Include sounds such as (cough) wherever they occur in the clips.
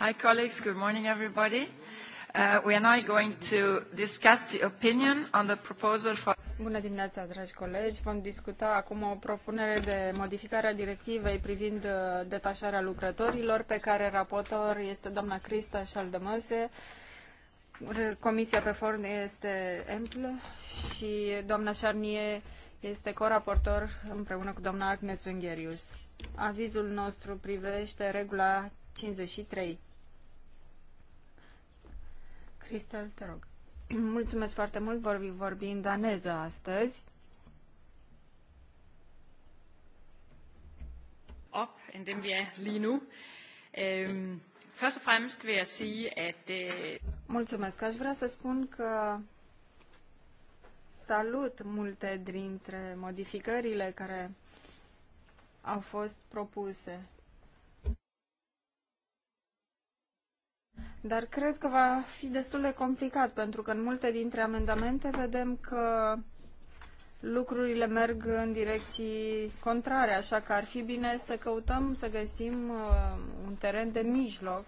Hi, colleagues. Good morning, everybody. Uh, we are now going to discuss the opinion on the proposal for... Bună dimineața, dragi colegi. Vom discuta acum o propunere de modificare a directivei privind uh, detașarea lucrătorilor, pe care raportor este doamna Crista Șaldămăse, Comisia pe Forn este amplă și doamna Șarnie este coraportor împreună cu doamna Agnes Ungherius. Avizul nostru privește regula 53. Cristel, te rog. (clears throat) Mulțumesc foarte mult, Vorbim, vorbi în daneză astăzi. op, în dem vi linu. Er lige nu. Øhm, først vil jeg sige, at... Øh, Mulțumesc. Aș vrea să spun că salut multe dintre modificările care au fost propuse Dar cred că va fi destul de complicat, pentru că în multe dintre amendamente vedem că lucrurile merg în direcții contrare, așa că ar fi bine să căutăm, să găsim uh, un teren de mijloc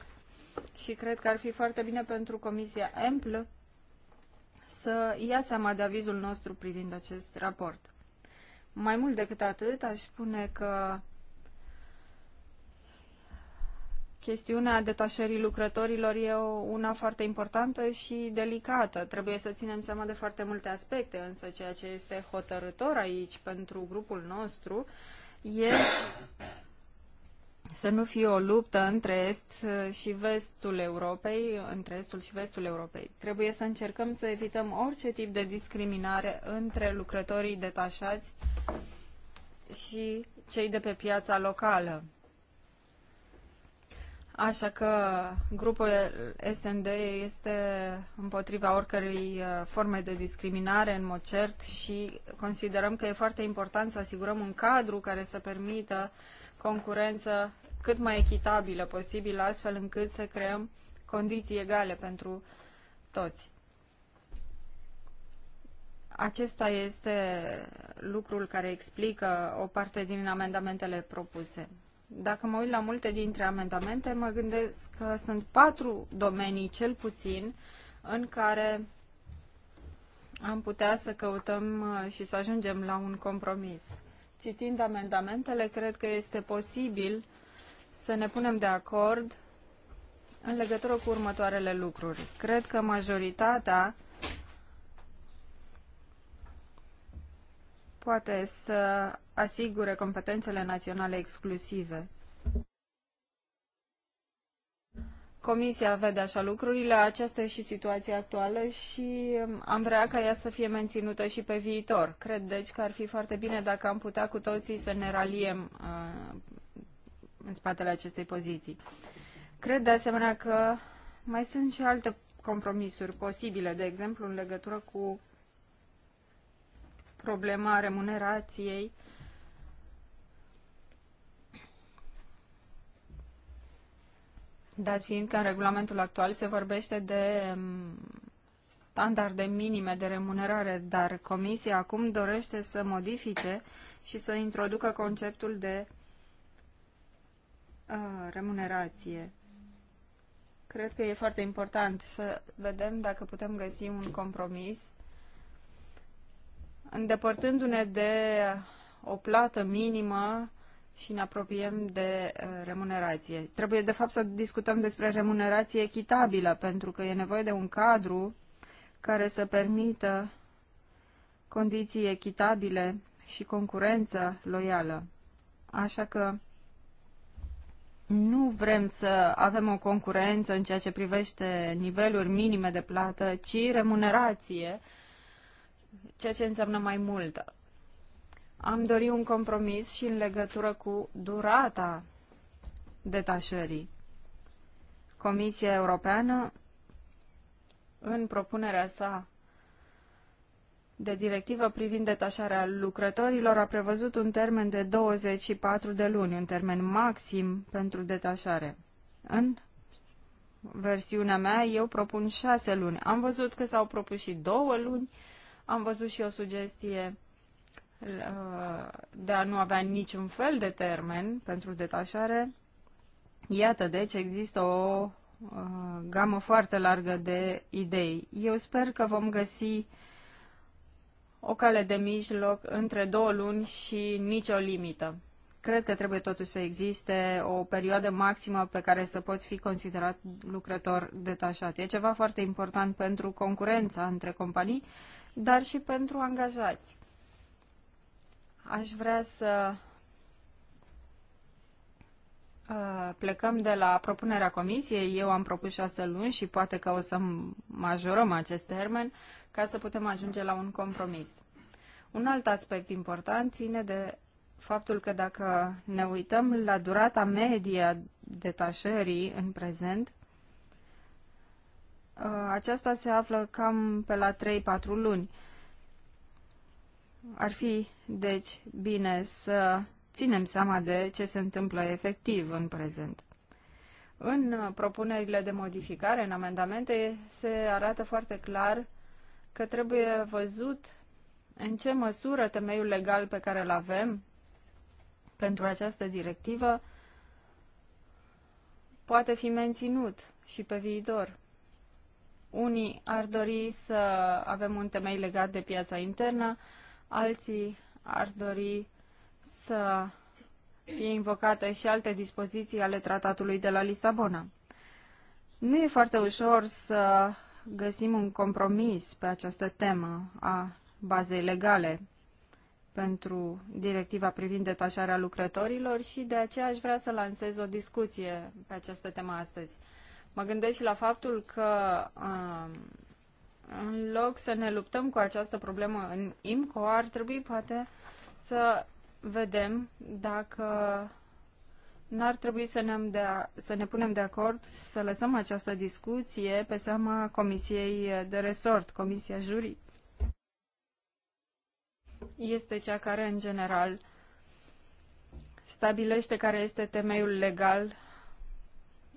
și cred că ar fi foarte bine pentru Comisia Amplă să ia seama de avizul nostru privind acest raport. Mai mult decât atât, aș spune că chestiunea detașării lucrătorilor e o, una foarte importantă și delicată. Trebuie să ținem seama de foarte multe aspecte, însă ceea ce este hotărător aici pentru grupul nostru e să nu fie o luptă între est și vestul Europei, între estul și vestul Europei. Trebuie să încercăm să evităm orice tip de discriminare între lucrătorii detașați și cei de pe piața locală. Așa că grupul SND este împotriva oricărei uh, forme de discriminare în mod cert și considerăm că e foarte important să asigurăm un cadru care să permită concurență cât mai echitabilă posibil, astfel încât să creăm condiții egale pentru toți. Acesta este lucrul care explică o parte din amendamentele propuse. Dacă mă uit la multe dintre amendamente, mă gândesc că sunt patru domenii, cel puțin, în care am putea să căutăm uh, și să ajungem la un compromis. Citind amendamentele, cred că este posibil să ne punem de acord în legătură cu următoarele lucruri. Cred că majoritatea poate să asigure competențele naționale exclusive. Comisia vede așa lucrurile, aceasta e și situația actuală și um, am vrea ca ea să fie menținută și pe viitor. Cred deci că ar fi foarte bine dacă am putea cu toții să ne raliem uh, în spatele acestei poziții. Cred de asemenea că mai sunt și alte compromisuri posibile, de exemplu în legătură cu problema remunerației. Dat fiind că în regulamentul actual se vorbește de mm, standarde minime de remunerare, dar Comisia acum dorește să modifice și să introducă conceptul de uh, remunerație. Cred că e foarte important să vedem dacă putem găsi un compromis îndepărtându-ne de o plată minimă și ne apropiem de uh, remunerație. Trebuie, de fapt, să discutăm despre remunerație echitabilă, pentru că e nevoie de un cadru care să permită condiții echitabile și concurență loială. Așa că nu vrem să avem o concurență în ceea ce privește niveluri minime de plată, ci remunerație ceea ce înseamnă mai mult. Am dorit un compromis și în legătură cu durata detașării. Comisia Europeană, în propunerea sa de directivă privind detașarea lucrătorilor, a prevăzut un termen de 24 de luni, un termen maxim pentru detașare. În versiunea mea, eu propun șase luni. Am văzut că s-au propus și două luni, am văzut și o sugestie uh, de a nu avea niciun fel de termen pentru detașare. Iată, deci, există o uh, gamă foarte largă de idei. Eu sper că vom găsi o cale de mijloc între două luni și nicio limită. Cred că trebuie totuși să existe o perioadă maximă pe care să poți fi considerat lucrător detașat. E ceva foarte important pentru concurența între companii dar și pentru angajați. Aș vrea să uh, plecăm de la propunerea comisiei. Eu am propus șase luni și poate că o să majorăm acest termen ca să putem ajunge la un compromis. Un alt aspect important ține de faptul că dacă ne uităm la durata medie a detașării în prezent, Uh, aceasta se află cam pe la 3-4 luni. Ar fi, deci, bine să ținem seama de ce se întâmplă efectiv în prezent. În uh, propunerile de modificare, în amendamente, se arată foarte clar că trebuie văzut în ce măsură temeiul legal pe care îl avem pentru această directivă poate fi menținut și pe viitor. Unii ar dori să avem un temei legat de piața internă, alții ar dori să fie invocate și alte dispoziții ale tratatului de la Lisabona. Nu e foarte ușor să găsim un compromis pe această temă a bazei legale pentru directiva privind detașarea lucrătorilor și de aceea aș vrea să lansez o discuție pe această temă astăzi. Mă gândesc și la faptul că um, în loc să ne luptăm cu această problemă în IMCO, ar trebui poate să vedem dacă n-ar trebui să ne, de să ne punem de acord să lăsăm această discuție pe seama Comisiei de Resort, Comisia Jurii. Este cea care, în general, stabilește care este temeiul legal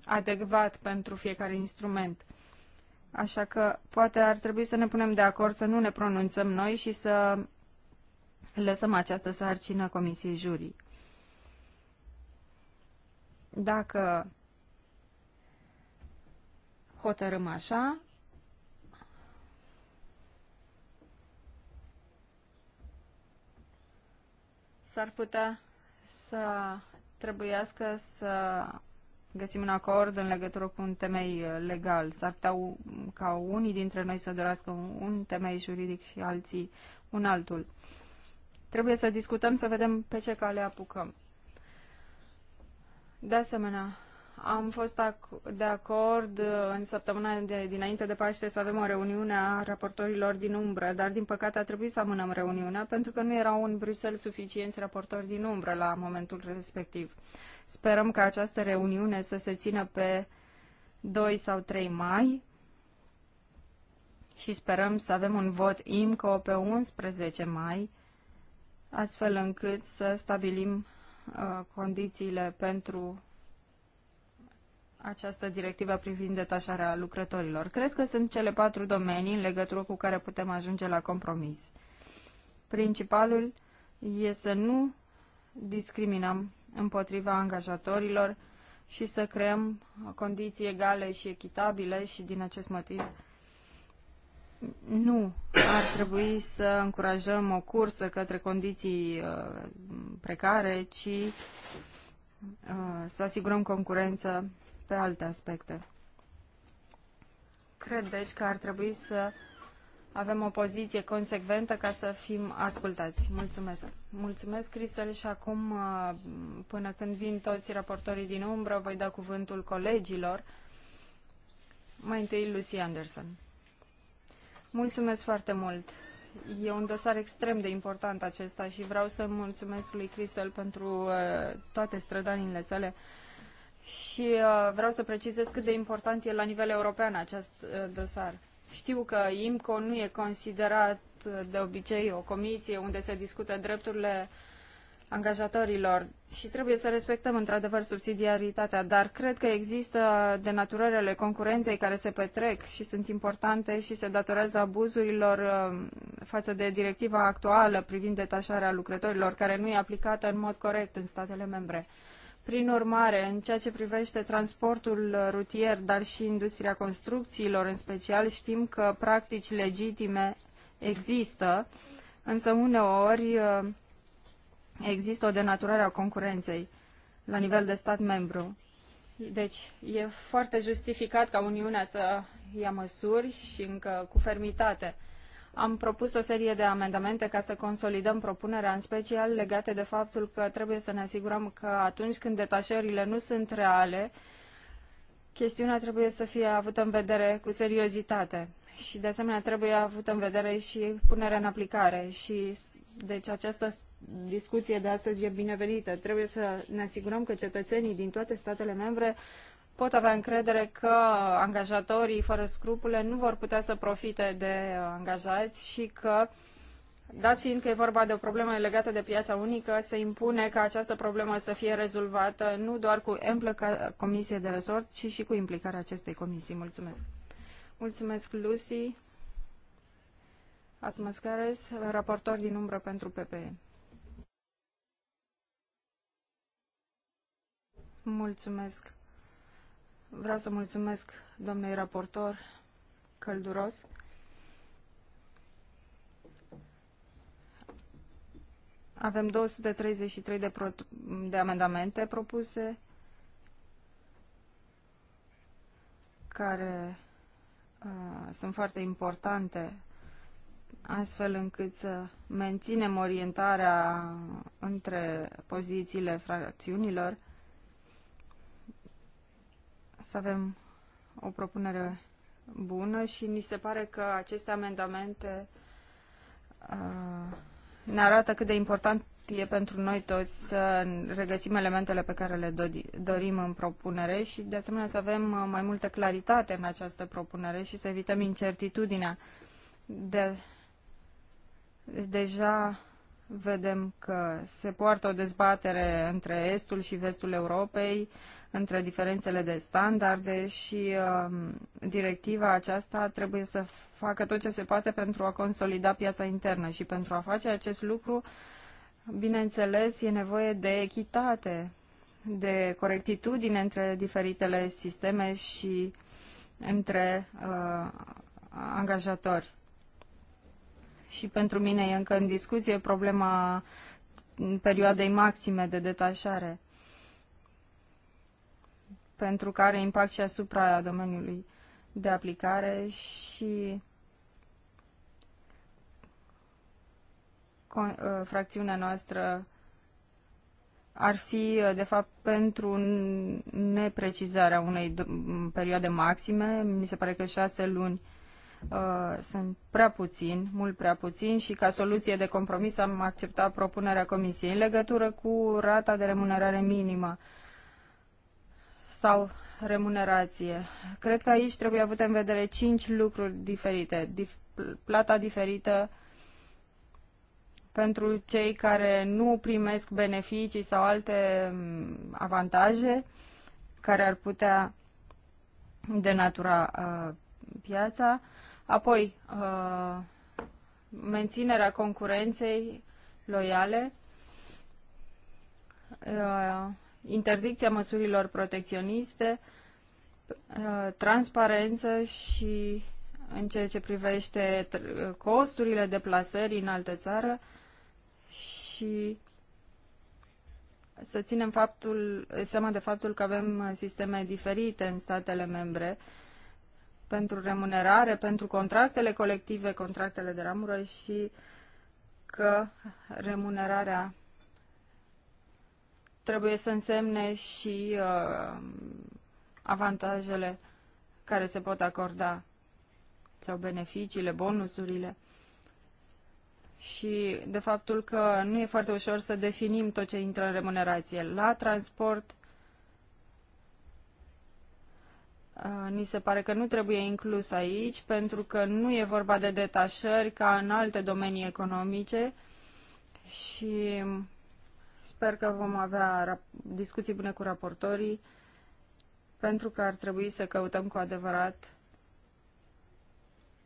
adecvat pentru fiecare instrument. Așa că poate ar trebui să ne punem de acord să nu ne pronunțăm noi și să lăsăm această sarcină Comisiei Jurii. Dacă hotărâm așa, s-ar putea să trebuiască să găsim un acord în legătură cu un temei uh, legal. S-ar putea ca unii dintre noi să dorească un temei juridic și alții un altul. Trebuie să discutăm, să vedem pe ce cale apucăm. De asemenea, am fost de acord uh, în săptămâna de, dinainte de Paște să avem o reuniune a raportorilor din umbră, dar din păcate a trebuit să amânăm reuniunea pentru că nu erau în Bruxelles suficienți raportori din umbră la momentul respectiv. Sperăm că această reuniune să se țină pe 2 sau 3 mai și sperăm să avem un vot IMCO pe 11 mai, astfel încât să stabilim uh, condițiile pentru această directivă privind detașarea lucrătorilor. Cred că sunt cele patru domenii în legătură cu care putem ajunge la compromis. Principalul e să nu discriminăm împotriva angajatorilor și să creăm condiții egale și echitabile și din acest motiv nu ar trebui să încurajăm o cursă către condiții uh, precare, ci uh, să asigurăm concurență pe alte aspecte. Cred, deci, că ar trebui să avem o poziție consecventă ca să fim ascultați. Mulțumesc. Mulțumesc, Cristel, și acum, uh, până când vin toți raportorii din umbră, voi da cuvântul colegilor. Mai întâi, Lucy Anderson. Mulțumesc foarte mult. E un dosar extrem de important acesta și vreau să mulțumesc lui Cristel pentru uh, toate strădanile sale și uh, vreau să precizez cât de important e la nivel european acest dosar știu că IMCO nu e considerat de obicei o comisie unde se discută drepturile angajatorilor și trebuie să respectăm într-adevăr subsidiaritatea, dar cred că există denaturări ale concurenței care se petrec și sunt importante și se datorează abuzurilor um, față de directiva actuală privind detașarea lucrătorilor, care nu e aplicată în mod corect în statele membre. Prin urmare, în ceea ce privește transportul rutier, dar și industria construcțiilor în special, știm că practici legitime există, însă uneori uh, există o denaturare a concurenței la nivel de stat membru. Deci e foarte justificat ca Uniunea să ia măsuri și încă cu fermitate. Am propus o serie de amendamente ca să consolidăm propunerea, în special legate de faptul că trebuie să ne asigurăm că atunci când detașările nu sunt reale, chestiunea trebuie să fie avută în vedere cu seriozitate și de asemenea trebuie avută în vedere și punerea în aplicare și deci această discuție de astăzi e binevenită. Trebuie să ne asigurăm că cetățenii din toate statele membre pot avea încredere că angajatorii fără scrupule nu vor putea să profite de uh, angajați și că, dat fiind că e vorba de o problemă legată de piața unică, se impune ca această problemă să fie rezolvată nu doar cu amplă comisie de resort, ci și cu implicarea acestei comisii. Mulțumesc! Mulțumesc, Lucy! Atmoscares, raportor din umbră pentru PPE. Mulțumesc! Vreau să mulțumesc doamnei raportor călduros. Avem 233 de, pro de amendamente propuse care uh, sunt foarte importante astfel încât să menținem orientarea între pozițiile fracțiunilor să avem o propunere bună și ni se pare că aceste amendamente uh, ne arată cât de important e pentru noi toți să regăsim elementele pe care le dorim în propunere și de asemenea să avem uh, mai multă claritate în această propunere și să evităm incertitudinea. De, deja vedem că se poartă o dezbatere între estul și vestul Europei, între diferențele de standarde și uh, directiva aceasta trebuie să facă tot ce se poate pentru a consolida piața internă și pentru a face acest lucru, bineînțeles, e nevoie de echitate, de corectitudine între diferitele sisteme și între uh, angajatori și pentru mine e încă în discuție problema perioadei maxime de detașare, pentru că are impact și asupra domeniului de aplicare și uh, fracțiunea noastră ar fi, uh, de fapt, pentru neprecizarea unei perioade maxime, mi se pare că șase luni Uh, sunt prea puțin, mult prea puțin și ca soluție de compromis am acceptat propunerea Comisiei în legătură cu rata de remunerare minimă sau remunerație. Cred că aici trebuie avut în vedere cinci lucruri diferite. Dif- plata diferită pentru cei care nu primesc beneficii sau alte mm, avantaje care ar putea denatura uh, piața, Apoi, uh, menținerea concurenței loiale, uh, interdicția măsurilor protecționiste, uh, transparență și în ceea ce privește costurile deplasării în altă țară și să ținem faptul, seama de faptul că avem sisteme diferite în statele membre pentru remunerare, pentru contractele colective, contractele de ramură și că remunerarea trebuie să însemne și uh, avantajele care se pot acorda sau beneficiile, bonusurile și de faptul că nu e foarte ușor să definim tot ce intră în remunerație. La transport ni se pare că nu trebuie inclus aici, pentru că nu e vorba de detașări ca în alte domenii economice și sper că vom avea discuții bune cu raportorii, pentru că ar trebui să căutăm cu adevărat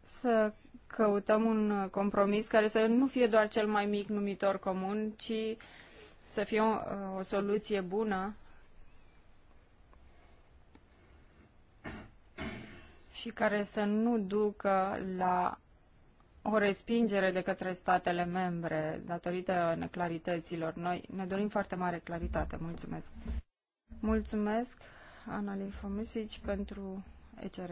să căutăm un compromis care să nu fie doar cel mai mic numitor comun, ci să fie o, o soluție bună și care să nu ducă la o respingere de către statele membre datorită neclarităților. Noi ne dorim foarte mare claritate. Mulțumesc. Mulțumesc, Analii Fomisici, pentru ECR.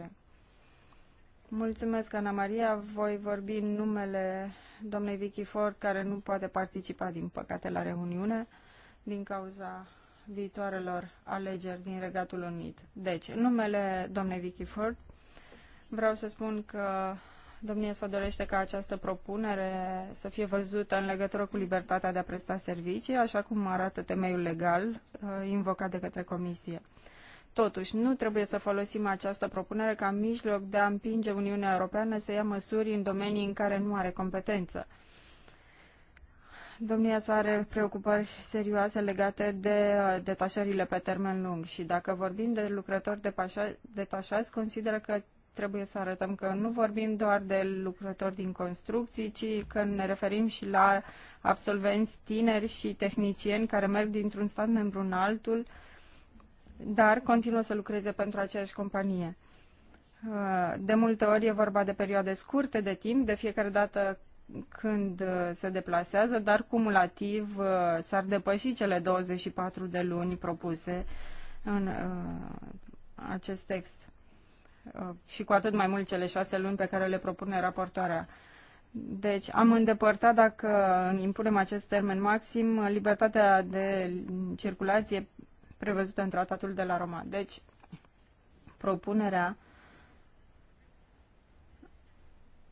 Mulțumesc, Ana Maria. Voi vorbi în numele domnului Vicky Ford, care nu poate participa, din păcate, la reuniune din cauza viitoarelor alegeri din Regatul Unit. Deci, în numele domnului Vicky Ford, Vreau să spun că domnia sa dorește ca această propunere să fie văzută în legătură cu libertatea de a presta servicii, așa cum arată temeiul legal uh, invocat de către Comisie. Totuși, nu trebuie să folosim această propunere ca mijloc de a împinge Uniunea Europeană să ia măsuri în domenii în care nu are competență. Domnia sa are preocupări serioase legate de uh, detașările pe termen lung și dacă vorbim de lucrători detașați, consideră că trebuie să arătăm că nu vorbim doar de lucrători din construcții, ci că ne referim și la absolvenți tineri și tehnicieni care merg dintr-un stat membru în altul, dar continuă să lucreze pentru aceeași companie. Uh, de multe ori e vorba de perioade scurte de timp, de fiecare dată când uh, se deplasează, dar cumulativ uh, s-ar depăși cele 24 de luni propuse în acest text. Uh, și cu atât mai mult cele șase luni pe care le propune raportoarea. Deci am îndepărtat, dacă impunem acest termen maxim, libertatea de circulație prevăzută în tratatul de la Roma. Deci, propunerea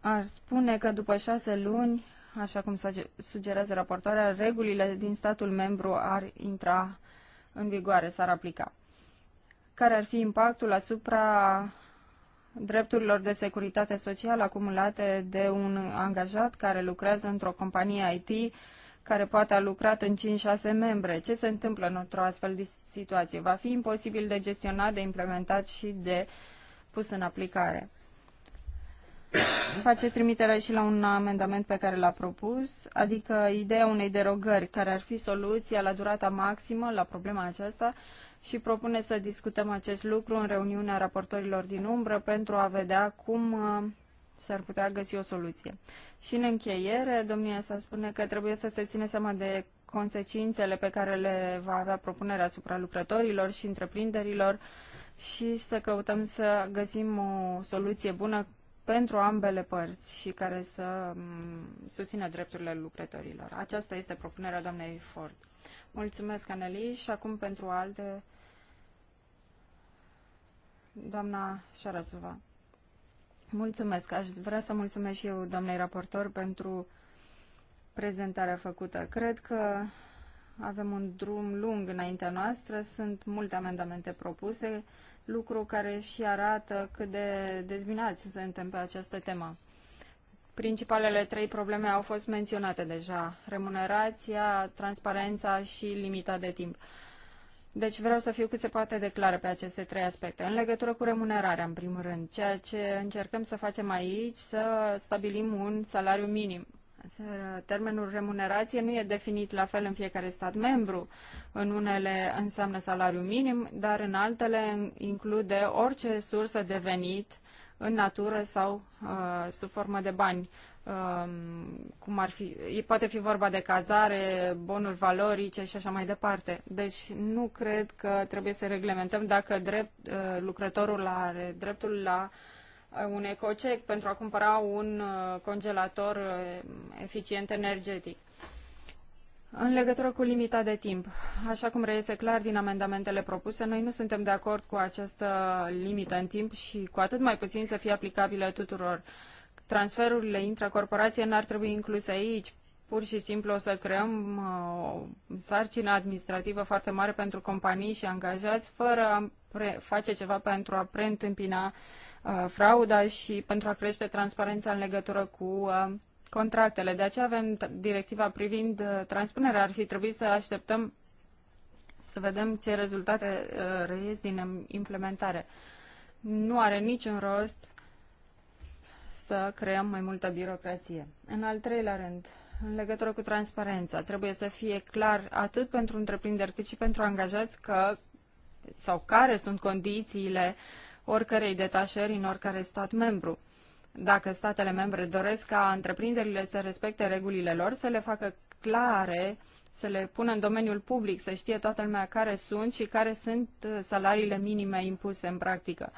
ar spune că după șase luni, așa cum sugerează raportoarea, regulile din statul membru ar intra în vigoare, s-ar aplica. Care ar fi impactul asupra drepturilor de securitate socială acumulate de un angajat care lucrează într-o companie IT care poate a lucrat în 5-6 membre. Ce se întâmplă într-o astfel de situație? Va fi imposibil de gestionat, de implementat și de pus în aplicare face trimitere și la un amendament pe care l-a propus, adică ideea unei derogări care ar fi soluția la durata maximă la problema aceasta și propune să discutăm acest lucru în reuniunea raportorilor din umbră pentru a vedea cum uh, s-ar putea găsi o soluție. Și în încheiere, domnia sa spune că trebuie să se ține seama de consecințele pe care le va avea propunerea asupra lucrătorilor și întreprinderilor și să căutăm să găsim o soluție bună pentru ambele părți și care să mm, susțină drepturile lucrătorilor. Aceasta este propunerea doamnei Ford. Mulțumesc, Aneli, și acum pentru alte, doamna Șarăzuva. Mulțumesc. Aș vrea să mulțumesc și eu, doamnei raportor, pentru prezentarea făcută. Cred că avem un drum lung înaintea noastră, sunt multe amendamente propuse lucru care și arată cât de dezbinați suntem pe această temă. Principalele trei probleme au fost menționate deja, remunerația, transparența și limita de timp. Deci vreau să fiu cât se poate de clară pe aceste trei aspecte. În legătură cu remunerarea, în primul rând, ceea ce încercăm să facem aici, să stabilim un salariu minim Termenul remunerație nu e definit la fel în fiecare stat membru. În unele înseamnă salariu minim, dar în altele include orice sursă de venit în natură sau uh, sub formă de bani. Uh, cum ar fi, poate fi vorba de cazare, bonuri valorice și așa mai departe. Deci nu cred că trebuie să reglementăm dacă drept, uh, lucrătorul are dreptul la uh, Uh, un ecocec pentru a cumpăra un uh, congelator uh, eficient energetic. În legătură cu limita de timp, așa cum reiese clar din amendamentele propuse, noi nu suntem de acord cu această limită în timp și cu atât mai puțin să fie aplicabilă tuturor. Transferurile intracorporație n-ar trebui incluse aici. Pur și simplu o să creăm o sarcină administrativă foarte mare pentru companii și angajați, fără a face ceva pentru a preîntâmpina Uh, frauda și pentru a crește transparența în legătură cu uh, contractele. De aceea avem directiva privind uh, transpunerea. Ar fi trebuit să așteptăm să vedem ce rezultate reiesc din implementare. Nu are niciun rost să creăm mai multă birocrație. În al treilea rând, în legătură cu transparența, trebuie să fie clar atât pentru întreprinderi cât și pentru angajați că sau care sunt condițiile uh, oricărei detașări în oricare stat membru. Dacă statele membre doresc ca întreprinderile să respecte regulile lor, să le facă clare, să le pună în domeniul public, să știe toată lumea care sunt și care sunt uh, salariile minime impuse în practică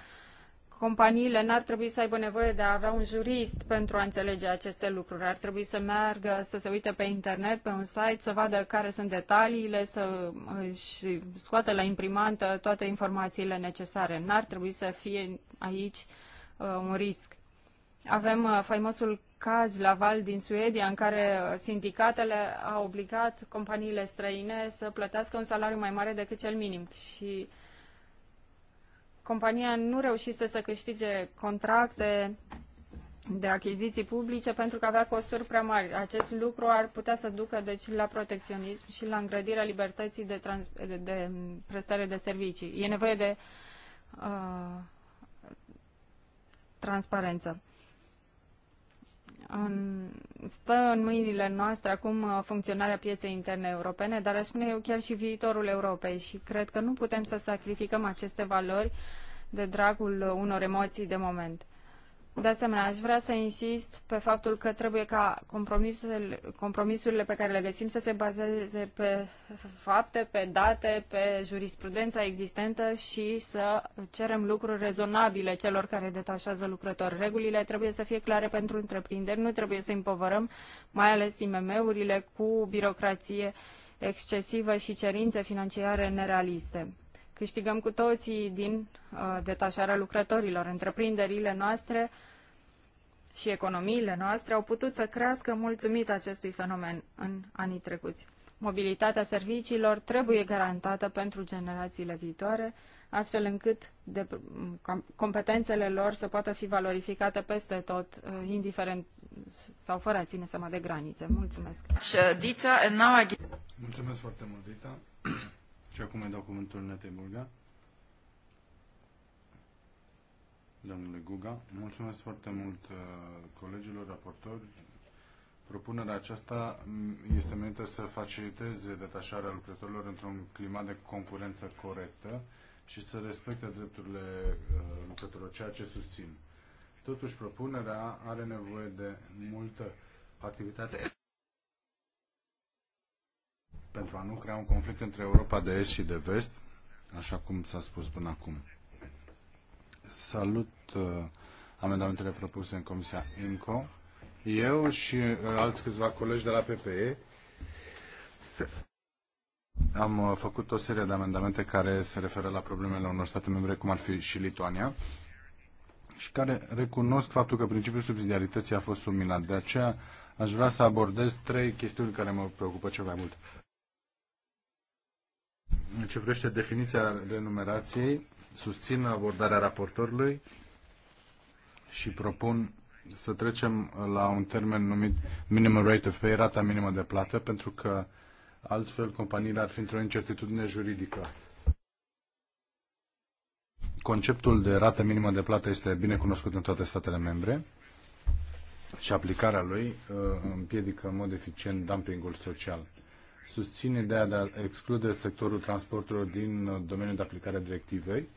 companiile n-ar trebui să aibă nevoie de a avea un jurist pentru a înțelege aceste lucruri. Ar trebui să meargă, să se uite pe internet, pe un site, să vadă care sunt detaliile, să și scoată la imprimantă toate informațiile necesare. N-ar trebui să fie aici uh, un risc. Avem uh, faimosul caz la Val din Suedia în care sindicatele au obligat companiile străine să plătească un salariu mai mare decât cel minim și uh, compania nu reușise să câștige contracte de achiziții publice pentru că avea costuri prea mari. Acest lucru ar putea să ducă deci la protecționism și la îngrădirea libertății de, trans- de, de prestare de servicii. E nevoie de uh, transparență în, stă în mâinile noastre acum uh, funcționarea pieței interne europene, dar aș spune eu chiar și viitorul Europei și cred că nu putem să sacrificăm aceste valori de dragul uh, unor emoții de moment. De asemenea, aș vrea să insist pe faptul că trebuie ca compromisurile, pe care le găsim să se bazeze pe fapte, pe date, pe jurisprudența existentă și să cerem lucruri rezonabile celor care detașează lucrători. Regulile trebuie să fie clare pentru întreprinderi, nu trebuie să împovărăm, mai ales IMM-urile, cu birocrație excesivă și cerințe financiare nerealiste câștigăm cu toții din uh, detașarea lucrătorilor. Întreprinderile noastre și economiile noastre au putut să crească mulțumit acestui fenomen în anii trecuți. Mobilitatea serviciilor trebuie garantată pentru generațiile viitoare, astfel încât de, competențele lor să poată fi valorificate peste tot, uh, indiferent sau fără a ține seama de granițe. Mulțumesc! Mulțumesc foarte mult, Dita! Și acum îi dau cuvântul Netei Bulga. Domnule Guga, mulțumesc foarte mult uh, colegilor, raportori. Propunerea aceasta mm, este menită să faciliteze detașarea lucrătorilor într-un climat de concurență corectă și să respecte drepturile uh, lucrătorilor, ceea ce susțin. Totuși, propunerea are nevoie de multă activitate pentru a nu crea un conflict între Europa de Est și de Vest, așa cum s-a spus până acum. Salut uh, amendamentele propuse în Comisia INCO. Eu și uh, alți câțiva colegi de la PPE am uh, făcut o serie de amendamente care se referă la problemele unor state membre, cum ar fi și Lituania, și care recunosc faptul că principiul subsidiarității a fost subminat. De aceea aș vrea să abordez trei chestiuni care mă preocupă cel mai mult în ce privește definiția renumerației, susțin abordarea raportorului și propun să trecem la un termen numit minimum rate of pay, rata minimă de plată, pentru că altfel companiile ar fi într-o incertitudine juridică. Conceptul de rată minimă de plată este bine cunoscut în toate statele membre și aplicarea lui uh, împiedică în mod eficient dumpingul social susține ideea de a exclude sectorul transporturilor din domeniul de aplicare a directivei.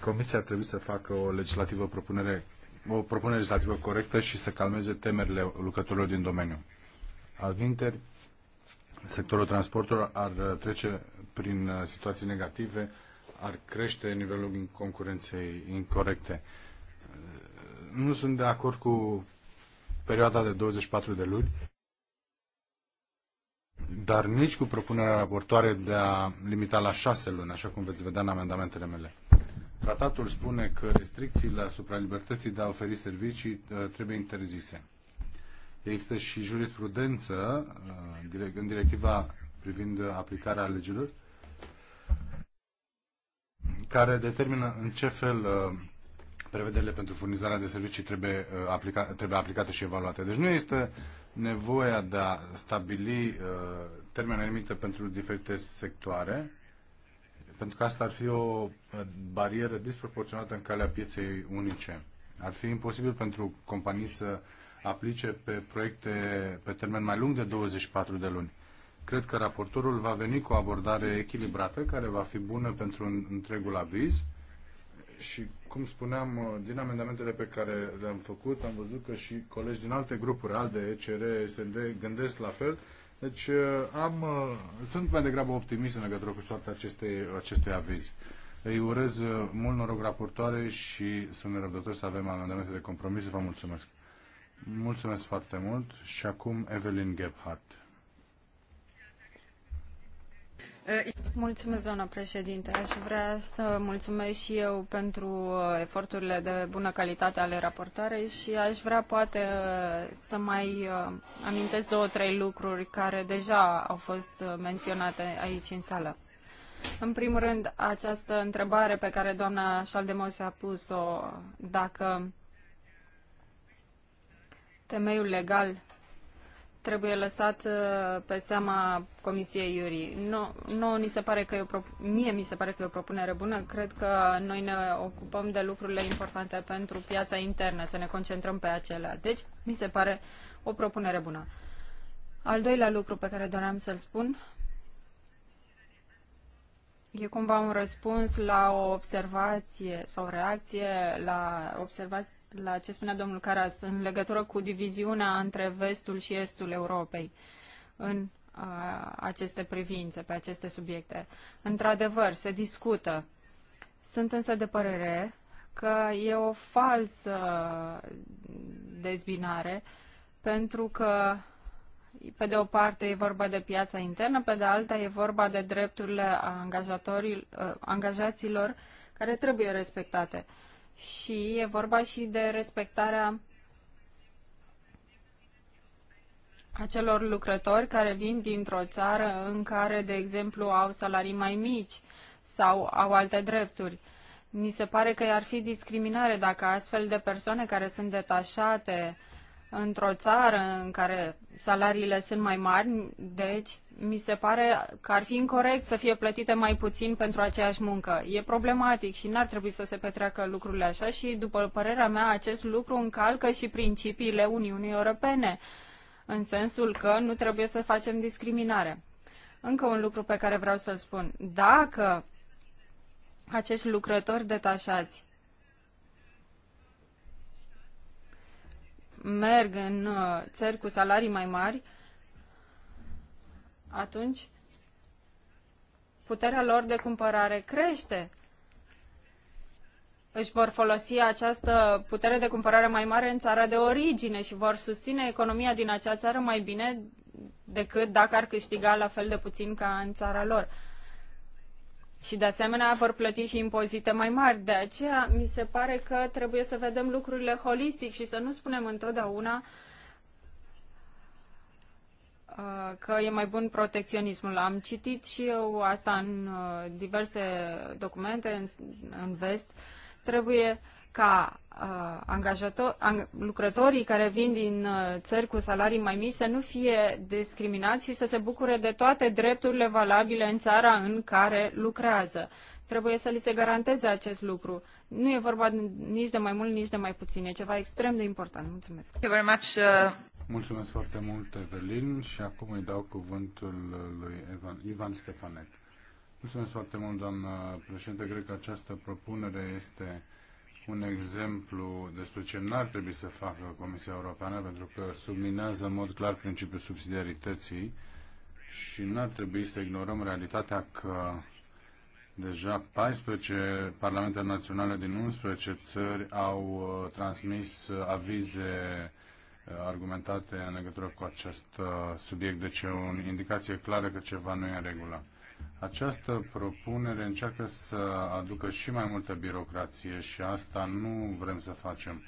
Comisia trebuie să facă o legislativă propunere, o propunere legislativă corectă și să calmeze temerile lucrătorilor din domeniu. vinter, sectorul transporturilor ar trece prin uh, situații negative, ar crește nivelul concurenței incorrecte nu sunt de acord cu perioada de 24 de luni, dar nici cu propunerea raportoare de a limita la 6 luni, așa cum veți vedea în amendamentele mele. Tratatul spune că restricțiile asupra libertății de a oferi servicii uh, trebuie interzise. Există și jurisprudență uh, în directiva privind aplicarea legilor care determină în ce fel uh, prevederile pentru furnizarea de servicii trebuie, uh, aplica, trebuie aplicate și evaluate. Deci nu este nevoia de a stabili uh, termene limite pentru diferite sectoare, pentru că asta ar fi o uh, barieră disproporționată în calea pieței unice. Ar fi imposibil pentru companii să aplice pe proiecte pe termen mai lung de 24 de luni. Cred că raportorul va veni cu o abordare echilibrată care va fi bună pentru întregul aviz și, cum spuneam, uh, din amendamentele pe care le-am făcut, am văzut că și colegi din alte grupuri, ALDE, ECR, SND, gândesc la fel. Deci uh, am, uh, sunt mai degrabă optimist în legătură cu soarta acestei, acestui aviz. Îi urez mult noroc raportoare și sunt nerăbdător să avem amendamente de compromis. Vă mulțumesc. Mulțumesc foarte mult și acum Evelyn Gebhardt. Mulțumesc, doamnă președinte. Aș vrea să mulțumesc și eu pentru uh, eforturile de bună calitate ale raportoarei și aș vrea poate uh, să mai uh, amintesc două, trei lucruri care deja au fost menționate aici în sală. În primul rând, această întrebare pe care doamna Șaldemos a pus-o, dacă temeiul legal trebuie lăsat uh, pe seama Comisiei Iurii. No, no, ni se pare că e o, mie mi se pare că e o propunere bună. Cred că noi ne ocupăm de lucrurile importante pentru piața internă, să ne concentrăm pe acelea. Deci, mi se pare o propunere bună. Al doilea lucru pe care doream să-l spun e cumva un răspuns la o observație sau reacție la observație la ce spunea domnul Caras în legătură cu diviziunea între vestul și estul Europei în a, aceste privințe, pe aceste subiecte. Într-adevăr, se discută. Sunt însă de părere că e o falsă dezbinare, pentru că pe de o parte e vorba de piața internă, pe de alta e vorba de drepturile angajaților care trebuie respectate și e vorba și de respectarea acelor lucrători care vin dintr-o țară în care, de exemplu, au salarii mai mici sau au alte drepturi. Mi se pare că ar fi discriminare dacă astfel de persoane care sunt detașate într-o țară în care salariile sunt mai mari, deci mi se pare că ar fi incorrect să fie plătite mai puțin pentru aceeași muncă. E problematic și n-ar trebui să se petreacă lucrurile așa și, după părerea mea, acest lucru încalcă și principiile Uniunii Europene, în sensul că nu trebuie să facem discriminare. Încă un lucru pe care vreau să-l spun. Dacă acești lucrători detașați merg în uh, țări cu salarii mai mari, atunci puterea lor de cumpărare crește. Își vor folosi această putere de cumpărare mai mare în țara de origine și vor susține economia din acea țară mai bine decât dacă ar câștiga la fel de puțin ca în țara lor. Și de asemenea vor plăti și impozite mai mari. De aceea mi se pare că trebuie să vedem lucrurile holistic și să nu spunem întotdeauna uh, Uh, că e mai bun protecționismul. Am citit și eu asta în uh, diverse documente, în, în vest. Trebuie ca uh, lucrătorii care vin din țări cu salarii mai mici să nu fie discriminați și să se bucure de toate drepturile valabile în țara în care lucrează. Trebuie să li se garanteze acest lucru. Nu e vorba nici de mai mult, nici de mai puțin. E ceva extrem de important. Mulțumesc. Thank you very much, uh... Mulțumesc foarte mult, Evelin, și acum îi dau cuvântul lui Evan, Ivan Stefanec. Mulțumesc foarte mult, doamnă președinte. Cred că această propunere este un exemplu despre ce n-ar trebui să facă Comisia Europeană, pentru că subminează în mod clar principiul subsidiarității și n-ar trebui să ignorăm realitatea că deja 14 parlamente naționale din 11 țări au uh, transmis uh, avize argumentate în legătură cu acest uh, subiect, deci e o indicație clară că ceva nu e în regulă. Această propunere încearcă să aducă și mai multă birocrație și asta nu vrem să facem.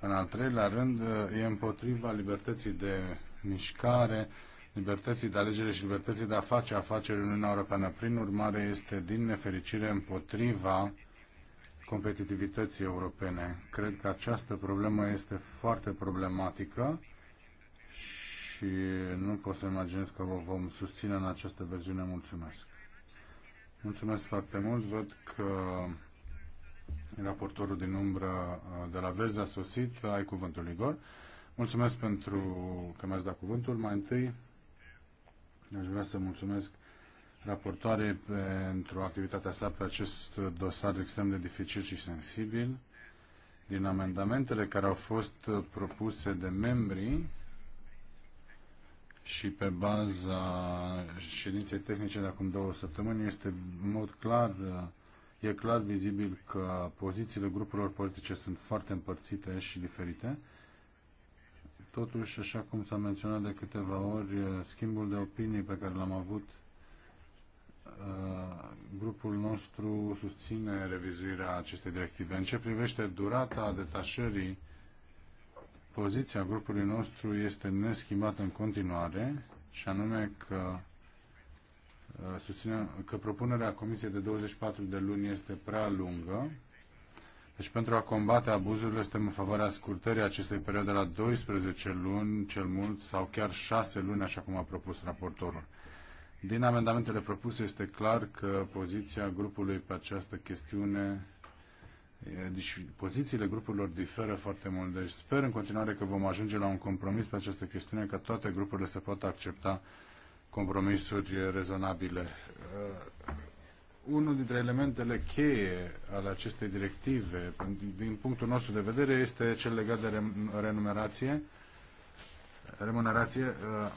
În al treilea rând, uh, e împotriva libertății de mișcare, libertății de alegere și libertății de a face afaceri în Uniunea Europeană. Prin urmare, este din nefericire împotriva competitivității europene. Cred că această problemă este foarte problematică și nu pot să imaginez că vă vom susține în această versiune. Mulțumesc! Mulțumesc foarte mult! Văd că raportorul din umbră uh, de la Verzi a sosit. Ai cuvântul, Igor. Mulțumesc pentru că mi-ați dat cuvântul. Mai întâi aș vrea să mulțumesc raportoare pentru activitatea sa pe acest dosar extrem de dificil și sensibil. Din amendamentele care au fost propuse de membrii și pe baza ședinței tehnice de acum două săptămâni, este în mod clar, e clar vizibil că pozițiile grupurilor politice sunt foarte împărțite și diferite. Totuși, așa cum s-a menționat de câteva ori, schimbul de opinii pe care l-am avut Uh, grupul nostru susține revizuirea acestei directive. În ce privește durata detașării, poziția grupului nostru este neschimbată în continuare și anume că uh, susținem că propunerea Comisiei de 24 de luni este prea lungă. Deci pentru a combate abuzurile suntem în favoarea scurtării acestei perioade la 12 luni cel mult sau chiar 6 luni, așa cum a propus raportorul. Din amendamentele propuse este clar că poziția grupului pe această chestiune, deci pozițiile grupurilor diferă foarte mult. Deci sper în continuare că vom ajunge la un compromis pe această chestiune, că toate grupurile se pot accepta compromisuri rezonabile. Uh, unul dintre elementele cheie ale acestei directive, din punctul nostru de vedere, este cel legat de remunerație. Remunerație uh,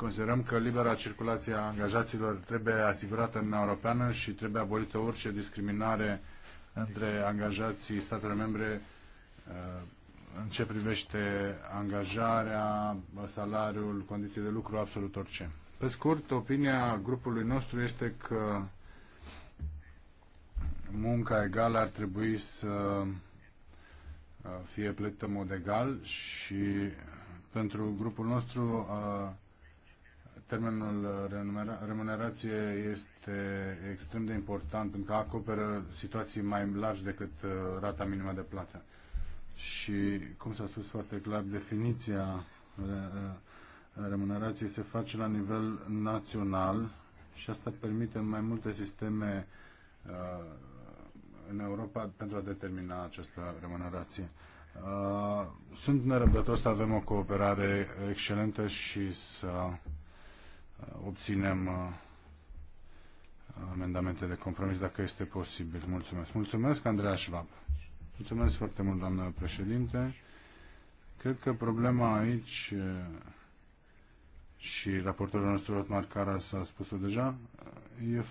Considerăm că libera circulație a angajaților trebuie asigurată în Europeană și trebuie abolită orice discriminare între angajații statelor membre uh, în ce privește angajarea, salariul, condiții de lucru, absolut orice. Pe scurt, opinia grupului nostru este că munca egală ar trebui să uh, fie plătită în mod egal și pentru grupul nostru uh, termenul remunera remunerație este extrem de important pentru că acoperă situații mai largi decât uh, rata minimă de plată. Și, cum s-a spus foarte clar, definiția uh, remunerației se face la nivel național și asta permite mai multe sisteme uh, în Europa pentru a determina această remunerație. Sunt nerăbdător să avem o cooperare excelentă și să obținem uh, amendamente de compromis dacă este posibil. Mulțumesc. Mulțumesc, Andreea Schwab. Mulțumesc foarte mult, doamnă președinte. Cred că problema aici uh, și raportorul nostru, Otmar Caras, a spus-o deja, uh,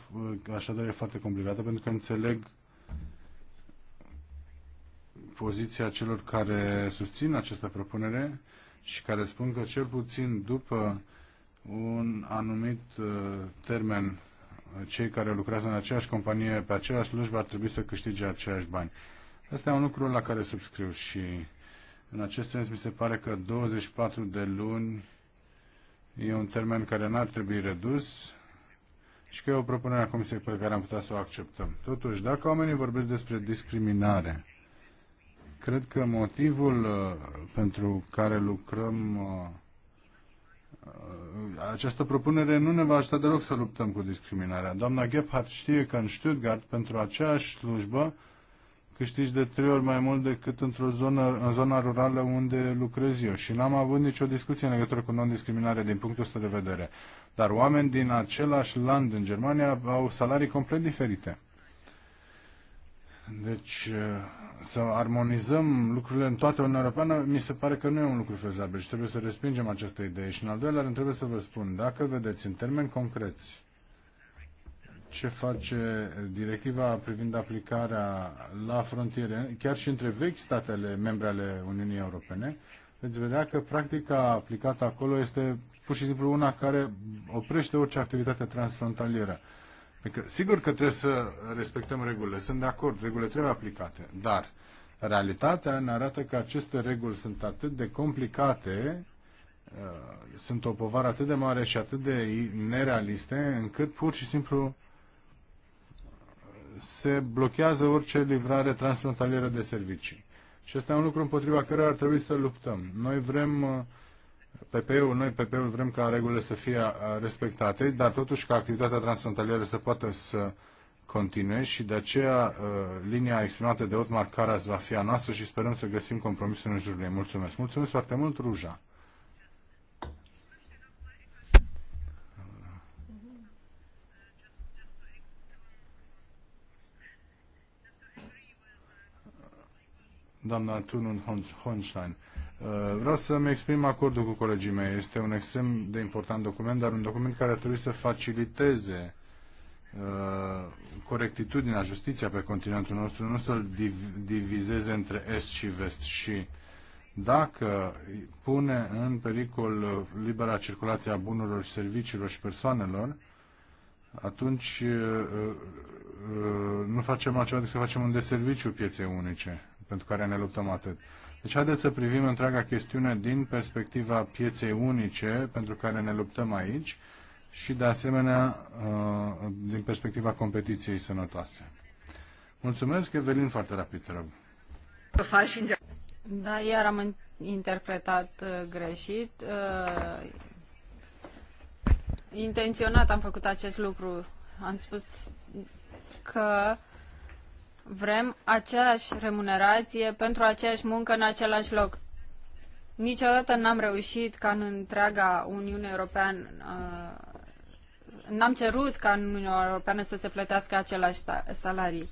e, așadar e foarte complicată pentru că înțeleg poziția celor care susțin această propunere și care spun că cel puțin după un anumit uh, termen cei care lucrează în aceeași companie, pe aceeași slujbă, ar trebui să câștige aceiași bani. Asta e un lucru la care subscriu și în acest sens mi se pare că 24 de luni e un termen care n-ar trebui redus și că e o propunere a Comisiei pe care am putea să o acceptăm. Totuși, dacă oamenii vorbesc despre discriminare, cred că motivul uh, pentru care lucrăm uh, această propunere nu ne va ajuta deloc să luptăm cu discriminarea. Doamna Gebhardt știe că în Stuttgart, pentru aceeași slujbă, câștigi de trei ori mai mult decât într-o zonă, în zona rurală unde lucrez eu. Și n-am avut nicio discuție în legătură cu non-discriminare din punctul ăsta de vedere. Dar oameni din același land în Germania au salarii complet diferite. Deci, să armonizăm lucrurile în toată Uniunea Europeană, mi se pare că nu e un lucru fezabil și trebuie să respingem această idee. Și în al doilea rând trebuie să vă spun, dacă vedeți în termeni concreți ce face directiva privind aplicarea la frontiere, chiar și între vechi statele membre ale Uniunii Europene, veți vedea că practica aplicată acolo este pur și simplu una care oprește orice activitate transfrontalieră. Adică, sigur că trebuie să respectăm regulile, sunt de acord, regulile trebuie aplicate, dar realitatea ne arată că aceste reguli sunt atât de complicate, uh, sunt o povară atât de mare și atât de nerealiste, încât pur și simplu se blochează orice livrare transfrontalieră de servicii. Și ăsta e un lucru împotriva căruia ar trebui să luptăm. Noi vrem uh, PP-ul, noi PP-ul vrem ca regulile să fie uh, respectate, dar totuși ca activitatea transfrontalieră să poată să continue și de aceea uh, linia exprimată de Otmar Caras va fi a noastră și sperăm să găsim compromisul în jurul ei. Mulțumesc. Mulțumesc foarte mult, Ruja. Doamna Tunun Honstein. Uh, vreau să-mi exprim acordul cu colegii mei. Este un extrem de important document, dar un document care ar trebui să faciliteze uh, corectitudinea, justiția pe continentul nostru, nu să-l div- divizeze între est și vest. Și dacă pune în pericol libera circulație a bunurilor și serviciilor și persoanelor, atunci uh, nu facem altceva decât să facem un deserviciu pieței unice, pentru care ne luptăm atât. Deci haideți să privim întreaga chestiune din perspectiva pieței unice pentru care ne luptăm aici și de asemenea uh, din perspectiva competiției sănătoase. Mulțumesc, Evelin, foarte rapid, te rog. Da, iar am interpretat uh, greșit. Uh, intenționat am făcut acest lucru. Am spus că Vrem aceeași remunerație pentru aceeași muncă în același loc. Niciodată n-am reușit ca în întreaga Uniune Europeană uh, n-am cerut ca în Uniunea Europeană să se plătească același salarii.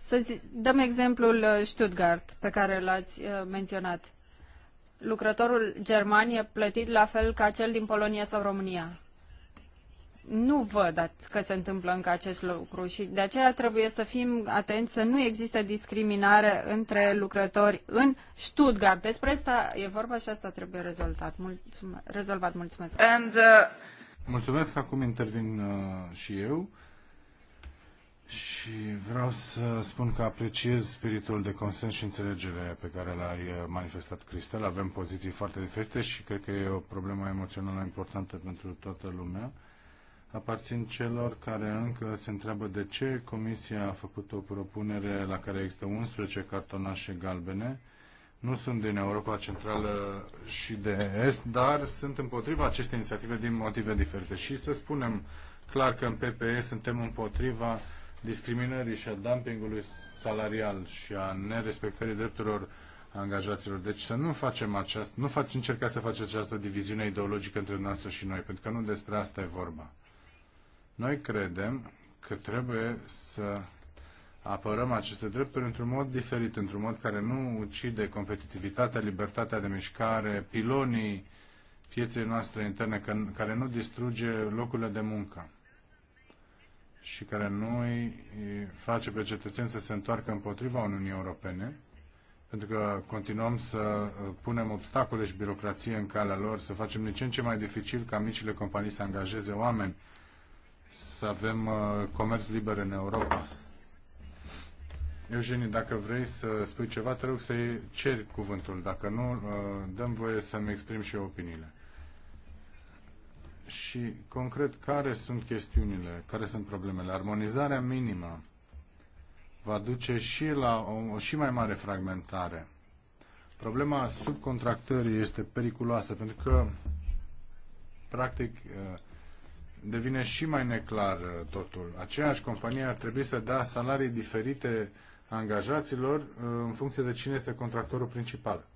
Să dăm exemplul uh, Stuttgart pe care l-ați uh, menționat. Lucrătorul german e plătit la fel ca cel din Polonia sau România nu văd că se întâmplă încă acest lucru și de aceea trebuie să fim atenți să nu există discriminare între lucrători în Stuttgart. Despre asta e vorba și asta trebuie rezolvat. Mulțumesc. Rezolvat. Mulțumesc. And, uh... Mulțumesc. Acum intervin uh, și eu. Și vreau să spun că apreciez spiritul de consens și înțelegere pe care l-ai uh, manifestat, Cristel. Avem poziții foarte diferite și cred că e o problemă emoțională importantă pentru toată lumea aparțin celor care încă se întreabă de ce Comisia a făcut o propunere la care există 11 cartonașe galbene. Nu sunt din Europa Centrală și de Est, dar sunt împotriva acestei inițiative din motive diferite. Și să spunem clar că în PPE suntem împotriva discriminării și a dumpingului salarial și a nerespectării drepturilor angajaților. Deci să nu facem această, nu fac, încerca să faceți această diviziune ideologică între noastră și noi, pentru că nu despre asta e vorba. Noi credem că trebuie să apărăm aceste drepturi într-un mod diferit, într-un mod care nu ucide competitivitatea, libertatea de mișcare, pilonii pieței noastre interne, care nu distruge locurile de muncă și care nu îi face pe cetățeni să se întoarcă împotriva Uniunii Europene, pentru că continuăm să punem obstacole și birocrație în calea lor, să facem nici în ce mai dificil ca micile companii să angajeze oameni să avem uh, comerț liber în Europa. Eugenie, dacă vrei să spui ceva, te rog să-i ceri cuvântul. Dacă nu, uh, dăm voie să-mi exprim și opiniile. Și, concret, care sunt chestiunile, care sunt problemele? Armonizarea minimă va duce și la o, o și mai mare fragmentare. Problema subcontractării este periculoasă, pentru că, practic, uh, devine și mai neclar uh, totul. Aceeași companie ar trebui să dea salarii diferite angajaților uh, în funcție de cine este contractorul principal.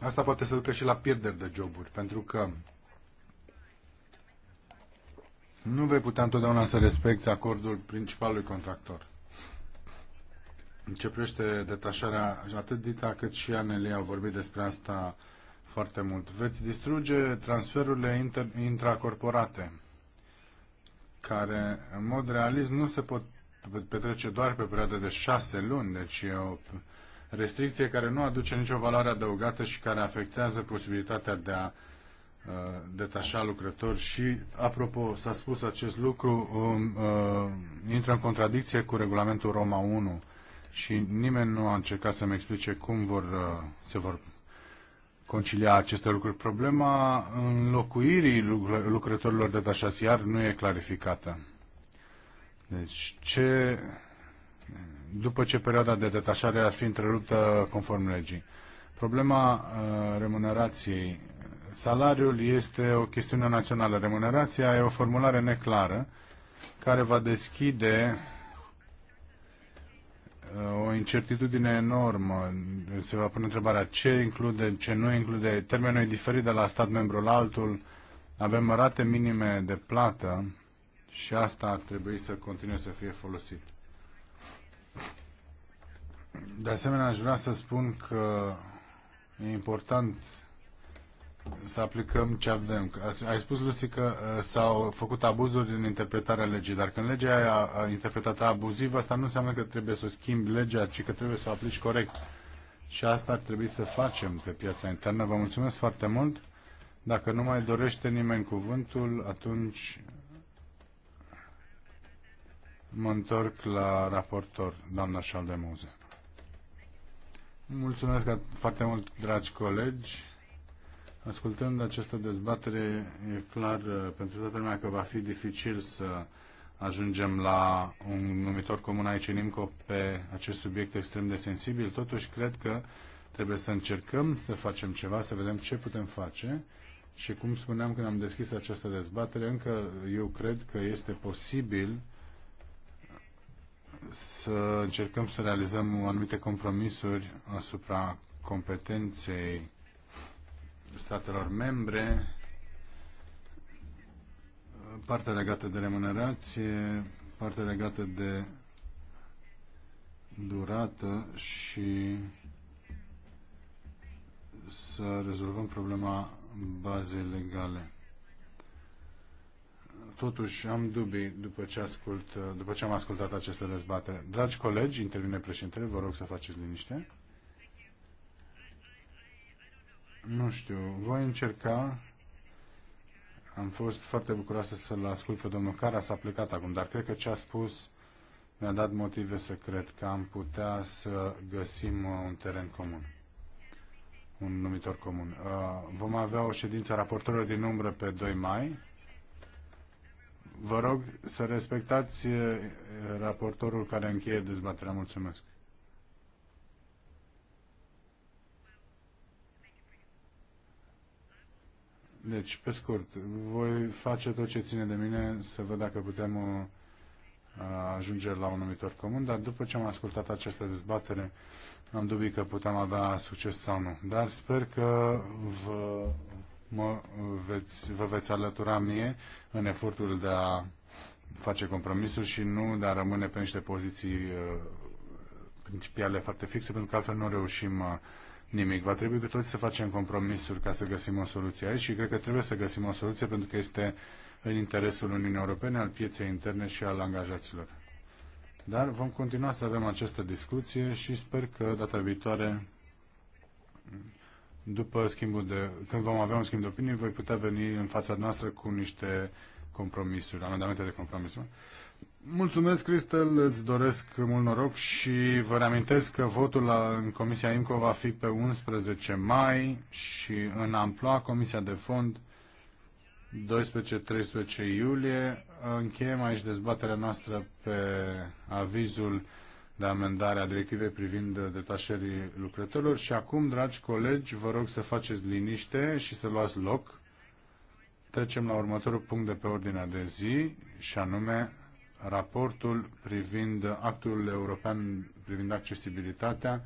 Asta poate să ducă și la pierderi de joburi, pentru că nu vei putea întotdeauna să respecti acordul principalului contractor. Începește detașarea, atât Dita cât și Anelie au vorbit despre asta foarte mult. Veți distruge transferurile inter, intracorporate, care în mod realist nu se pot petrece doar pe perioada de șase luni, deci e o restricție care nu aduce nicio valoare adăugată și care afectează posibilitatea de a uh, detașa lucrători și, apropo, s-a spus acest lucru, um, uh, intră în contradicție cu regulamentul Roma 1 și nimeni nu a încercat să-mi explice cum vor, uh, se vor concilia aceste lucruri. Problema înlocuirii lucrătorilor detașați iar nu e clarificată. Deci ce, după ce perioada de detașare ar fi întreruptă conform legii? Problema uh, remunerației. Salariul este o chestiune națională. Remunerația e o formulare neclară care va deschide Uh, o incertitudine enormă. Se va pune întrebarea ce include, ce nu include. Termenul e diferit de la stat membru la altul. Avem rate minime de plată și asta ar trebui să continue să fie folosit. De asemenea, aș vrea să spun că e important să aplicăm ce avem. Ai spus, Lucy, că uh, s-au făcut abuzuri în interpretarea legii, dar când legea a interpretată abuziv, asta nu înseamnă că trebuie să schimbi legea, ci că trebuie să o aplici corect. Și asta ar trebui să facem pe piața internă. Vă mulțumesc foarte mult. Dacă nu mai dorește nimeni cuvântul, atunci mă întorc la raportor, doamna Șaldemuze. Mulțumesc foarte mult, dragi colegi. Ascultând această dezbatere, e clar uh, pentru toată lumea că va fi dificil să ajungem la un numitor comun aici în IMCO pe acest subiect extrem de sensibil. Totuși, cred că trebuie să încercăm să facem ceva, să vedem ce putem face și cum spuneam când am deschis această dezbatere, încă eu cred că este posibil să încercăm să realizăm anumite compromisuri asupra competenței statelor membre, partea legată de remunerație, partea legată de durată și să rezolvăm problema bazei legale. Totuși am dubii după ce, ascult, după ce am ascultat aceste dezbatere. Dragi colegi, intervine președintele, vă rog să faceți liniște. Nu știu, voi încerca. Am fost foarte bucuroasă să-l ascult pe domnul Cara, s-a plecat acum, dar cred că ce a spus mi-a dat motive să cred că am putea să găsim uh, un teren comun, un numitor comun. Uh, vom avea o ședință a raportorilor din umbră pe 2 mai. Vă rog să respectați uh, raportorul care încheie dezbaterea. Mulțumesc. Deci, pe scurt, voi face tot ce ține de mine să văd dacă putem uh, ajunge la un numitor comun, dar după ce am ascultat această dezbatere, am dubii că putem avea succes sau nu. Dar sper că vă, mă, veți, vă veți alătura mie în efortul de a face compromisuri și nu de a rămâne pe niște poziții uh, principiale foarte fixe, pentru că altfel nu reușim uh, nimic. Va trebui cu toți să facem compromisuri ca să găsim o soluție aici și cred că trebuie să găsim o soluție pentru că este în interesul Uniunii Europene, al pieței interne și al angajaților. Dar vom continua să avem această discuție și sper că data viitoare, după schimbul de, când vom avea un schimb de opinii, voi putea veni în fața noastră cu niște compromisuri, amendamente de compromisuri. Mulțumesc, Cristel, îți doresc mult noroc și vă reamintesc că votul la, în Comisia IMCO va fi pe 11 mai și în amploa Comisia de Fond 12-13 iulie. Încheiem aici dezbaterea noastră pe avizul de amendare a directivei privind detașării lucrătorilor și acum, dragi colegi, vă rog să faceți liniște și să luați loc. Trecem la următorul punct de pe ordinea de zi și anume raportul privind actul european privind accesibilitatea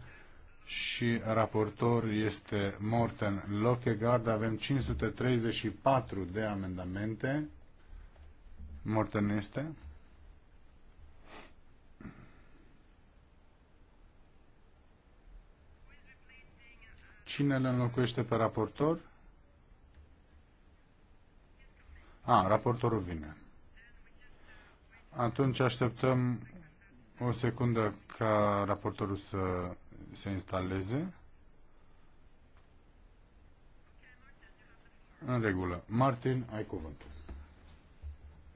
și raportor este Morten Lockegaard. Avem 534 de amendamente. Morten este? Cine îl înlocuiește pe raportor? A, ah, raportorul vine. Atunci așteptăm o secundă ca raportorul să se instaleze. În regulă. Martin, ai cuvântul.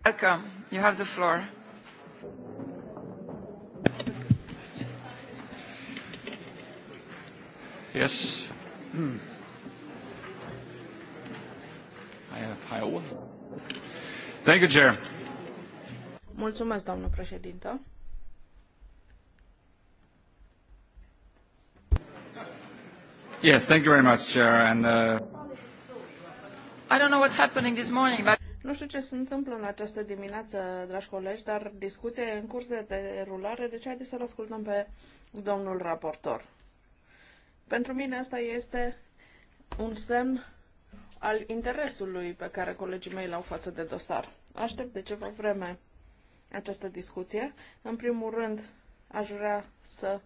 Welcome. You have the floor. Yes. Mm. I have high Thank you, Chair. Mulțumesc, doamnă președintă. Yes, thank you very much, Chair. And, uh... I don't know what's happening this morning, but... Nu știu ce se întâmplă în această dimineață, dragi colegi, dar discuția e în curs de derulare, deci haideți să-l ascultăm pe domnul raportor. Pentru mine asta este un semn al interesului pe care colegii mei l-au față de dosar. Aștept de ceva vreme această discuție. În primul rând, aș vrea să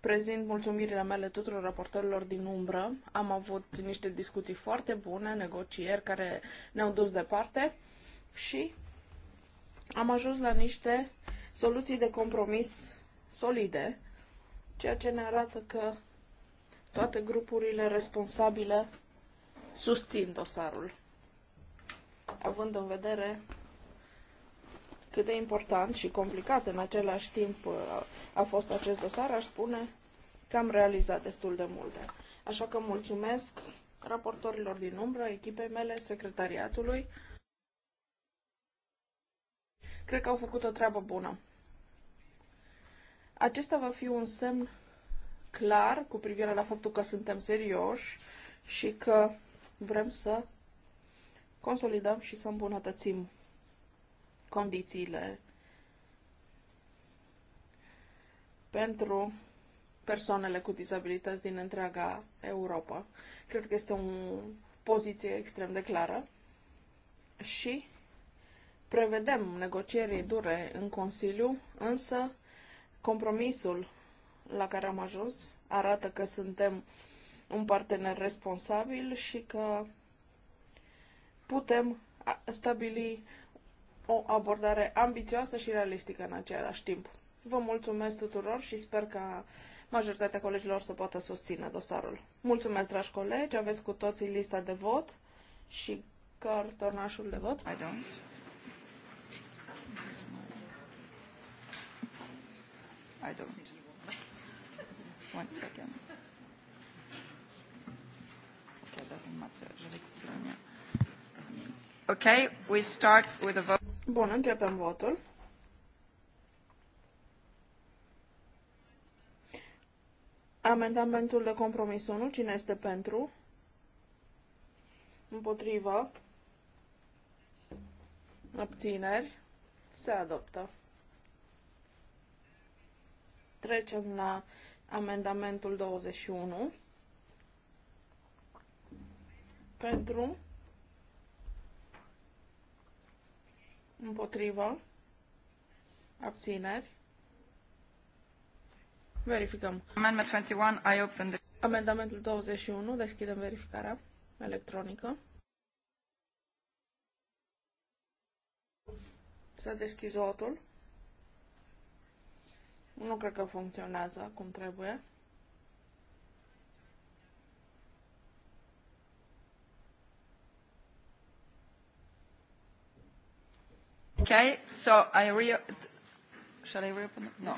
prezint mulțumirile mele tuturor raportorilor din umbră. Am avut niște discuții foarte bune, negocieri care ne-au dus departe și am ajuns la niște soluții de compromis solide, ceea ce ne arată că toate grupurile responsabile susțin dosarul, având în vedere cât de important și complicat în același timp uh, a fost acest dosar, aș spune că am realizat destul de multe. Așa că mulțumesc raportorilor din umbră, echipei mele, secretariatului. Cred că au făcut o treabă bună. Acesta va fi un semn clar cu privire la faptul că suntem serioși și că vrem să consolidăm și să îmbunătățim condițiile pentru persoanele cu dizabilități din întreaga Europa. Cred că este o poziție extrem de clară și prevedem negocieri dure în Consiliu, însă compromisul la care am ajuns arată că suntem un partener responsabil și că putem stabili o abordare ambițioasă și realistică în același timp. Vă mulțumesc tuturor și sper că majoritatea colegilor să poată susține dosarul. Mulțumesc, dragi colegi, aveți cu toții lista de vot și cartonașul de vot. I don't. I don't. One second. Okay, doesn't matter. Okay, we start with a vote. Bun, începem votul. Amendamentul de compromis 1. Cine este pentru? Împotrivă? Abțineri? Se adoptă. Trecem la amendamentul 21. Pentru? Împotrivă. Abțineri. Verificăm. Amendment 21, I open the... Amendamentul 21, deschidem verificarea electronică. S-a deschis votul. Nu cred că funcționează cum trebuie. Okay, so I re... Shall I reopen it? No.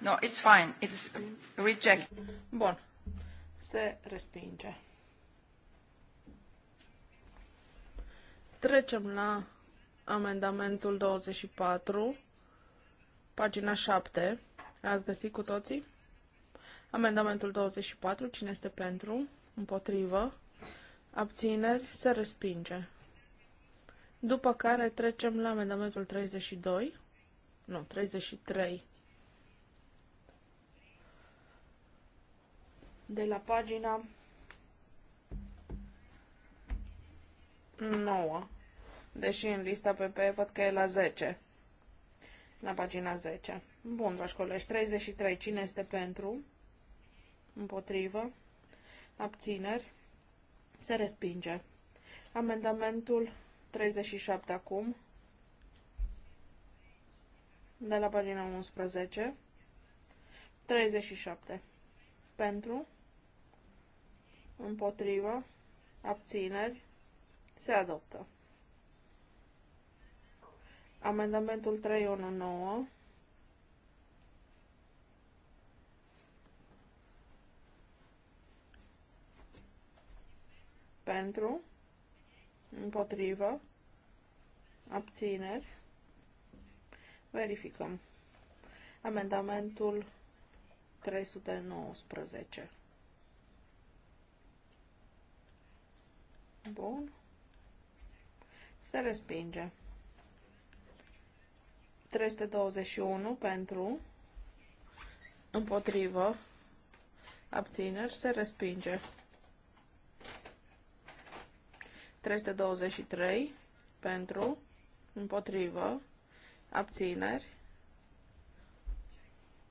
No, it's fine. It's reject. Bun. Se respinge. Trecem la amendamentul 24, pagina 7. Ați găsit cu toții? Amendamentul 24, cine este pentru? Împotrivă? Abțineri? Se respinge. După care trecem la amendamentul 32, nu, 33, de la pagina 9, deși în lista PP văd că e la 10, la pagina 10. Bun, dragi colegi, 33, cine este pentru? Împotrivă? Abțineri? Se respinge. Amendamentul 37 acum, de la pagina 11, 37, pentru, împotriva, abțineri, se adoptă. Amendamentul 319, pentru, împotrivă, abțineri, verificăm. Amendamentul 319. Bun. Se respinge. 321 pentru, împotrivă, abțineri, se respinge. 323 pentru, împotrivă, abțineri.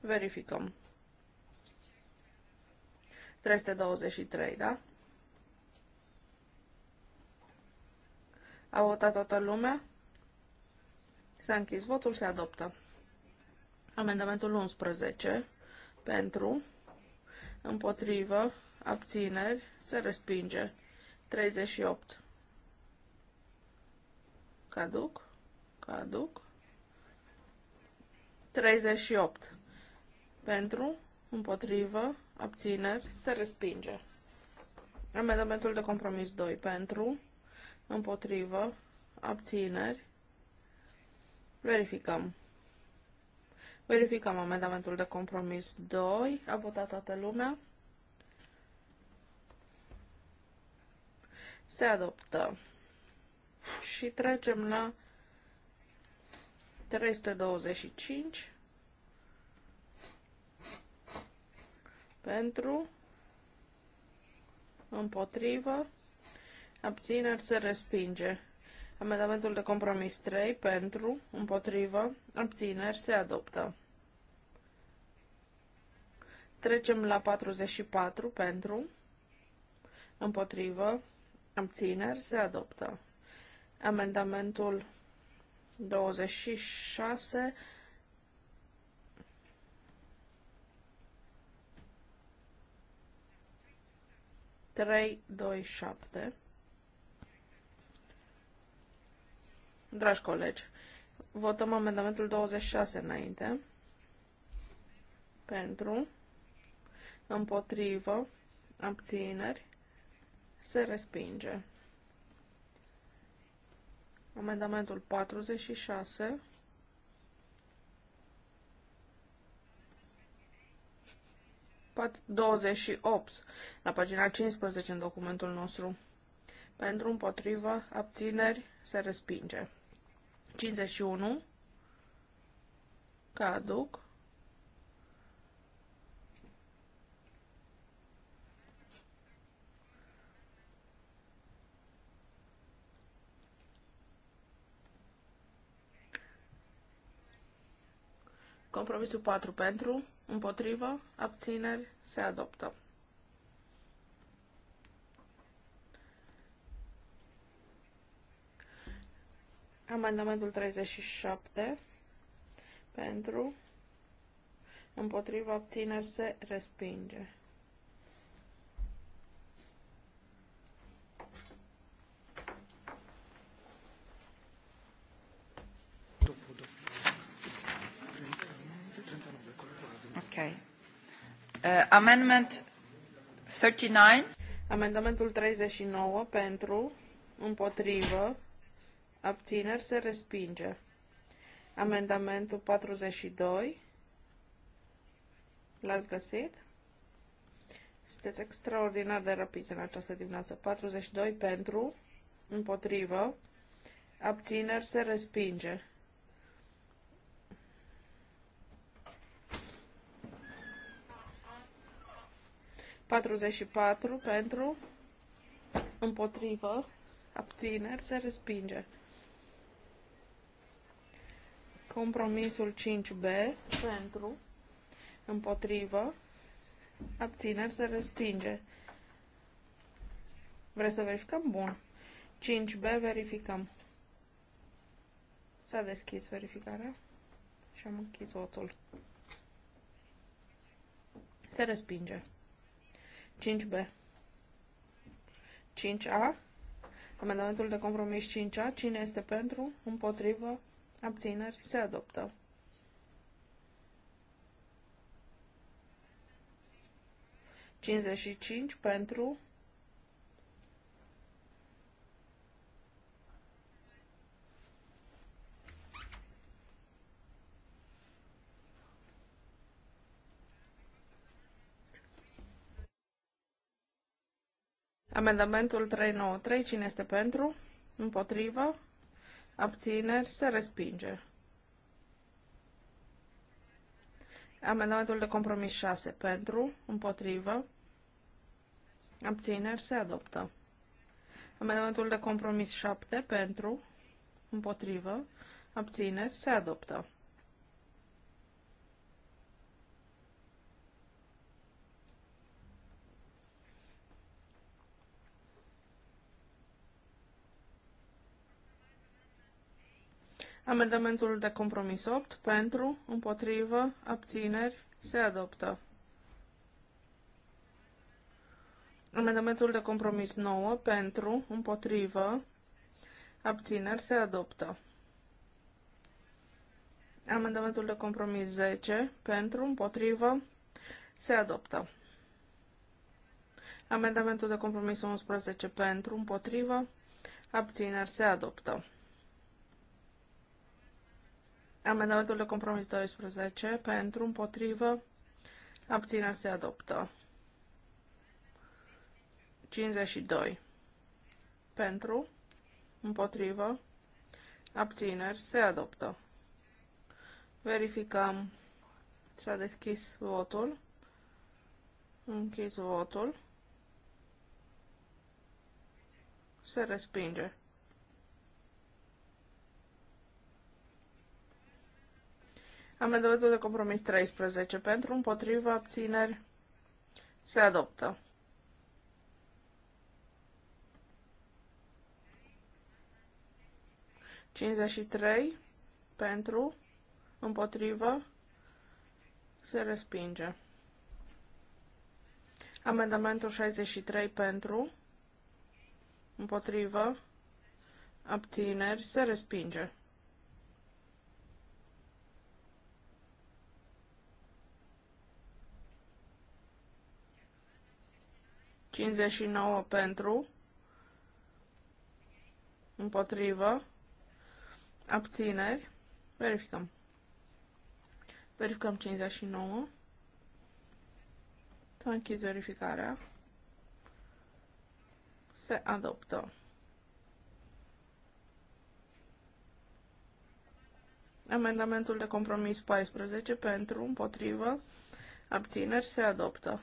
Verificăm. 323, da? A votat toată lumea? S-a închis votul, se adoptă. Amendamentul 11 pentru, împotrivă, abțineri, se respinge. 38 Caduc. Caduc. 38. Pentru, împotrivă, abțineri, se respinge. Amendamentul de compromis 2. Pentru, împotrivă, abțineri. Verificăm. Verificăm amendamentul de compromis 2. A votat toată lumea. Se adoptă și trecem la 325 pentru împotrivă abțineri se respinge amendamentul de compromis 3 pentru împotrivă abțineri se adoptă trecem la 44 pentru împotrivă abțineri se adoptă Amendamentul 26 3, 2, 7. Dragi colegi, votăm amendamentul 26 înainte. Pentru, împotrivă, abțineri, se respinge. Amendamentul 46. 28, la pagina 15 în documentul nostru. Pentru, împotriva, abțineri, se respinge. 51, caduc. Compromisul 4 pentru, împotrivă, abțineri, se adoptă. Amendamentul 37 pentru, împotrivă, abțineri, se respinge. Uh, amendamentul treizeci 39. Amendamentul 39 pentru, împotrivă, abțineri se respinge. Amendamentul 42. L-ați găsit? Sunteți extraordinar de rapizi în această dimineață. 42 pentru, împotrivă, abțineri se respinge. 44 pentru, împotrivă, abțineri, se respinge. Compromisul 5B pentru, împotrivă, abțineri, se respinge. Vreți să verificăm? Bun. 5B verificăm. S-a deschis verificarea și am închis votul. Se respinge. 5B. 5A. Amendamentul de compromis 5A. Cine este pentru? Împotrivă? Abțineri? Se adoptă. Cinzeci și cinci pentru Amendamentul 393, cine este pentru? Împotrivă? Abțineri? Se respinge. Amendamentul de compromis 6, pentru? Împotrivă? Abțineri? Se adoptă. Amendamentul de compromis 7, pentru? Împotrivă? Abțineri? Se adoptă. Amendamentul de compromis 8 pentru, împotrivă, abțineri se adoptă. Amendamentul de compromis 9 pentru, împotrivă, abțineri se adoptă. Amendamentul de compromis 10 pentru, împotrivă, se adoptă. Amendamentul de compromis 11 pentru, împotrivă, abțineri se adoptă. Amendamentul de compromis 12 pentru, împotrivă, abținerea se adoptă. 52 pentru, împotrivă, abțineri se adoptă. Verificăm. S-a deschis votul. Închis votul. Se respinge. Amendamentul de compromis 13 pentru, împotriva, abțineri, se adoptă. Cincizeci trei pentru, împotrivă, se respinge. Amendamentul 63 pentru, împotrivă, abțineri, se respinge. 59 pentru, împotrivă, abțineri, verificăm. Verificăm 59. S-a închis verificarea. Se adoptă. Amendamentul de compromis 14 pentru, împotrivă, abțineri se adoptă.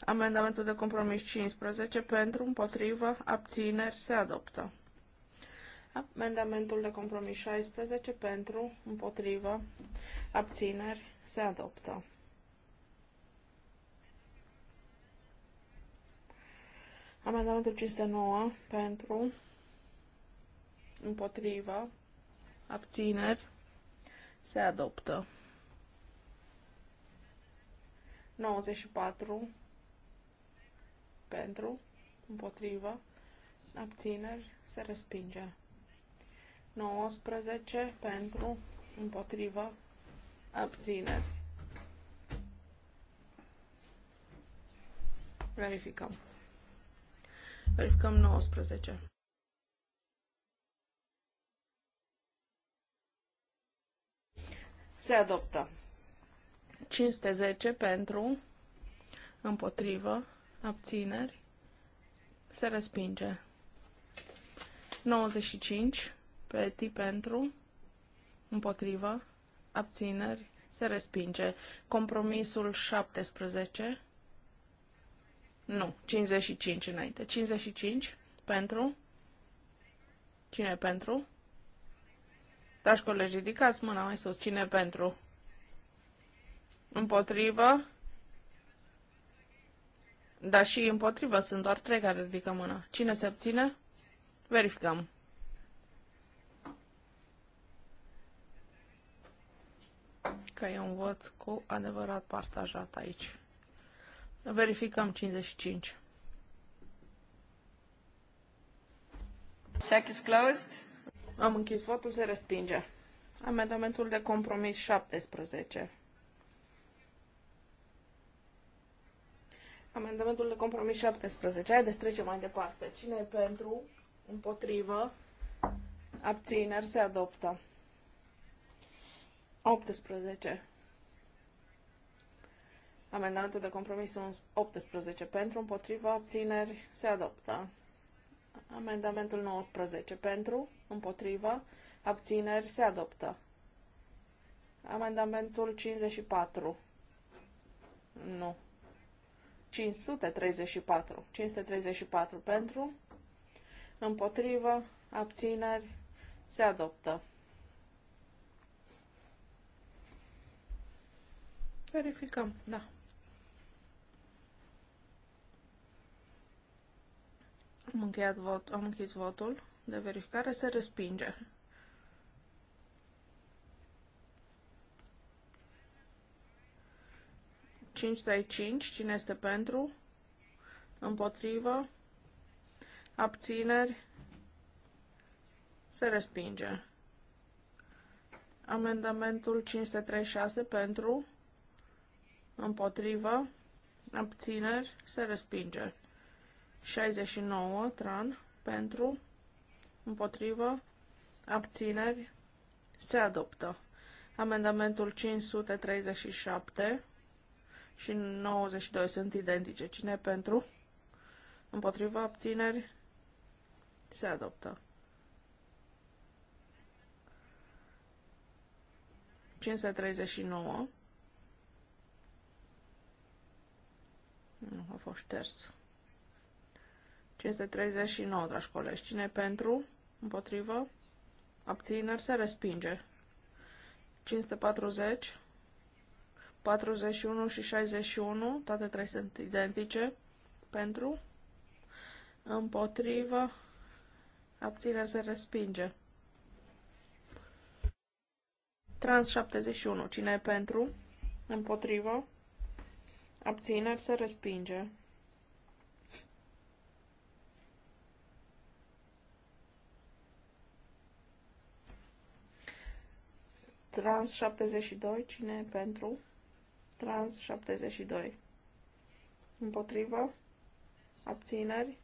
Amendamentul de compromis 15 pentru, împotrivă, abțineri se adoptă. Amendamentul de compromis 16 pentru, împotrivă, abțineri se adoptă. Amendamentul 509 pentru, împotrivă, abțineri se adoptă. 94 pentru, împotrivă, abțineri, se respinge. 19 pentru, împotrivă, abțineri. Verificăm. Verificăm 19. Se adoptă. 510 pentru, împotrivă, abțineri, se respinge. 95 peti pentru, împotrivă, abțineri, se respinge. Compromisul 17, nu, 55 înainte. 55 pentru, cine pentru? Dragi colegi, ridicați mâna mai sus. Cine pentru? Împotrivă? Da și împotrivă sunt doar trei care ridică mâna. Cine se abține? Verificăm. Că e un vot cu adevărat partajat aici. Verificăm 55. Check is closed. Am închis votul, se respinge. Amendamentul de compromis 17. Amendamentul de compromis 17. de trecem mai departe. Cine e pentru? Împotrivă? Abțineri se adoptă. 18. Amendamentul de compromis 18 pentru, Împotrivă? abțineri, se adoptă. Amendamentul 19 pentru, Împotrivă? abțineri, se adoptă. Amendamentul 54. Nu. 534. 534 pentru, împotrivă, abțineri, se adoptă. Verificăm, da. Am încheiat vot, am votul de verificare, se respinge. 535, cine este pentru? Împotrivă? Abțineri? Se respinge. Amendamentul 536 pentru? Împotrivă? Abțineri? Se respinge. 69, tran, pentru? Împotrivă? Abțineri? Se adoptă. Amendamentul 537 și 92 sunt identice. Cine pentru? Împotriva abțineri? Se adoptă. 539 Nu, a fost șters. 539, dragi colegi. Cine pentru? Împotrivă? Abțineri se respinge. 540 41 și 61, toate trei sunt identice, pentru, împotrivă, abținere se respinge. Trans 71, cine e pentru, împotrivă, abțineri se respinge. Trans 72, cine e pentru? Trans 72. Împotrivă. Abțineri.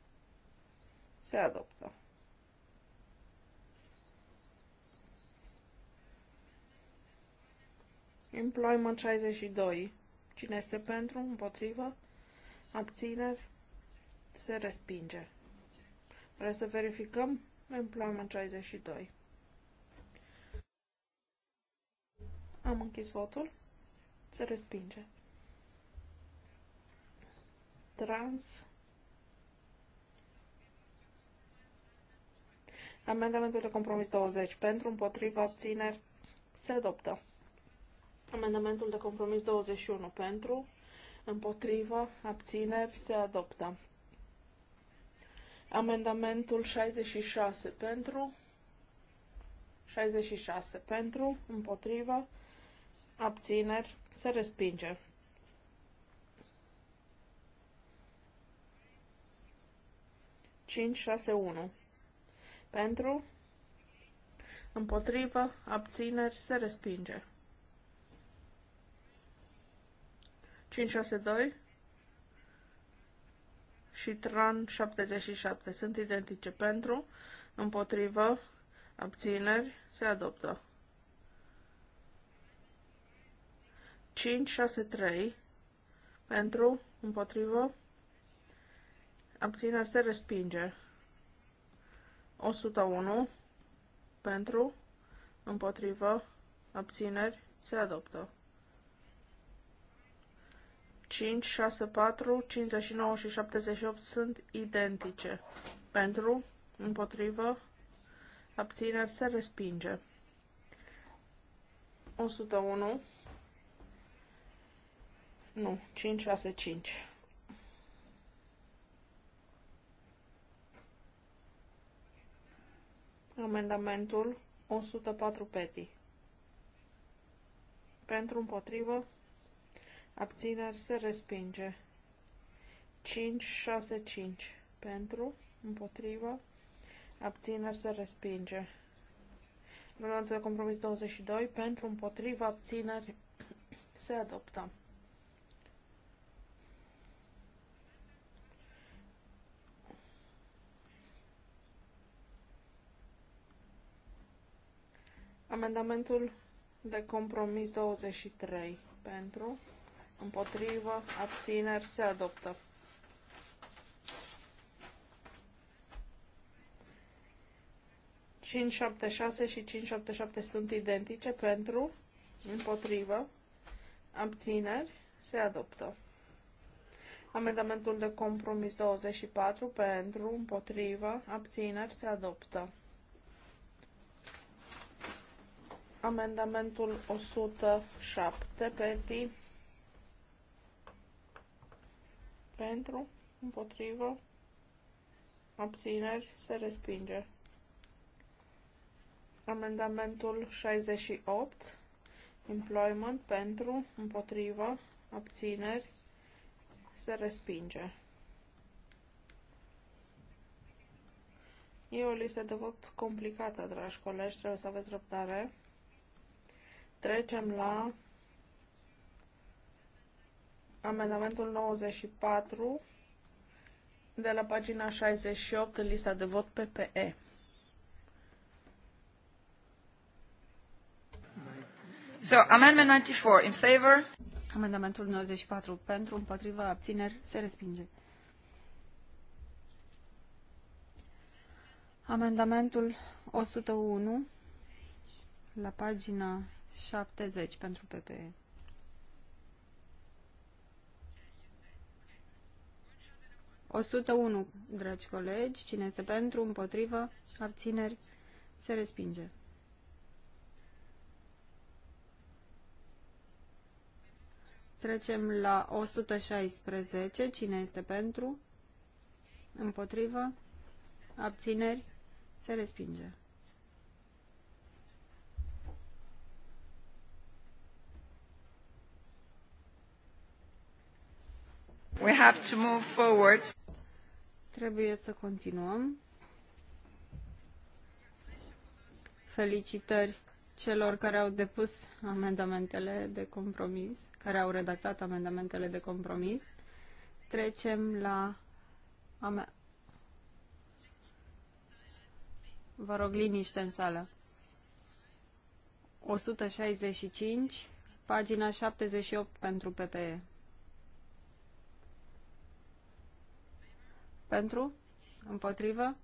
Se adoptă. Employment 62. Cine este pentru? Împotrivă. Abțineri. Se respinge. Vreau să verificăm? Employment 62. Am închis votul. Se respinge. Trans. Amendamentul de compromis 20 pentru, împotriva, abțineri, se adoptă. Amendamentul de compromis 21 pentru, împotriva, abțineri, se adoptă. Amendamentul 66 pentru, 66 pentru, împotriva, abțineri, se respinge. Cinci, șase, unu. Pentru, împotrivă, abțineri, se respinge. doi. și TRAN 77 sunt identice pentru, împotrivă, abțineri, se adoptă. 5, 6, 3 pentru, împotrivă, abținere se respinge. 101 pentru, împotrivă, abțineri se adoptă. 5, 6, 4, 59 și 78 sunt identice. Pentru, împotrivă, abțineri se respinge. 101 nu, 5, 6, 5. Amendamentul 104 peti. Pentru împotrivă, abțineri se respinge. 5, 6, 5. Pentru împotrivă, abțineri se respinge. Amendamentul de compromis 22. Pentru împotrivă, abțineri se adoptă. Amendamentul de compromis 23 pentru, împotrivă, abțineri, se adoptă. Cinci, șapte, șase și 577 sunt identice pentru, împotrivă, abțineri, se adoptă. Amendamentul de compromis 24 pentru, împotrivă, abțineri, se adoptă. Amendamentul 107, Peti. Pentru, împotrivă, abțineri, se respinge. Amendamentul 68, employment, pentru, împotrivă, abțineri, se respinge. E o listă de vot complicată, dragi colegi, trebuie să aveți răbdare. Trecem la amendamentul 94 de la pagina 68 în lista de vot PPE. So, amendment 94 in favor. Amendamentul 94 pentru, împotriva, abțineri, se respinge. Amendamentul 101 la pagina 70 pentru PPE. O sută unu, dragi colegi, cine este pentru, împotrivă, abțineri, se respinge. Trecem la 116. Cine este pentru? Împotrivă? Abțineri? Se respinge. We have to move forward. Trebuie să continuăm. Felicitări celor care au depus amendamentele de compromis, care au redactat amendamentele de compromis. Trecem la Vă rog liniște în sală. 165, pagina 78 pentru PPE. Pentru? Împotrivă?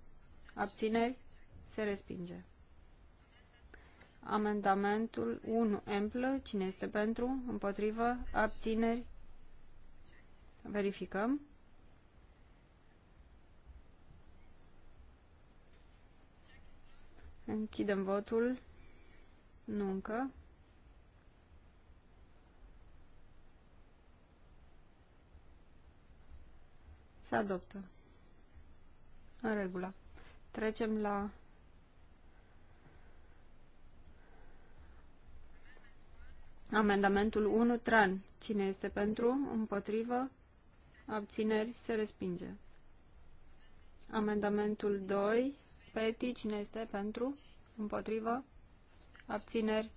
Abțineri? Se respinge. Amendamentul 1 amplă. Cine este pentru? Împotrivă? Abțineri? Verificăm. Închidem votul. Nu încă. Se adoptă. În regulă. Trecem la amendamentul 1 tran. Cine este pentru? Împotrivă? Abțineri? Se respinge. Amendamentul 2 peti. Cine este pentru? Împotrivă? Abțineri?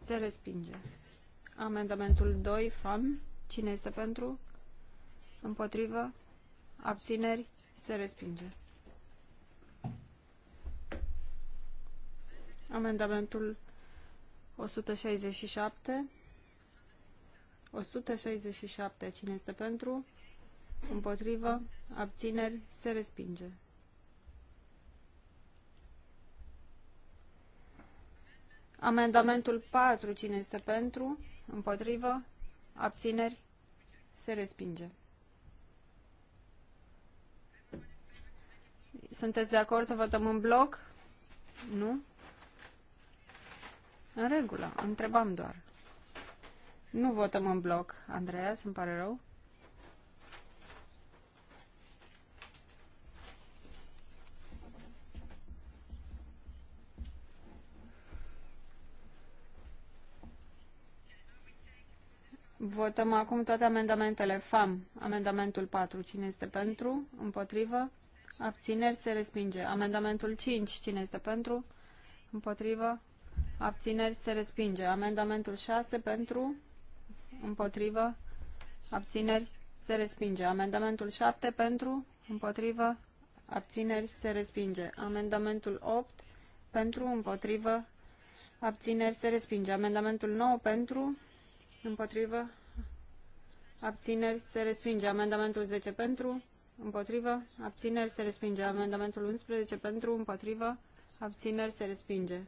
Se respinge. Amendamentul 2 fam. Cine este pentru? Împotrivă? Abțineri? Se respinge. Amendamentul 167. 167. Cine este pentru? Împotrivă? Abțineri? Se respinge. Amendamentul 4. Cine este pentru? Împotrivă? Abțineri? Se respinge. Sunteți de acord să votăm în bloc? Nu? În regulă, întrebam doar. Nu votăm în bloc, Andreea, îmi pare rău. Votăm acum toate amendamentele FAM. Amendamentul 4. Cine este pentru? Împotrivă? Abțineri se respinge. Amendamentul 5. Cine este pentru? Împotrivă? Abțineri se respinge. Amendamentul 6 pentru, împotrivă, abțineri se respinge. Amendamentul 7 pentru, împotrivă, abțineri se respinge. Amendamentul 8 pentru, împotrivă, abțineri se respinge. Amendamentul 9 pentru, împotrivă, abțineri se respinge. Amendamentul 10 pentru, împotrivă, abțineri se respinge. Amendamentul 11 pentru, împotrivă, abțineri se respinge.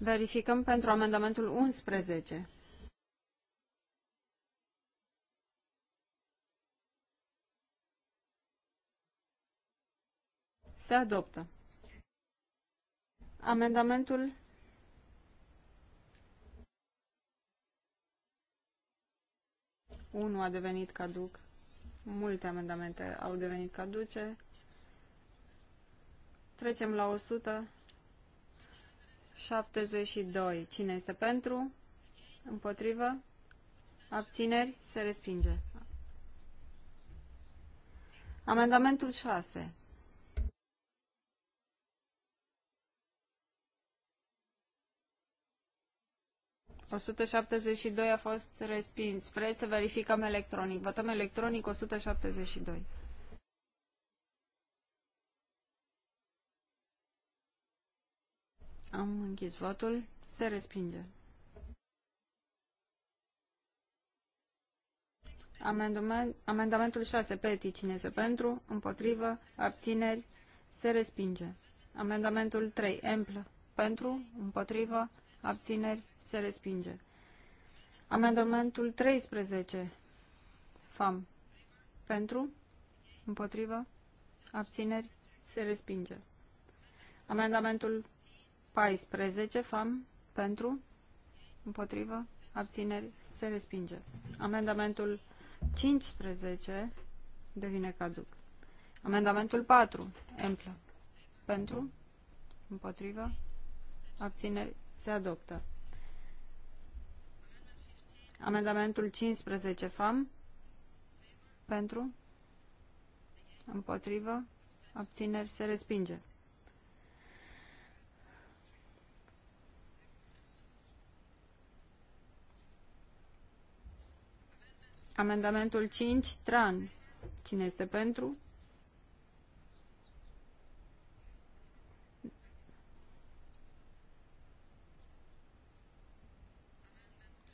Verificăm pentru amendamentul 11. Se adoptă. Amendamentul 1 a devenit caduc. Multe amendamente au devenit caduce. Trecem la 100. 72. Cine este pentru? Împotrivă? Abțineri? Se respinge. Amendamentul 6. 172 a fost respins. Vreți să verificăm electronic? Votăm electronic 172. Am închis votul. Se respinge. Amendament, amendamentul 6. Peti. Cine este pentru? Împotrivă? Abțineri? Se respinge. Amendamentul 3. Emplă. Pentru? Împotrivă? Abțineri? Se respinge. Amendamentul 13. FAM. Pentru? Împotrivă? Abțineri? Se respinge. Amendamentul 14 FAM pentru, împotrivă, abțineri, se respinge. Amendamentul 15 devine caduc. Amendamentul 4, amplă, pentru, împotrivă, abțineri, se adoptă. Amendamentul 15 FAM pentru, împotrivă, abțineri, se respinge. Amendamentul 5, Tran. Cine este pentru?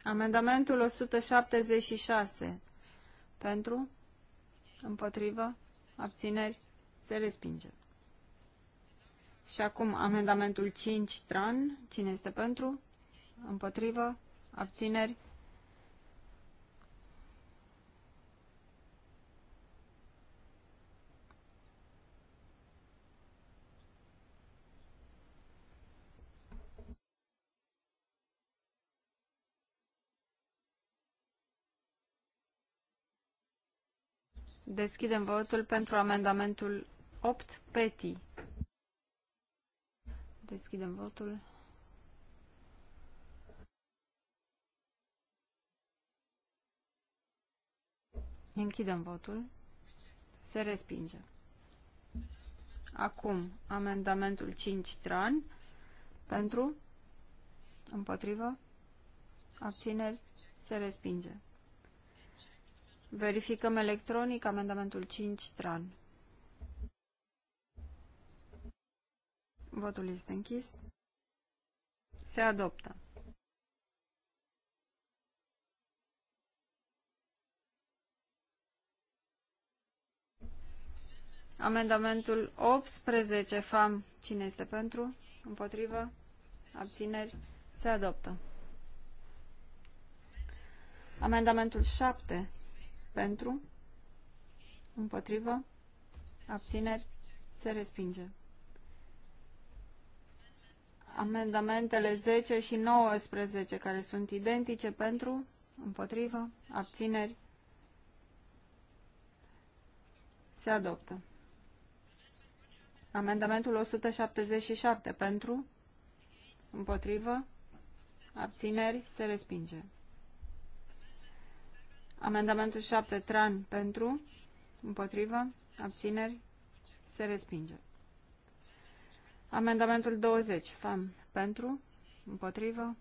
Amendamentul 176. Pentru? Împotrivă? Abțineri? Se respinge. Și acum amendamentul 5, Tran. Cine este pentru? Împotrivă? Abțineri? Deschidem votul pentru amendamentul 8 PETI. Deschidem votul. Închidem votul. Se respinge. Acum, amendamentul 5 tran pentru, împotrivă, abțineri, se respinge. Verificăm electronic amendamentul 5, tran. Votul este închis. Se adoptă. Amendamentul 18, FAM, cine este pentru? Împotrivă? Abțineri? Se adoptă. Amendamentul 7, pentru? Împotrivă? Abțineri? Se respinge. Amendamentele 10 și 19, care sunt identice pentru, împotrivă, abțineri, se adoptă. Amendamentul 177 pentru, împotrivă, abțineri, se respinge. Amendamentul 7, tran pentru, împotrivă, abțineri, se respinge. Amendamentul 20, fam pentru, împotrivă,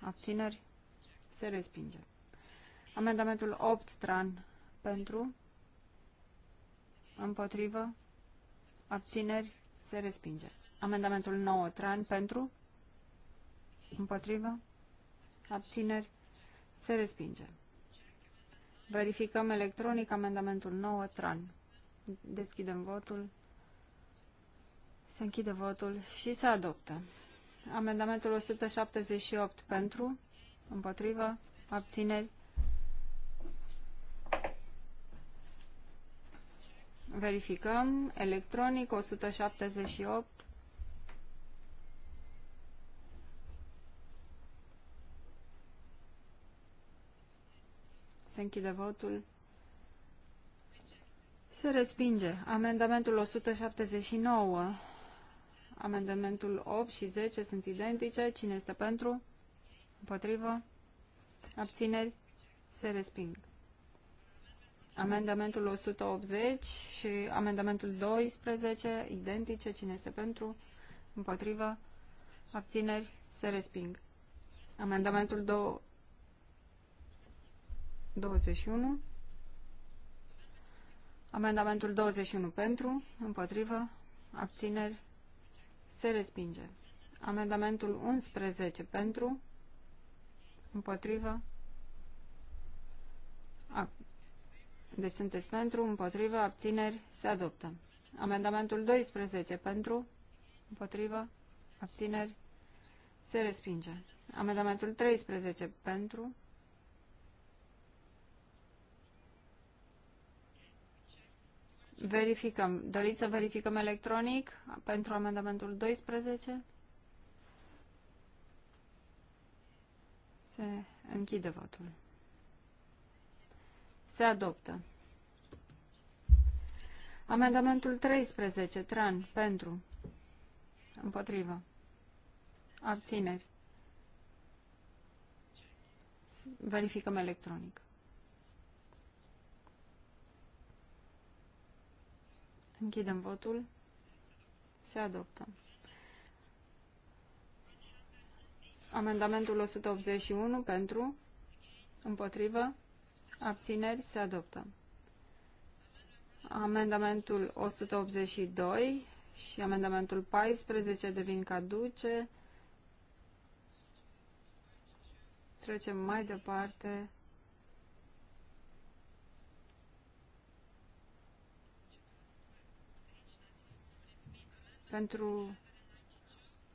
abțineri, se respinge. Amendamentul 8, tran pentru, împotrivă, abțineri, se respinge. Amendamentul 9, tran pentru, împotrivă, abțineri, se respinge. Verificăm electronic amendamentul 9, TRAN. Deschidem votul. Se închide votul și se adoptă. Amendamentul 178 pentru, împotrivă, abțineri. Verificăm electronic 178. Se închide votul. Se respinge. Amendamentul 179. Amendamentul 8 și 10 sunt identice. Cine este pentru? Împotrivă? Abțineri? Se resping. Amendamentul 180 și amendamentul 12, identice. Cine este pentru? Împotrivă? Abțineri? Se resping. Amendamentul 21. Amendamentul 21 pentru, împotrivă, abțineri, se respinge. Amendamentul 11 pentru, împotrivă, a, deci sunteți pentru, împotrivă, abțineri, se adoptă. Amendamentul 12 pentru, împotrivă, abțineri, se respinge. Amendamentul 13 pentru, Verificăm. Doriți să verificăm electronic pentru amendamentul 12? Se închide votul. Se adoptă. Amendamentul 13, Tran, pentru. Împotrivă. Abțineri. Verificăm electronic. Închidem votul. Se adoptă. Amendamentul 181 pentru, împotrivă, abțineri, se adoptă. Amendamentul 182 și amendamentul 14 devin caduce. Trecem mai departe pentru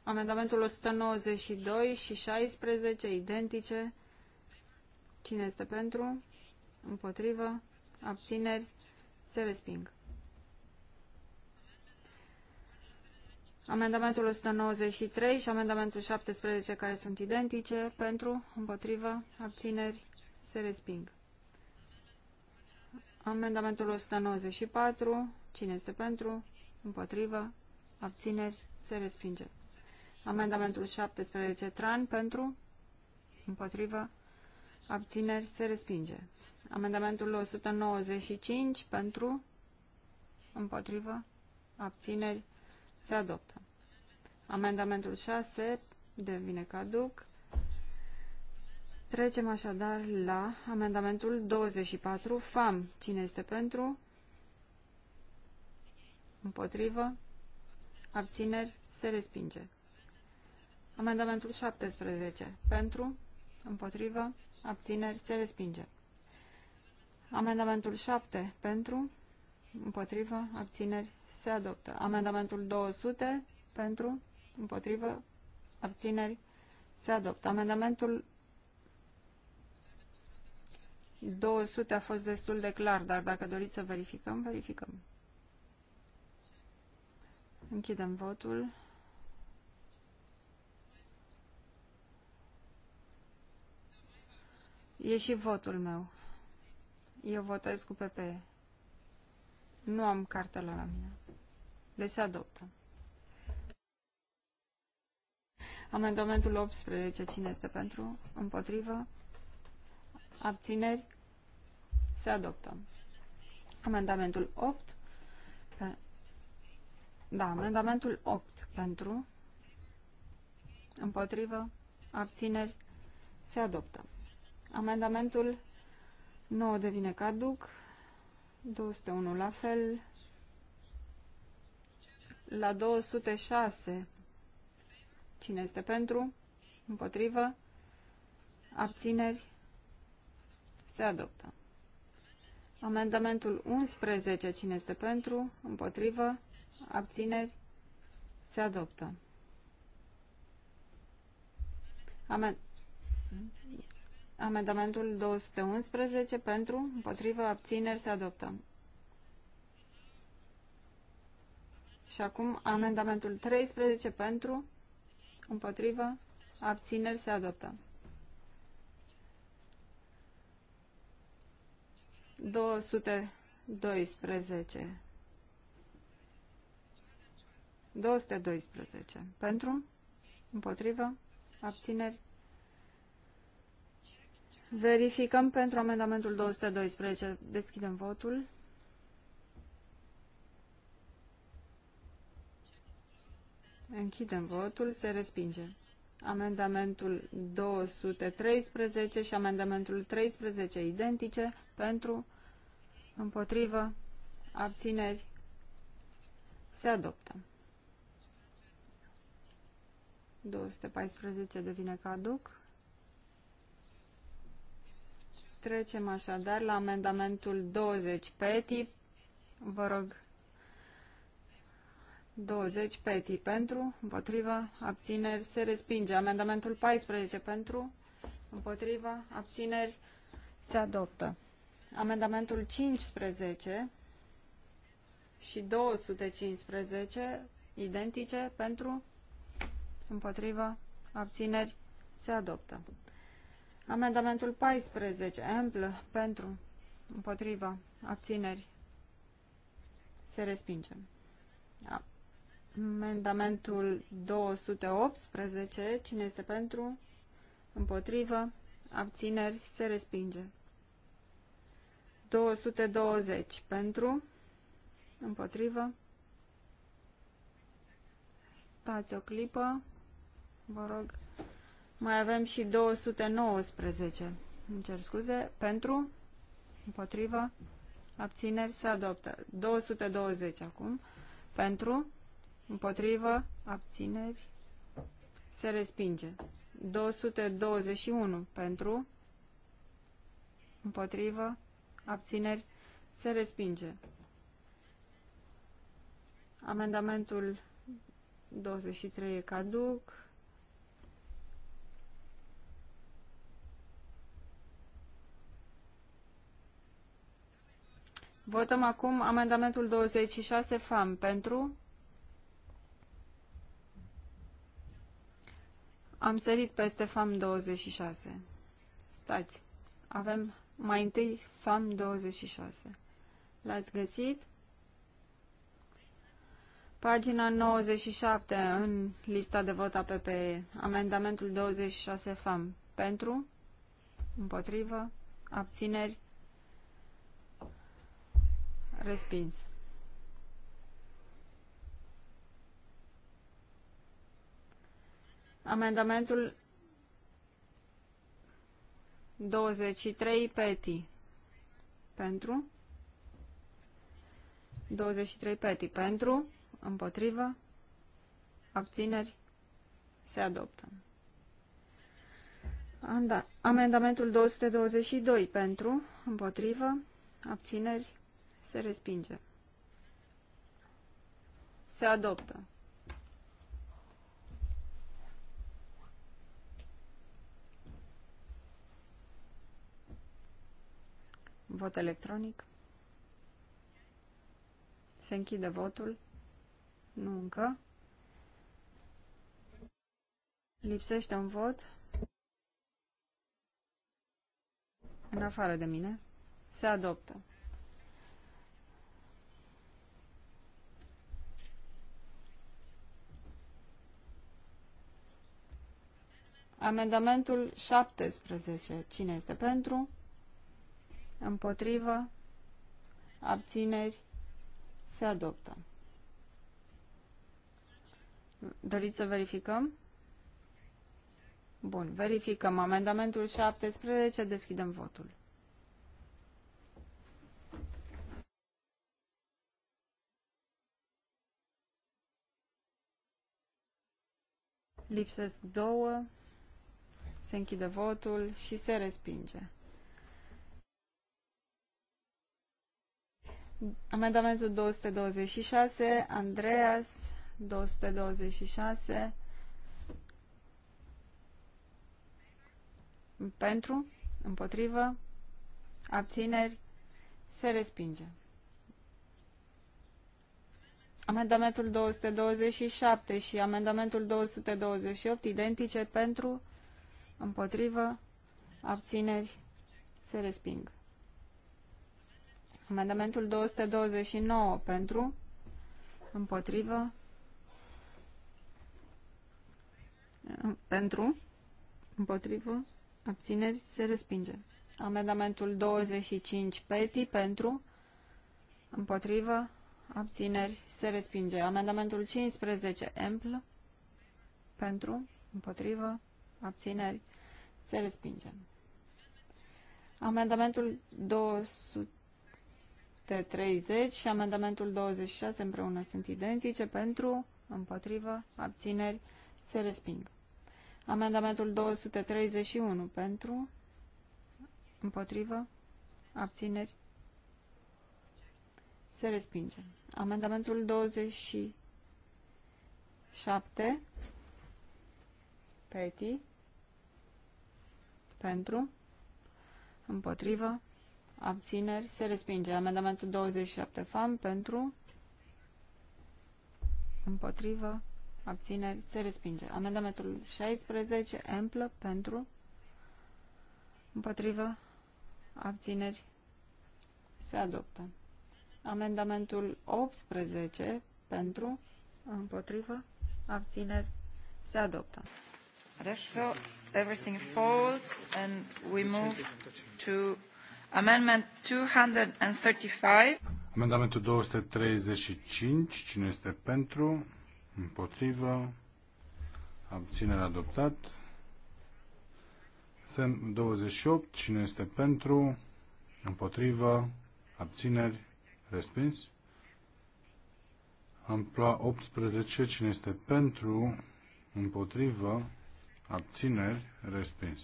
amendamentul 192 și 16, identice. Cine este pentru? Împotrivă? Abțineri? Se resping. Amendamentul 193 și amendamentul 17 care sunt identice, pentru, împotrivă, abțineri, se resping. Amendamentul 194, cine este pentru, împotrivă, abțineri, se respinge. Amendamentul 17, Tran, pentru, împotrivă, abțineri, se respinge. Amendamentul 195, pentru, împotrivă, abțineri, se adoptă. Amendamentul 6 devine caduc. Trecem așadar la amendamentul 24, FAM. Cine este pentru? Împotrivă? abțineri, se respinge. Amendamentul 17. Pentru, împotrivă, abțineri, se respinge. Amendamentul 7. Pentru, împotrivă, abțineri, se adoptă. Amendamentul 200. Pentru, împotrivă, abțineri, se adoptă. Amendamentul 200 a fost destul de clar, dar dacă doriți să verificăm, verificăm. Închidem votul. E și votul meu. Eu votez cu PP. Nu am cartela la mine. Deci se adoptă. Amendamentul 18. Cine este pentru? Împotrivă? Abțineri? Se adoptă. Amendamentul 8. Da, amendamentul 8 pentru, împotrivă, abțineri, se adoptă. Amendamentul 9 devine caduc, 201 la fel, la 206 cine este pentru, împotrivă, abțineri, se adoptă. Amendamentul 11 cine este pentru, împotrivă, abțineri, se adoptă. Amen. Amendamentul 211 pentru, împotrivă, abțineri se adoptă. Și acum amendamentul 13 pentru, împotrivă, abțineri se adoptă. 212 212. Pentru? Împotrivă? Abțineri? Verificăm pentru amendamentul 212. Deschidem votul. Închidem votul. Se respinge. Amendamentul 213 și amendamentul 13 identice pentru, împotrivă, abțineri, se adoptă. 214 devine caduc. Trecem așadar la amendamentul 20 PETI. Vă rog 20 PETI pentru, împotriva, abțineri, se respinge. Amendamentul 14 pentru, împotriva, abțineri, se adoptă. Amendamentul 15 și 215 identice pentru, împotrivă, abțineri, se adoptă. Amendamentul 14, amplă, pentru, împotrivă, abțineri, se respinge. Amendamentul 218, cine este pentru, împotrivă, abțineri, se respinge. 220 pentru, împotrivă, stați o clipă, Vă rog. Mai avem și 219. Îmi cer scuze. Pentru? Împotrivă? Abțineri? Se adoptă. 220 acum. Pentru? Împotrivă? Abțineri? Se respinge. 221. Pentru? Împotrivă? Abțineri? Se respinge. Amendamentul 23 e caduc. Votăm acum amendamentul 26 FAM pentru. Am sărit peste FAM 26. Stați. Avem mai întâi FAM 26. L-ați găsit? Pagina 97 în lista de vot a PPE. Amendamentul 26 FAM. Pentru? Împotrivă? Abțineri? Respins. Amendamentul 23 peti pentru 23 peti pentru împotrivă abțineri se adoptă amendamentul 222 pentru împotrivă abțineri se respinge. Se adoptă. Vot electronic. Se închide votul. Nu încă. Lipsește un vot. În afară de mine. Se adoptă. Amendamentul 17. Cine este pentru? Împotrivă? Abțineri? Se adoptă. Doriți să verificăm? Bun, verificăm amendamentul 17, deschidem votul. Lipsesc două se închide votul și se respinge. Amendamentul 226, Andreas, 226, pentru, împotrivă, abțineri, se respinge. Amendamentul 227 și amendamentul 228, identice, pentru, împotrivă, abțineri, se resping. Amendamentul 229 pentru, împotrivă, pentru, împotrivă, abțineri, se respinge. Amendamentul 25 peti pentru, împotrivă, abțineri, se respinge. Amendamentul 15 empl pentru, împotrivă, abțineri, se respinge. Amendamentul 230 și amendamentul 26 împreună sunt identice pentru, împotrivă, abțineri, se resping. Amendamentul 231 pentru, împotrivă, abțineri, se respinge. Amendamentul 27 Peti pentru, împotrivă, abțineri, se respinge. Amendamentul 27 FAM pentru, împotrivă, abțineri, se respinge. Amendamentul 16 amplă pentru, împotrivă, abțineri, se adoptă. Amendamentul 18 pentru, împotrivă, abțineri, se adoptă. Adesso everything falls and we move to amendment 235. Amendamentul 235, cine este pentru, împotrivă, abținere adoptat. 28, cine este pentru, împotrivă, abțineri, respins. Ampla 18, cine este pentru, împotrivă, abțineri, respins.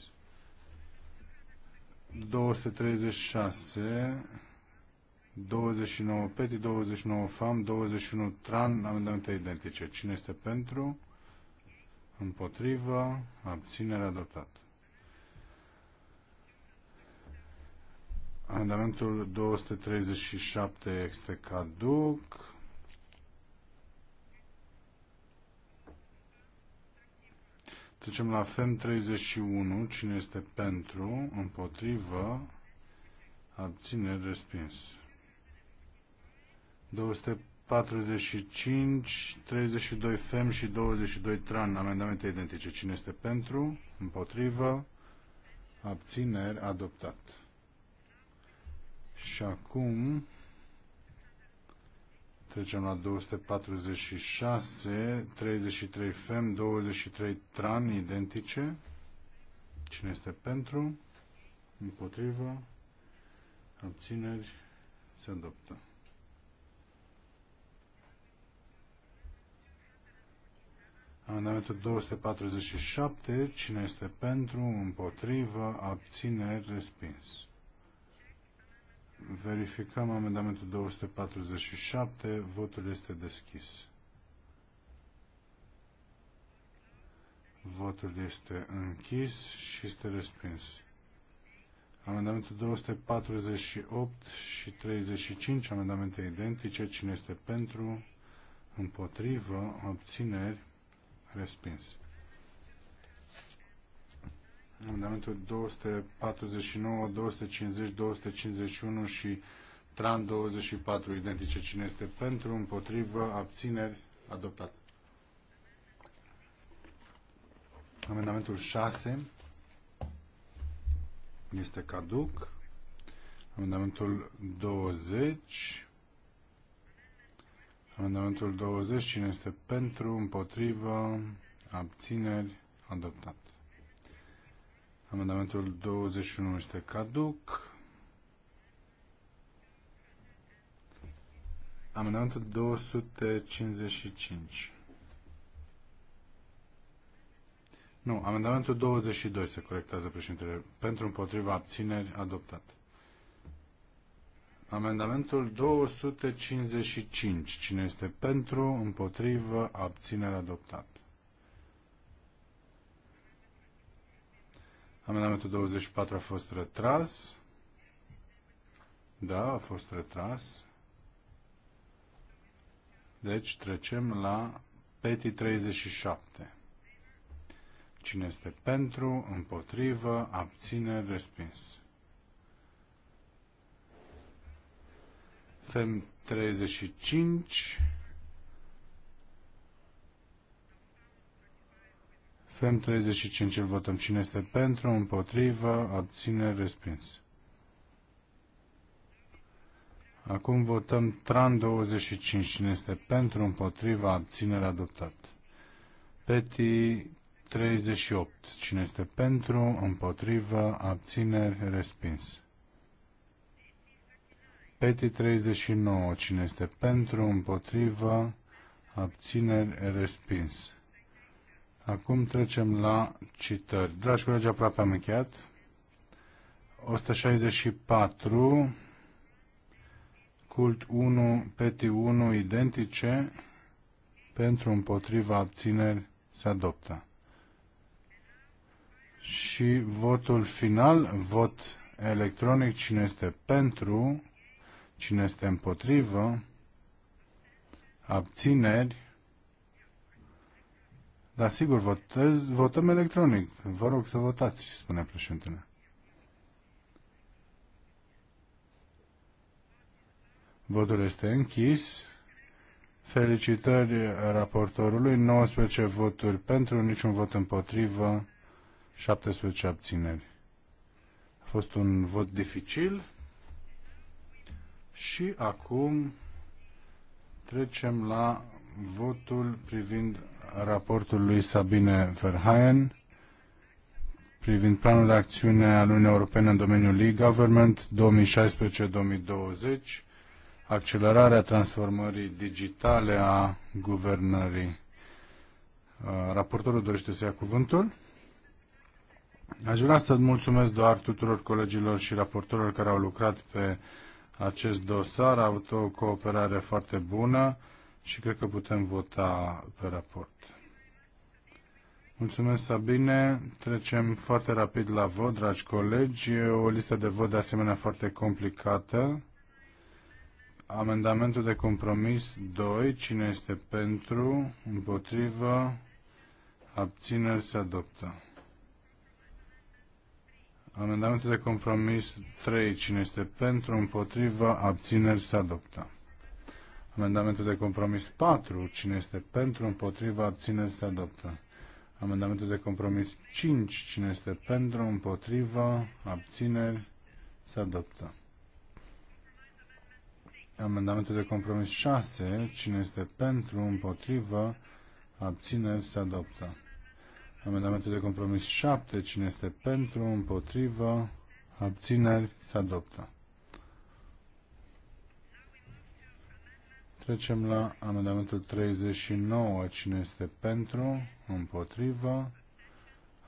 236, 29 PETI, 29 FAM, 21 TRAN, amendamente identice. Cine este pentru? Împotrivă, abținere adoptat. Amendamentul 237 este caduc. Trecem la FEM 31. Cine este pentru? Împotrivă? Abțineri? Respins. 245, 32 FEM și 22 TRAN. Amendamente identice. Cine este pentru? Împotrivă? Abțineri? Adoptat. Și acum Trecem la 246, 33 FEM, 23 TRAN identice. Cine este pentru? Împotrivă? Abțineri? Se adoptă. Amendamentul 247. Cine este pentru? Împotrivă? Abțineri? Respins. Verificăm amendamentul 247. Votul este deschis. Votul este închis și este respins. Amendamentul 248 și 35, amendamente identice. Cine este pentru? Împotrivă? obțineri Respins amendamentul 249, 250, 251 și TRAN 24 identice. Cine este pentru, împotrivă, abțineri, adoptat. Amendamentul 6 este caduc. Amendamentul 20. Amendamentul 20. Cine este pentru, împotrivă, abțineri, adoptat. Amendamentul 21 este caduc. Amendamentul 255. Nu, amendamentul 22 se corectează, președintele. Pentru împotriva abțineri, adoptat. Amendamentul 255. Cine este pentru, împotriva abțineri, adoptat. Amendamentul 24 a fost retras. Da, a fost retras. Deci trecem la Peti 37. Cine este pentru, împotrivă, abține, respins. Fem 35 FEM 35 îl votăm. Cine este pentru, împotrivă, abține, respins. Acum votăm TRAN 25. Cine este pentru, împotrivă, abține, adoptat. PETI 38. Cine este pentru, împotrivă, abține, respins. PETI 39. Cine este pentru, împotrivă, abțineri, respins. Acum trecem la citări. Dragi colegi, aproape am încheiat. 164, cult 1, peti 1, identice, pentru împotriva abțineri se adoptă. Și votul final, vot electronic, cine este pentru, cine este împotrivă, abțineri, da, sigur, votez, votăm electronic. Vă rog să votați, spune președintele. Votul este închis. Felicitări raportorului, 19 voturi pentru, niciun vot împotrivă, 17 abțineri. A fost un vot dificil și acum trecem la votul privind raportul lui Sabine Verheyen privind planul de acțiune al Uniunii Europene în domeniul e-government 2016-2020, accelerarea transformării digitale a guvernării. Uh, raportorul dorește să ia cuvântul. Aș vrea să mulțumesc doar tuturor colegilor și raportorilor care au lucrat pe acest dosar, a avut o cooperare foarte bună și cred că putem vota pe raport. Mulțumesc, Sabine. Trecem foarte rapid la vot, dragi colegi. E o listă de vot de asemenea foarte complicată. Amendamentul de compromis 2. Cine este pentru? Împotrivă? Abțineri? Se adoptă. Amendamentul de compromis 3. Cine este pentru? Împotrivă? Abțineri? Se adoptă. Amendamentul de compromis 4. Cine este pentru? Împotrivă? Abțineri? Se adoptă. Amendamentul de compromis 5. Cine este pentru, împotrivă, abțineri, se adoptă. Amendamentul de compromis 6. Cine este pentru, împotrivă, abțineri, se adoptă. Amendamentul de compromis 7. Cine este pentru, împotrivă, abțineri, se adoptă. Trecem la amendamentul 39. Cine este pentru? Împotrivă?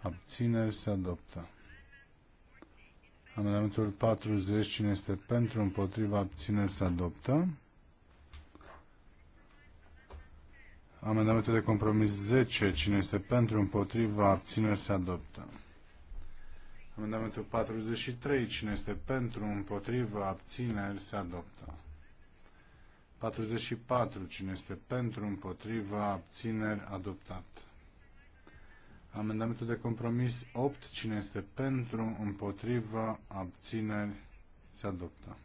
Abțineri? Se adoptă. Amendamentul 40. Cine este pentru? Împotrivă? Abțineri? Se adoptă. Amendamentul de compromis 10. Cine este pentru? Împotrivă? Abțineri? Se adoptă. Amendamentul 43. Cine este pentru? Împotrivă? Abțineri? Se adoptă. 44. Cine este pentru, împotriva, abțineri, adoptat. Amendamentul de compromis 8. Cine este pentru, împotriva, abțineri, se adoptă.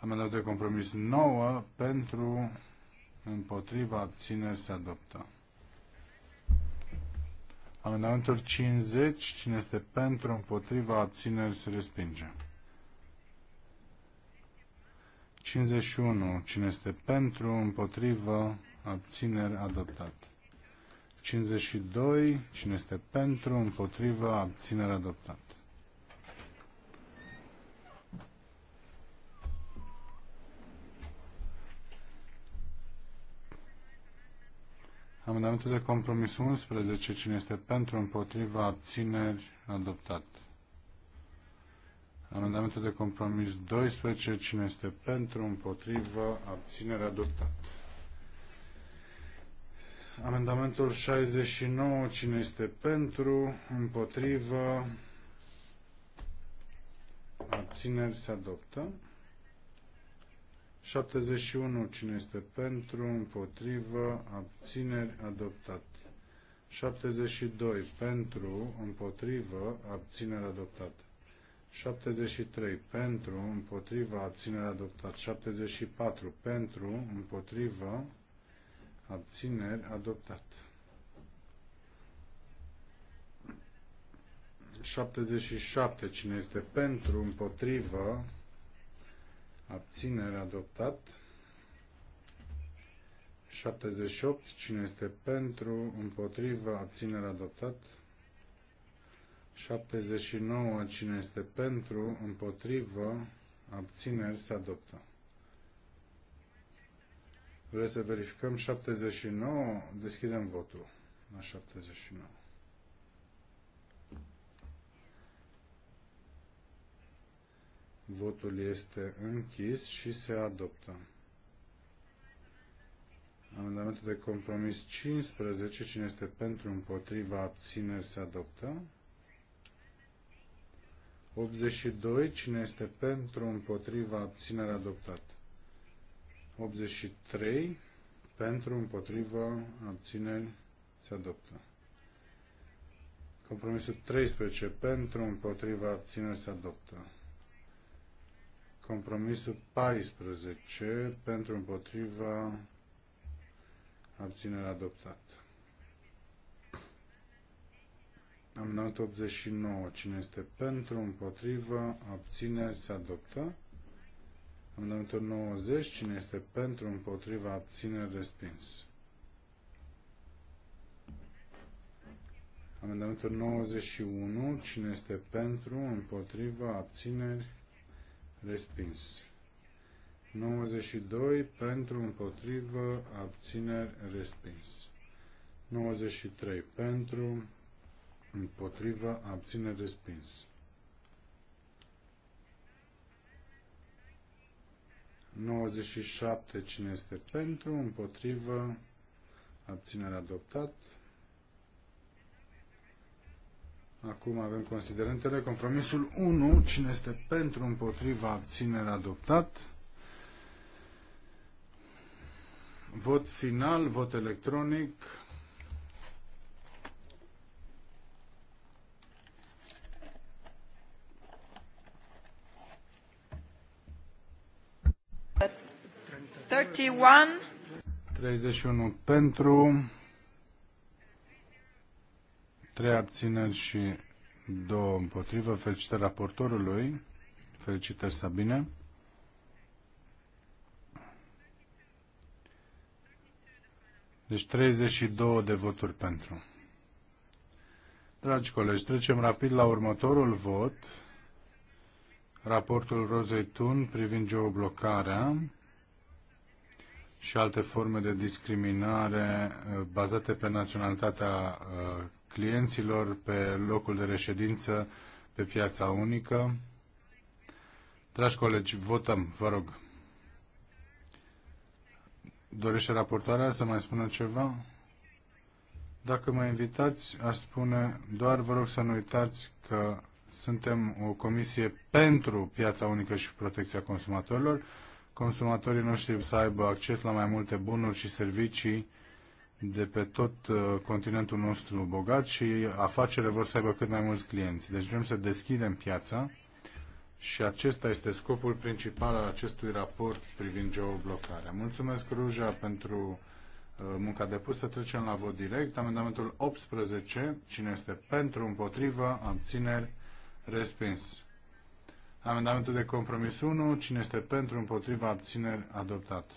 Amendamentul de compromis 9. Pentru, împotriva, abțineri, se adoptă. Amendamentul 50. Cine este pentru, împotriva, abțineri, se respinge. 51. Cine este pentru, împotrivă, abțineri, adoptat. 52. Cine este pentru, împotrivă, abțineri, adoptat. Amendamentul de compromis 11. Cine este pentru, împotriva, abțineri, adoptat. Amendamentul de compromis 12. Cine este pentru, împotrivă, abținere, adoptat. Amendamentul 69. Cine este pentru, împotrivă, abțineri, se adoptă. 71. Cine este pentru, împotrivă, abțineri, adoptat. 72. Pentru, împotrivă, abțineri adoptată. 73 pentru, împotriva, abținere adoptat. 74 pentru, împotriva, abțineri adoptat. 77 cine este pentru, împotriva, abținere adoptat. 78 cine este pentru, împotriva, abținere adoptat. 79. Cine este pentru, împotrivă, abțineri, se adoptă. Vreți să verificăm 79? Deschidem votul la 79. Votul este închis și se adoptă. Amendamentul de compromis 15. Cine este pentru, împotriva, abțineri, se adoptă. 82. Cine este pentru, împotriva, abținere adoptat. 83. Pentru, împotriva, abțineri se adoptă. Compromisul 13. Pentru, împotriva, abțineri se adoptă. Compromisul 14. Pentru, împotriva, abținere adoptată. Am dat 89. Cine este pentru, împotrivă, abține, se adoptă. Am dat 90. Cine este pentru, împotrivă, abține, respins. Amendamentul 91. Cine este pentru, împotriva, abțineri, respins. 92. Pentru, împotrivă, abțineri, respins. 93. Pentru, împotrivă, abține, respins. 97 cine este pentru, împotrivă, abținere adoptat. Acum avem considerentele. Compromisul 1, cine este pentru, împotriva, abținere adoptat. Vot final, vot electronic. 31. pentru, 3 abțineri și 2 împotrivă. Felicitări raportorului. Felicitări, Sabine. Deci 32 de voturi pentru. Dragi colegi, trecem rapid la următorul vot. Raportul Rozei Tun privind geoblocarea și alte forme de discriminare uh, bazate pe naționalitatea uh, clienților, pe locul de reședință, pe piața unică. Dragi colegi, votăm, vă rog. Dorește raportoarea să mai spună ceva? Dacă mă invitați, aș spune doar vă rog să nu uitați că suntem o comisie pentru piața unică și protecția consumatorilor consumatorii noștri să aibă acces la mai multe bunuri și servicii de pe tot uh, continentul nostru bogat și afacerile vor să aibă cât mai mulți clienți. Deci vrem să deschidem piața și acesta este scopul principal al acestui raport privind geoblocarea. Mulțumesc, Ruja, pentru uh, munca depusă. Trecem la vot direct. Amendamentul 18. Cine este pentru, împotrivă, abțineri, respins. Amendamentul de compromis 1. Cine este pentru, împotriva, abțineri, adoptat.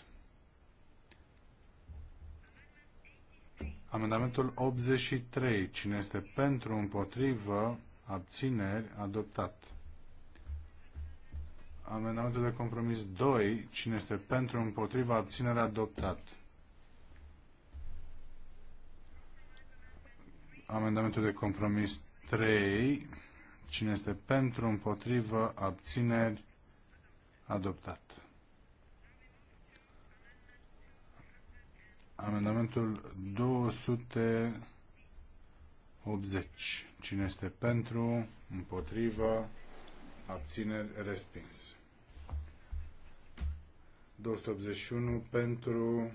Amendamentul 83. Cine este pentru, împotrivă, abțineri, adoptat. Amendamentul de compromis 2. Cine este pentru, împotriva, abțineri, adoptat. Amendamentul de compromis 3. Cine este pentru, împotrivă, abțineri, adoptat. Amendamentul 280. Cine este pentru, împotrivă, abțineri, respins. 281 pentru,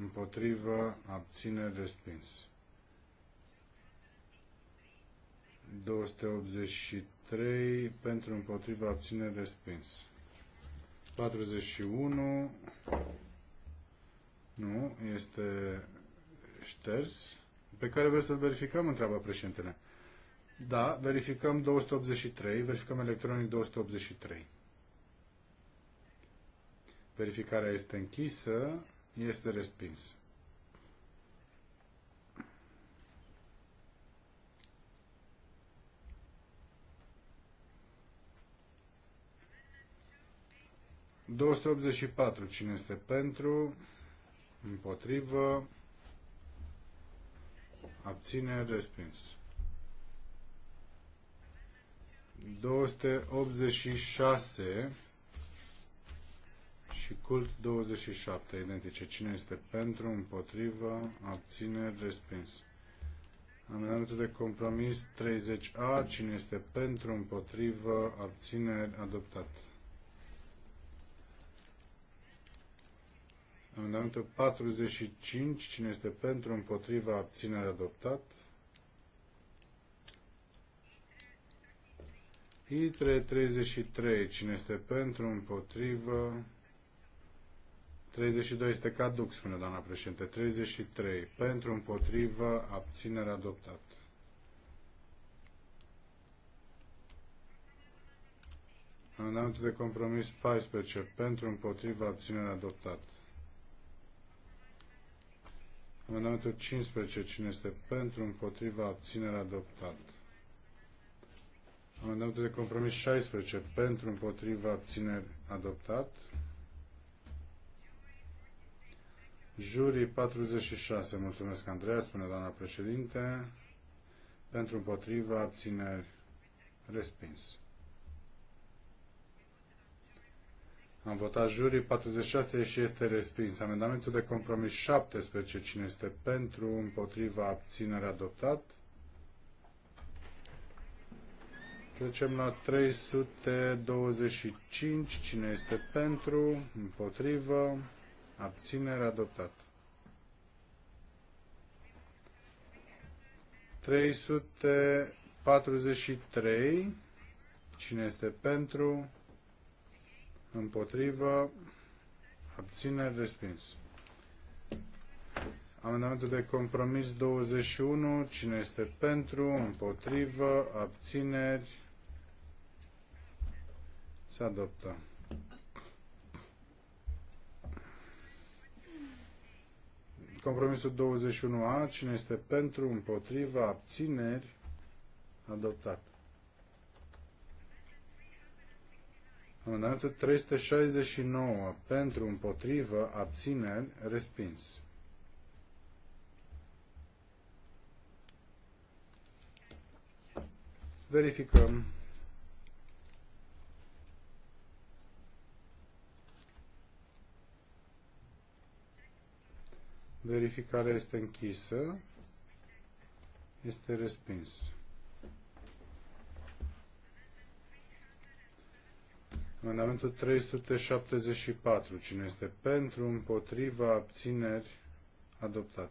împotrivă, abțineri, respins. 283 pentru împotriva abține respins. 41 nu, este șters, pe care vreți să-l verificăm, întreabă președintele. Da, verificăm 283, verificăm electronic 283. Verificarea este închisă, este respins. 284. Cine este pentru? Împotrivă. Abține. Respins. 286 și cult 27 identice. Cine este pentru, împotrivă, abține, respins. Amendamentul de compromis 30A. Cine este pentru, împotrivă, abține, adoptat. Amendamentul 45. Cine este pentru, împotriva, abținere adoptat. I333. Cine este pentru, împotrivă. 32 este caduc, spune doamna președinte. 33. Pentru, împotrivă, abținere adoptat. Amendamentul de compromis 14. Pentru, împotrivă, abținere adoptat. Amendamentul 15. Cine este pentru, împotriva, abținere, adoptat. Amendamentul de compromis 16. Pentru, împotriva, abținere, adoptat. Jurii 46. Mulțumesc, Andreea, spune doamna președinte. Pentru, împotriva, abținere, respins. Am votat jurii 46 și este respins. Amendamentul de compromis 17. Cine este pentru, împotriva, abținere, adoptat. Trecem la 325. Cine este pentru, împotrivă, abținere, adoptat. 343. Cine este pentru, împotrivă, abțineri, respins. Amendamentul de compromis 21, cine este pentru, împotrivă, abțineri, se adoptă. Compromisul 21A, cine este pentru, Împotrivă. abțineri, adoptat. Amendamentul 369 pentru împotrivă abțineri respins. Verificăm. Verificarea este închisă. Este respins. Amendamentul 374. Cine este pentru, împotriva, abțineri, adoptat.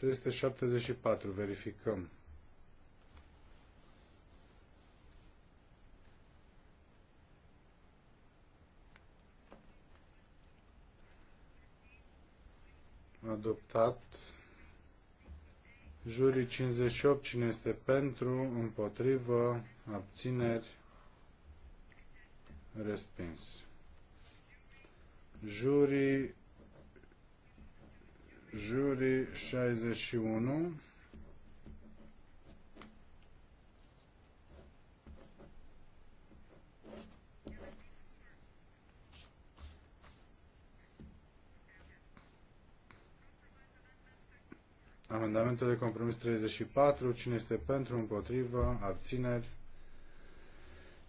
Este 74. Verificăm. Adoptat Jurii 58, cine este pentru, împotrivă, abțineri, respins. Jurii, jurii 61, Amendamentul de compromis 34. Cine este pentru, împotrivă, abțineri?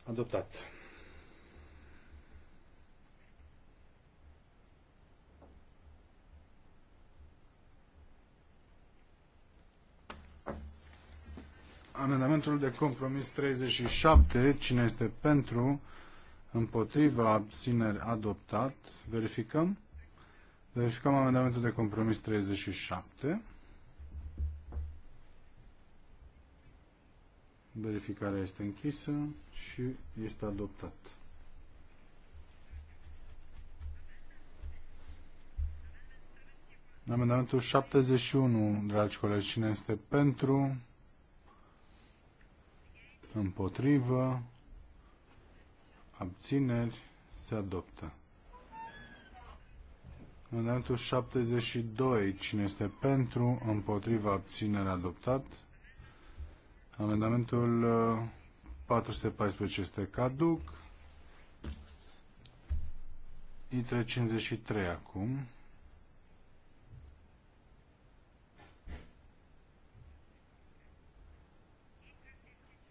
Adoptat. Amendamentul de compromis 37. Cine este pentru, împotrivă, abțineri, adoptat? Verificăm. Verificăm amendamentul de compromis 37. Verificarea este închisă și este adoptat. Amendamentul 71, dragi colegi, cine este pentru? Împotrivă? Abțineri? Se adoptă. Amendamentul 72, cine este pentru? Împotrivă? Abținere? Adoptat. Amendamentul 414 uh, este caduc. Intre 53 acum.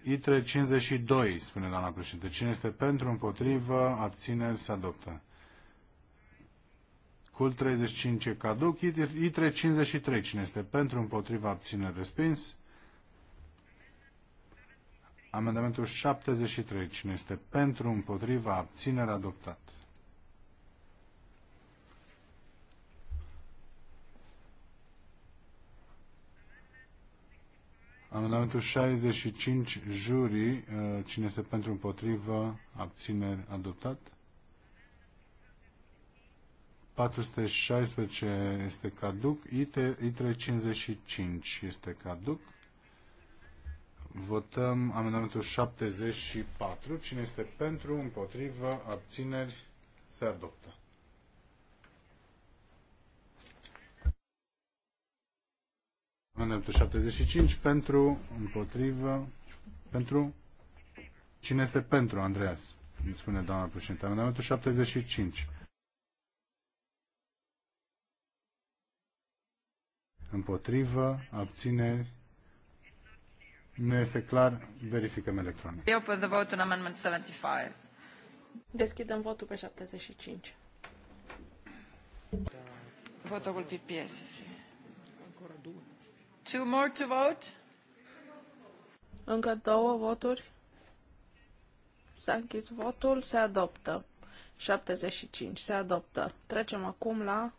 ITRE 52, spune doamna președinte. Cine este pentru, împotrivă, abțineri, se adoptă. Cul 35 e caduc. ITRE 53, cine este pentru, împotrivă, abțineri, respins. Amendamentul 73. Cine este pentru, împotriva, abținere, adoptat. Amendamentul 65, jurii, uh, cine este pentru, împotrivă, abțineri, adoptat. 416 este caduc, I355 este caduc. Votăm amendamentul 74. Cine este pentru, împotrivă, abțineri, se adoptă. Amendamentul 75 pentru, împotrivă, pentru. Cine este pentru, Andreas? Îmi spune doamna președinte. Amendamentul 75. Împotrivă, abțineri, nu este clar. Verificăm electronic. Eu open the vote on amendment 75. Deschidem votul pe 75. Votul col Două. Two more to vote. Încă două voturi. S-a închis votul, se adoptă. 75, se adoptă. Trecem acum la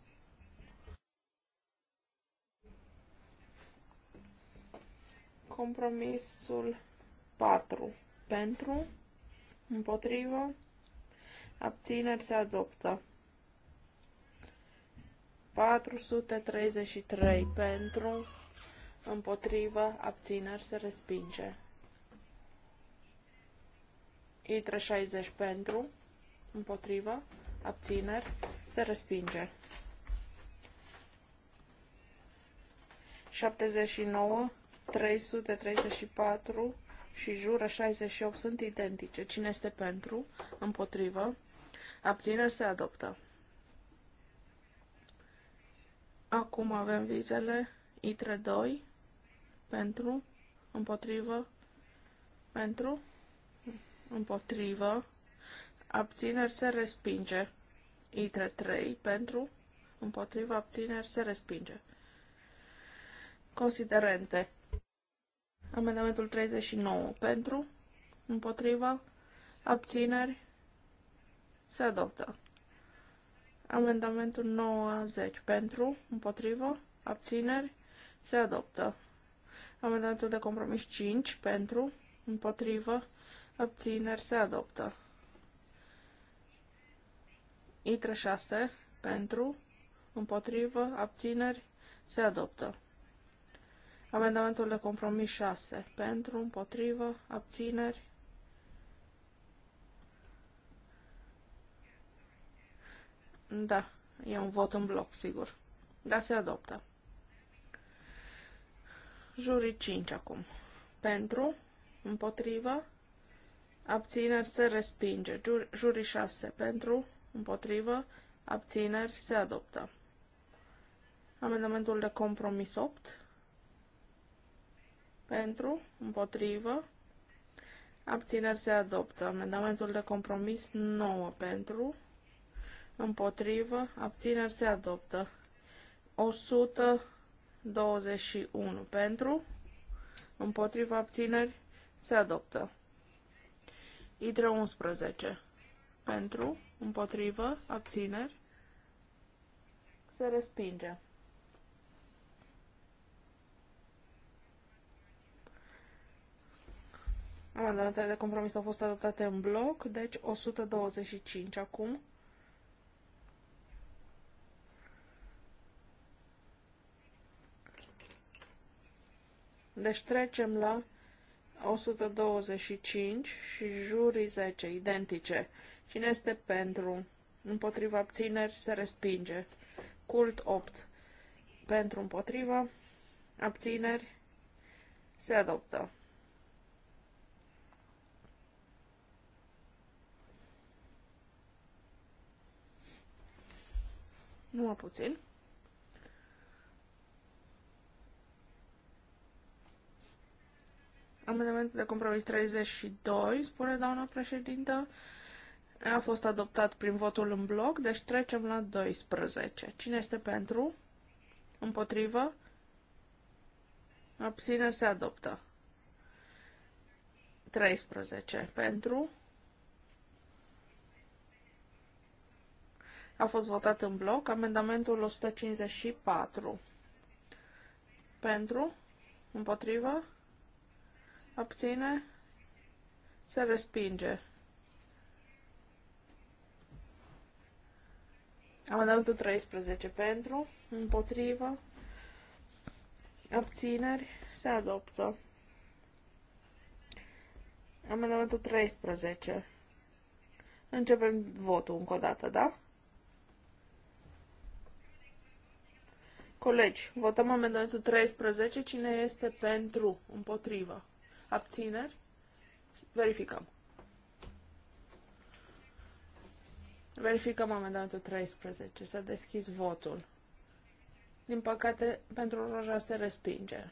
Compromisul 4. Pentru, împotrivă, abțineri se adoptă. 433 pentru, împotrivă, abțineri se respinge. Intră 60 pentru, împotrivă, abțineri se respinge. 79 334 și jură 68 sunt identice. Cine este pentru? Împotrivă. Abțineri se adoptă. Acum avem vizele ITRE 2 pentru, împotrivă, pentru, împotrivă, abțineri se respinge. ITRE 3 pentru, împotrivă, abțineri se respinge. Considerente Amendamentul 39 pentru, împotriva, abțineri, se adoptă. Amendamentul 90 pentru, împotrivă, abțineri, se adoptă. Amendamentul de compromis 5 pentru, împotrivă, abțineri, se adoptă. Itra 6 pentru, împotrivă, abțineri, se adoptă. Amendamentul de compromis 6. Pentru, împotrivă, abțineri. Da, e un vot în bloc, sigur. Da se adoptă. Jurii 5 acum. Pentru, împotrivă, abțineri se respinge. Jurii 6. Pentru, împotrivă, abțineri se adoptă. Amendamentul de compromis 8 pentru, împotrivă, abțineri se adoptă. Amendamentul de compromis 9 pentru, împotrivă, abțineri se adoptă. 121 pentru, împotrivă, abțineri se adoptă. Idre 11 pentru, împotrivă, abțineri se respinge. Amendamentele de compromis au fost adoptate în bloc, deci 125 acum. Deci trecem la 125 și jurii 10, identice. Cine este pentru? Împotriva abțineri se respinge. Cult 8. Pentru împotriva abțineri se adoptă. numai puțin. Amendamentul de compromis 32, spune doamna președintă, a fost adoptat prin votul în bloc, deci trecem la 12. Cine este pentru? Împotrivă? Abține se adoptă. 13. Pentru? A fost votat în bloc amendamentul 154. Pentru, împotrivă, abține, se respinge. Amendamentul 13 pentru, împotrivă, abțineri, se adoptă. Amendamentul 13. Începem votul încă o dată, da? Colegi, votăm amendamentul 13. Cine este pentru? Împotrivă. Abțineri? Verificăm. Verificăm amendamentul 13. S-a deschis votul. Din păcate, pentru roja se respinge.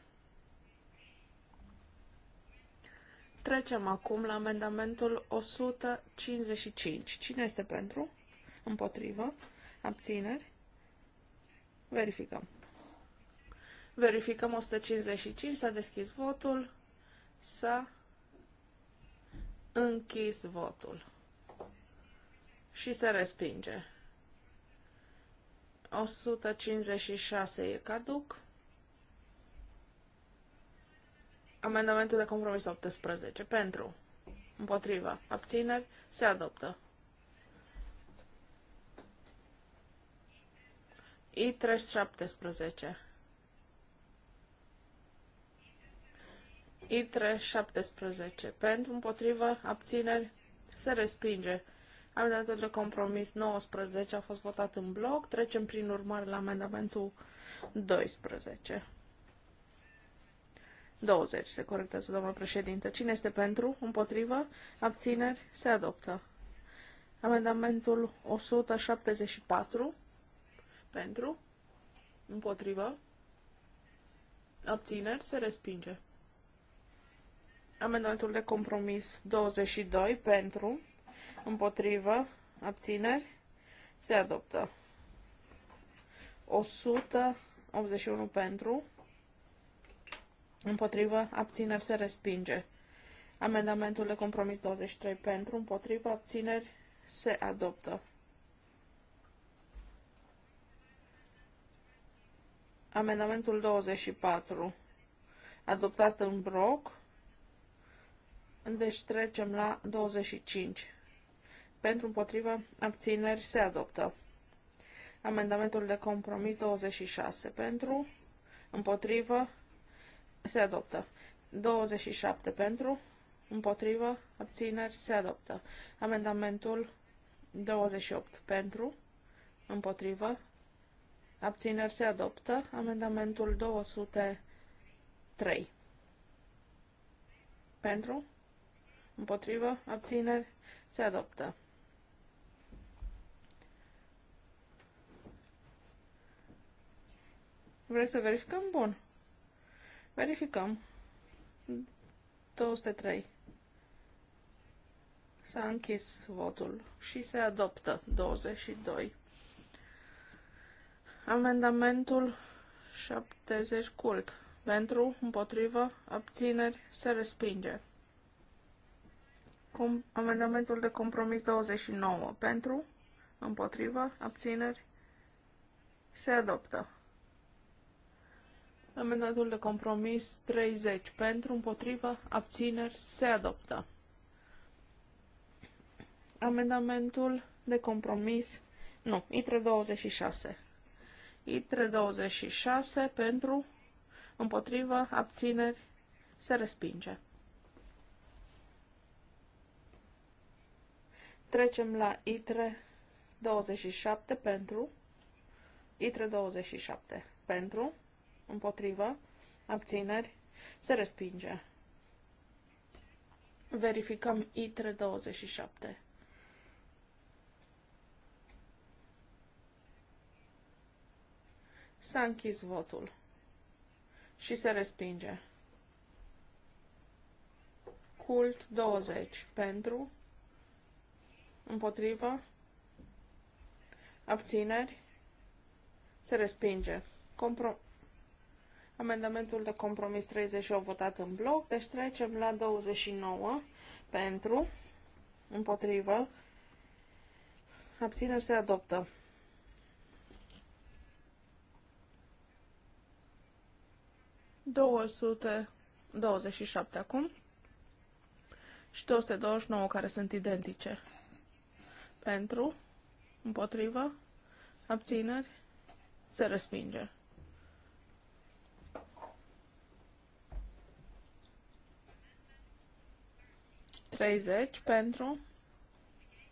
Trecem acum la amendamentul 155. Cine este pentru? Împotrivă? Abțineri? Verificăm. Verificăm 155, s-a deschis votul, s-a închis votul și se respinge. 156 e caduc. Amendamentul de compromis 18. Pentru. Împotriva. Abțineri. Se adoptă. I317. ITRE 17. Pentru, împotrivă, abțineri, se respinge. Amendamentul de compromis 19 a fost votat în bloc. Trecem prin urmare la amendamentul 12. 20. Se corectează, domnul președinte. Cine este pentru? Împotrivă? Abțineri? Se adoptă. Amendamentul 174. Pentru? Împotrivă? Abțineri? Se respinge. Amendamentul de compromis 22 pentru, împotrivă, abțineri, se adoptă. 181 pentru, împotrivă, abțineri, se respinge. Amendamentul de compromis 23 pentru, împotrivă, abțineri, se adoptă. Amendamentul 24, adoptat în bloc, deci trecem la 25. Pentru împotriva abțineri se adoptă. Amendamentul de compromis 26. Pentru împotrivă se adoptă. 27 pentru împotrivă abțineri se adoptă. Amendamentul 28 pentru împotrivă abțineri se adoptă. Amendamentul 203 pentru Împotrivă? Abțineri? Se adoptă. Vreți să verificăm? Bun. Verificăm. 203. S-a închis votul și se adoptă 22. Amendamentul 70 cult. Pentru, împotrivă, abțineri, se respinge. Com amendamentul de compromis 29 pentru, împotrivă, abțineri, se adoptă. Amendamentul de compromis 30 pentru, împotrivă, abțineri, se adoptă. Amendamentul de compromis, nu, ITRE 26. ITRE 26 pentru, împotrivă, abțineri, se respinge. Trecem la ITRE 27 pentru. ITRE 27 pentru. Împotrivă. Abțineri. Se respinge. Verificăm ITRE 27. S-a închis votul și se respinge. Cult 20 pentru, Împotrivă. Abțineri. Se respinge. Compro Amendamentul de compromis 38 votat în bloc, deci trecem la 29 pentru, împotrivă, abțineri se adoptă. ...227 acum și 229 care sunt identice. Pentru. Împotrivă. Abțineri. Se respinge. Treizeci. Pentru.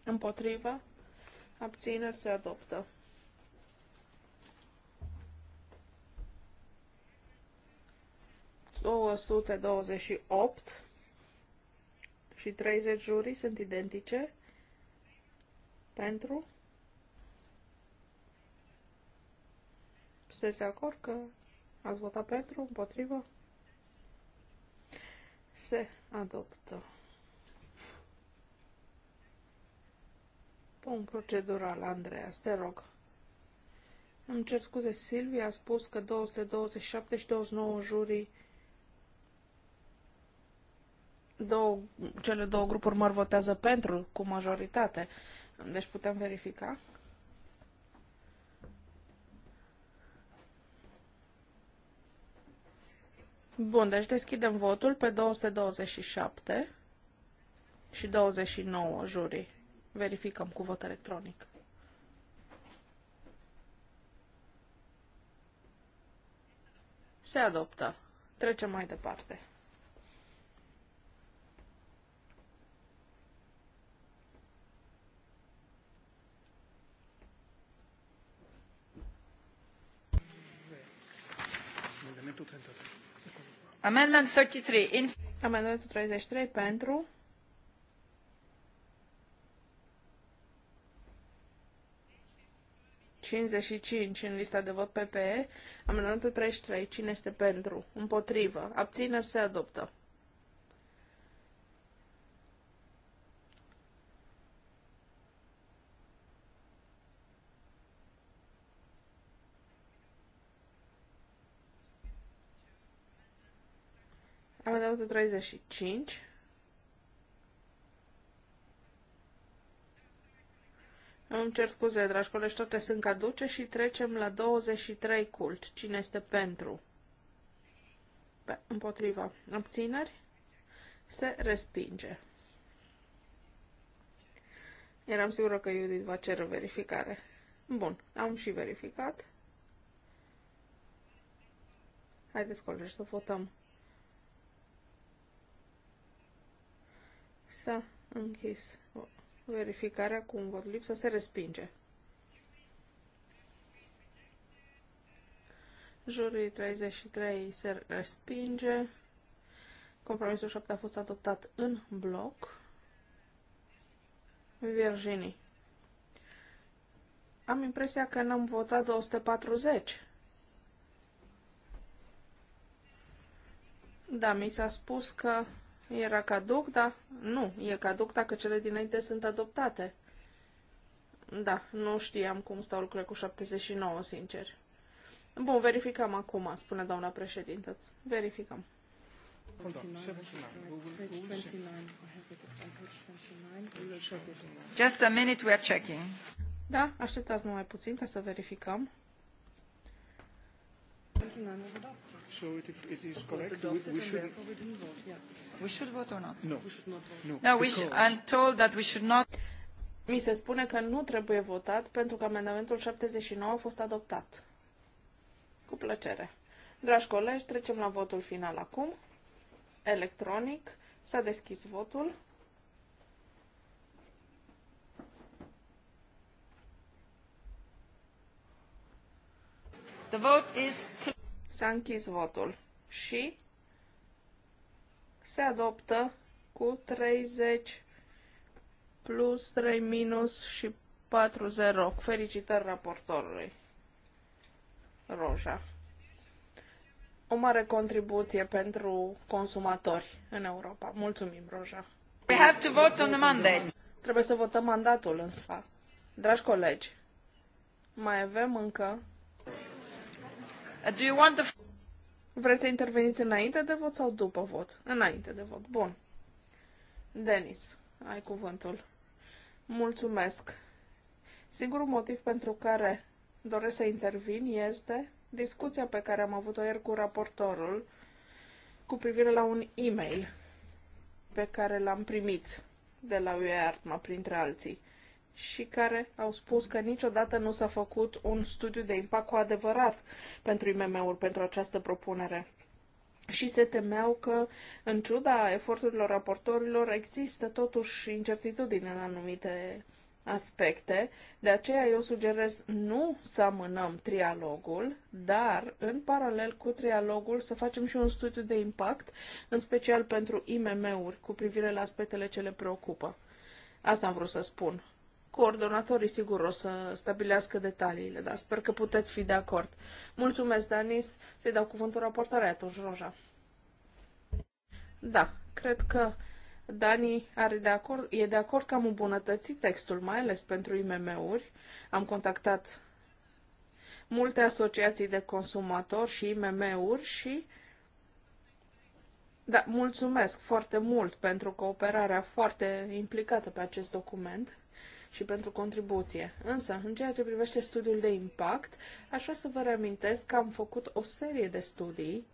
Împotrivă. Abțineri. Se adoptă. 228 și 30 jurii sunt identice pentru. Sunteți de acord că ați votat pentru, împotrivă? Se adoptă. Punct procedural, Andreea, te rog. Îmi cer scuze, Silvia a spus că 227 și 29 jurii două, cele două grupuri mari votează pentru, cu majoritate. Deci putem verifica. Bun, deci deschidem votul pe 227 și 29 jurii. Verificăm cu vot electronic. Se adoptă. Trecem mai departe. Amendment 33. Amendamentul 33 pentru. ...55 în lista de vot PPE, amendamentul 33, cine este pentru? Împotrivă. Abțineri se adoptă. Amendamentul 35. Îmi cer scuze, dragi colegi, toate sunt caduce și trecem la 23 cult. Cine este pentru? Pe, împotriva. Abțineri? Se respinge. Eram sigură că Judith va cere verificare. Bun, am și verificat. Haideți, colegi, să votăm. S-a închis verificarea cu un vot lipsă, se respinge. Jurii 33 se respinge. Compromisul 7 a fost adoptat în bloc. Virginie. Am impresia că n-am votat 240. Da, mi s-a spus că era caduc, da? Nu, e caduc dacă cele dinainte sunt adoptate. Da, nu știam cum stau lucrurile cu 79, sincer. Bun, verificăm acum, spune doamna președintă. Verificăm. 29. Just a minute, we are checking. Da, așteptați numai puțin ca să verificăm. 29 So it, it is correct. We, we should. We vote. Yeah. We should vote or not? No. We should not vote. No. no we sh- I'm told that we should not. Mi se spune că nu trebuie votat pentru că amendamentul 79 a fost adoptat. Cu plăcere. Dragi colegi, trecem la votul final acum. Electronic. S-a deschis votul. The vote is S-a închis votul și se adoptă cu 30 plus 3 minus și 4 0. Felicitări raportorului. Roja. O mare contribuție pentru consumatori în Europa. Mulțumim, Roja. We have to vote on the mandate. Trebuie să votăm mandatul însă. Dragi colegi, mai avem încă Uh, do you want the... Vreți să interveniți înainte de vot sau după vot? Înainte de vot. Bun. Denis, ai cuvântul. Mulțumesc. Singurul motiv pentru care doresc să intervin este discuția pe care am avut-o ieri cu raportorul cu privire la un e-mail pe care l-am primit de la UEARTMA, printre alții și care au spus că niciodată nu s-a făcut un studiu de impact cu adevărat pentru IMM-uri pentru această propunere. Și se temeau că, în ciuda eforturilor raportorilor, există totuși incertitudine în anumite aspecte, de aceea eu sugerez nu să amânăm trialogul, dar în paralel cu trialogul să facem și un studiu de impact, în special pentru IMM-uri, cu privire la aspectele ce le preocupă. Asta am vrut să spun coordonatorii sigur o să stabilească detaliile, dar sper că puteți fi de acord. Mulțumesc, Danis. Să-i dau cuvântul raportarea atunci, Roja. Da, cred că Dani are de acord, e de acord că am îmbunătățit textul, mai ales pentru IMM-uri. Am contactat multe asociații de consumatori și IMM-uri și da, mulțumesc foarte mult pentru cooperarea foarte implicată pe acest document și pentru contribuție. Însă, în ceea ce privește studiul de impact, aș vrea să vă reamintesc că am făcut o serie de studii,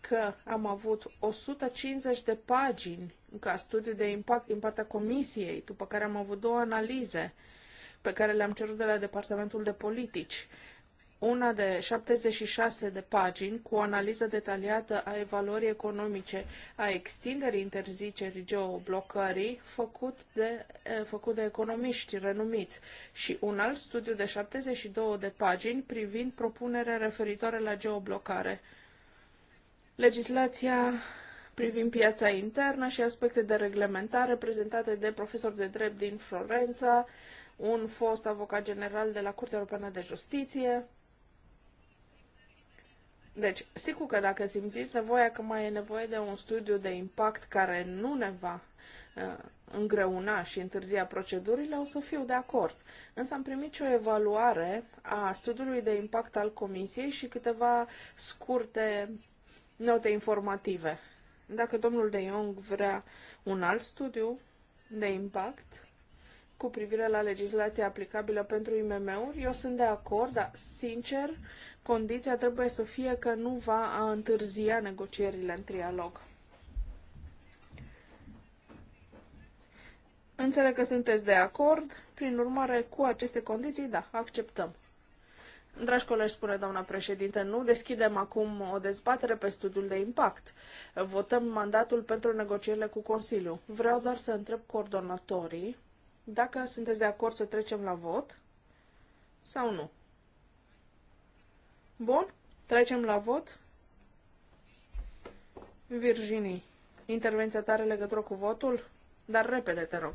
că am avut 150 de pagini ca studiu de impact din partea comisiei, după care am avut două analize pe care le-am cerut de la Departamentul de Politici una de 76 de pagini cu o analiză detaliată a evaluării economice a extinderii interzicerii geoblocării făcut de, făcut de economiști renumiți și un alt studiu de 72 de pagini privind propunerea referitoare la geoblocare. Legislația privind piața internă și aspecte de reglementare prezentate de profesor de drept din Florența, un fost avocat general de la Curtea Europeană de Justiție, deci, sigur că dacă simțiți nevoia că mai e nevoie de un studiu de impact care nu ne va uh, îngreuna și întârzia procedurile, o să fiu de acord. Însă am primit și o evaluare a studiului de impact al Comisiei și câteva scurte note informative. Dacă domnul De Jong vrea un alt studiu de impact cu privire la legislația aplicabilă pentru IMM-uri, eu sunt de acord, dar sincer, uh, Condiția trebuie să fie că nu va întârzia negocierile în trialog. Înțeleg că sunteți de acord, prin urmare, cu aceste condiții, da, acceptăm. Dragi colegi, spune doamna președinte, nu deschidem acum o dezbatere pe studiul de impact. Votăm mandatul pentru negocierile cu Consiliu. Vreau doar să întreb coordonatorii dacă sunteți de acord să trecem la vot sau nu. Bun, trecem la vot. Virginie, intervenția tare legătură cu votul? Dar repede, te rog.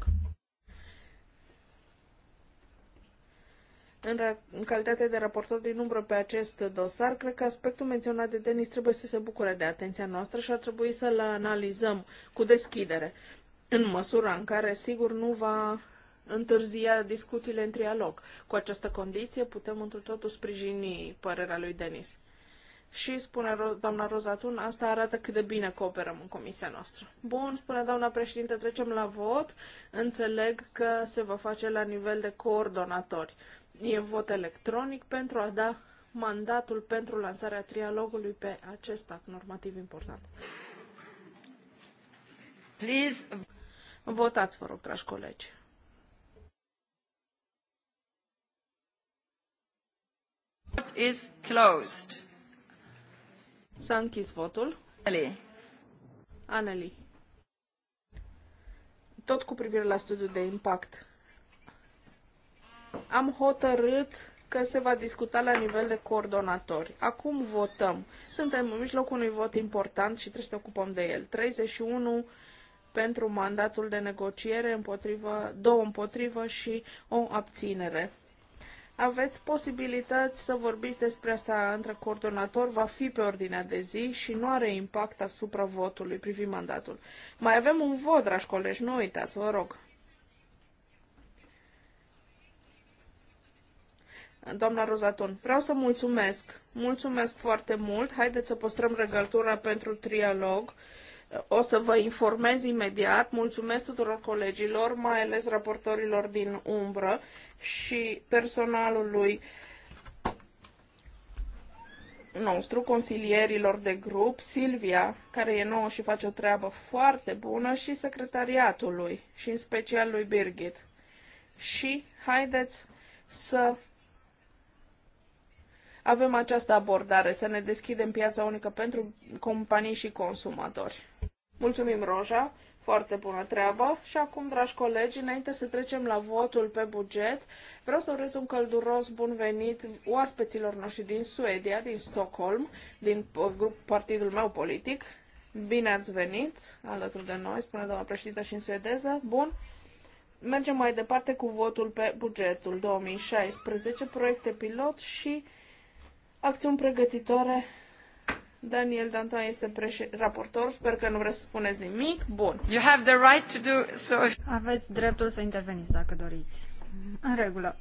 În, în calitate de raportor din umbră pe acest dosar, cred că aspectul menționat de Denis trebuie să se bucure de atenția noastră și ar trebui să-l analizăm cu deschidere, în măsura în care, sigur, nu va întârzia discuțiile în trialog. Cu această condiție putem într totul sprijini părerea lui Denis. Și, spune doamna Rozatun, asta arată cât de bine cooperăm în comisia noastră. Bun, spune doamna președinte, trecem la vot. Înțeleg că se va face la nivel de coordonatori. E vot electronic pentru a da mandatul pentru lansarea trialogului pe acest act normativ important. Please. Votați, vă rog, dragi colegi. S-a închis votul. Aneli. Aneli. Tot cu privire la studiul de impact. Am hotărât că se va discuta la nivel de coordonatori. Acum votăm. Suntem în mijlocul unui vot important și trebuie să ne ocupăm de el. 31 pentru mandatul de negociere, împotrivă, două împotrivă și o abținere aveți posibilități să vorbiți despre asta între coordonator, va fi pe ordinea de zi și nu are impact asupra votului privind mandatul. Mai avem un vot, dragi colegi, nu uitați, vă rog. Doamna Rozaton, vreau să mulțumesc. Mulțumesc foarte mult. Haideți să păstrăm regătura pentru trialog. Uh, o să vă informez imediat. Mulțumesc tuturor colegilor, mai ales raportorilor din umbră și personalului nostru, consilierilor de grup, Silvia, care e nouă și face o treabă foarte bună, și secretariatului, și în special lui Birgit. Și haideți să avem această abordare, să ne deschidem piața unică pentru companii și consumatori. Mulțumim, Roja! Foarte bună treabă! Și acum, dragi colegi, înainte să trecem la votul pe buget, vreau să urez un călduros bun venit oaspeților noștri din Suedia, din Stockholm, din grup, partidul meu politic. Bine ați venit alături de noi, spune doamna președintă și în suedeză. Bun. Mergem mai departe cu votul pe bugetul 2016, proiecte pilot și acțiuni pregătitoare Daniel Danton este raportor, sper că nu vreți să spuneți nimic. Bun. You have the right to do so. Aveți dreptul să interveniți dacă doriți. În regulă.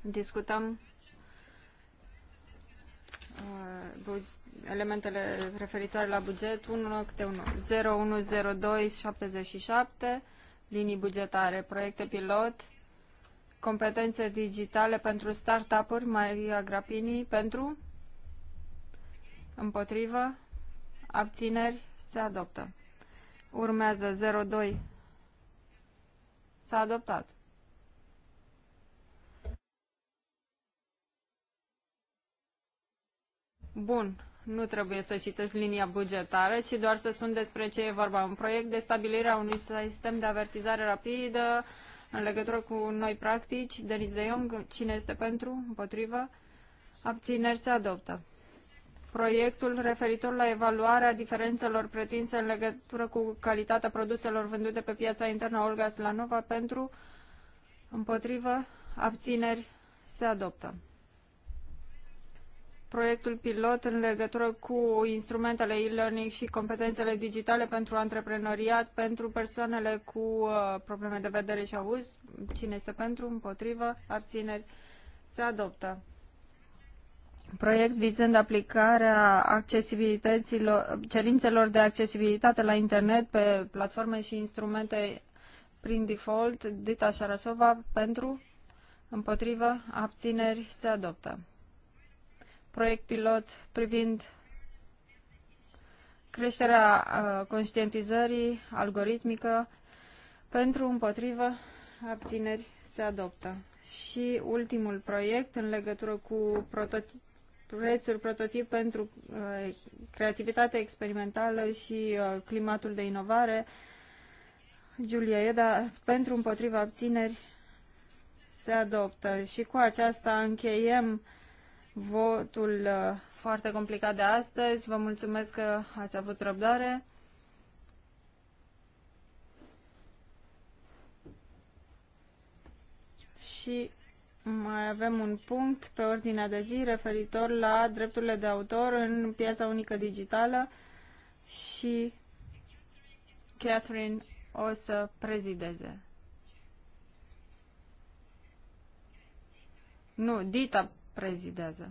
Discutăm uh, elementele referitoare la buget 1 câte 1 0102 77 linii bugetare proiecte pilot competențe digitale pentru startup-uri, Maria Grapini, pentru, împotrivă, abțineri, se adoptă. Urmează 02, s-a adoptat. Bun, nu trebuie să citesc linia bugetară, ci doar să spun despre ce e vorba. Un proiect de stabilire a unui sistem de avertizare rapidă în legătură cu noi practici. Denis de Jong, cine este pentru, împotrivă, abțineri se adoptă. Proiectul referitor la evaluarea diferențelor pretinse în legătură cu calitatea produselor vândute pe piața internă Olga Slanova pentru, împotrivă, abțineri se adoptă proiectul pilot în legătură cu instrumentele e-learning și competențele digitale pentru antreprenoriat, pentru persoanele cu uh, probleme de vedere și auz. Cine este pentru, împotrivă, abțineri, se adoptă. Proiect vizând aplicarea accesibilităților, cerințelor de accesibilitate la internet pe platforme și instrumente prin default, Dita Șarasova, pentru, împotrivă, abțineri, se adoptă proiect pilot privind creșterea uh, conștientizării algoritmică pentru împotrivă abțineri se adoptă. Și ultimul proiect în legătură cu prototip, prețuri prototip pentru uh, creativitate experimentală și uh, climatul de inovare, Giulia Eda, pentru împotriva abțineri se adoptă. Și cu aceasta încheiem votul uh, foarte complicat de astăzi. Vă mulțumesc că ați avut răbdare. Și mai avem un punct pe ordinea de zi referitor la drepturile de autor în piața unică digitală și Catherine o să prezideze. Nu, Dita prezidează.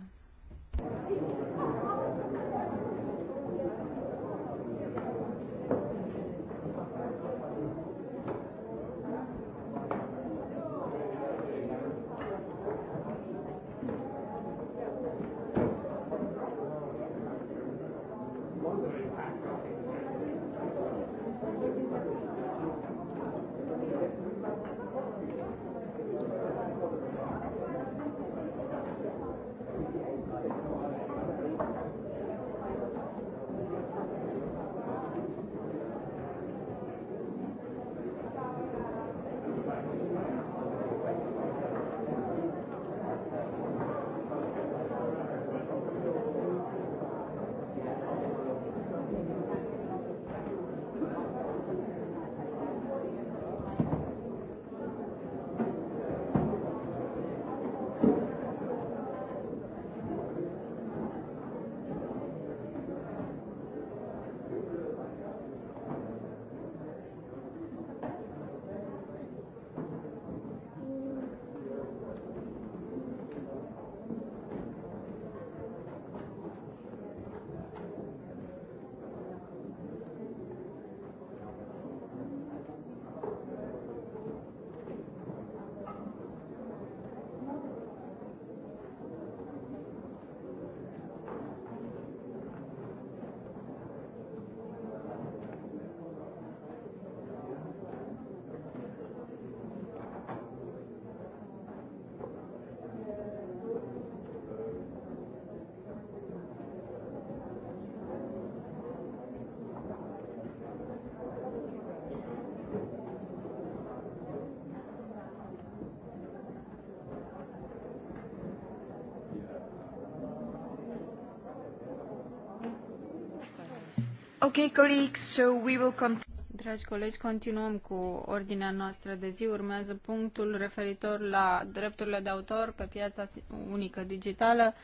Dragi colegi, continuăm cu ordinea noastră de zi. Urmează punctul referitor la drepturile de autor pe piața unică digitală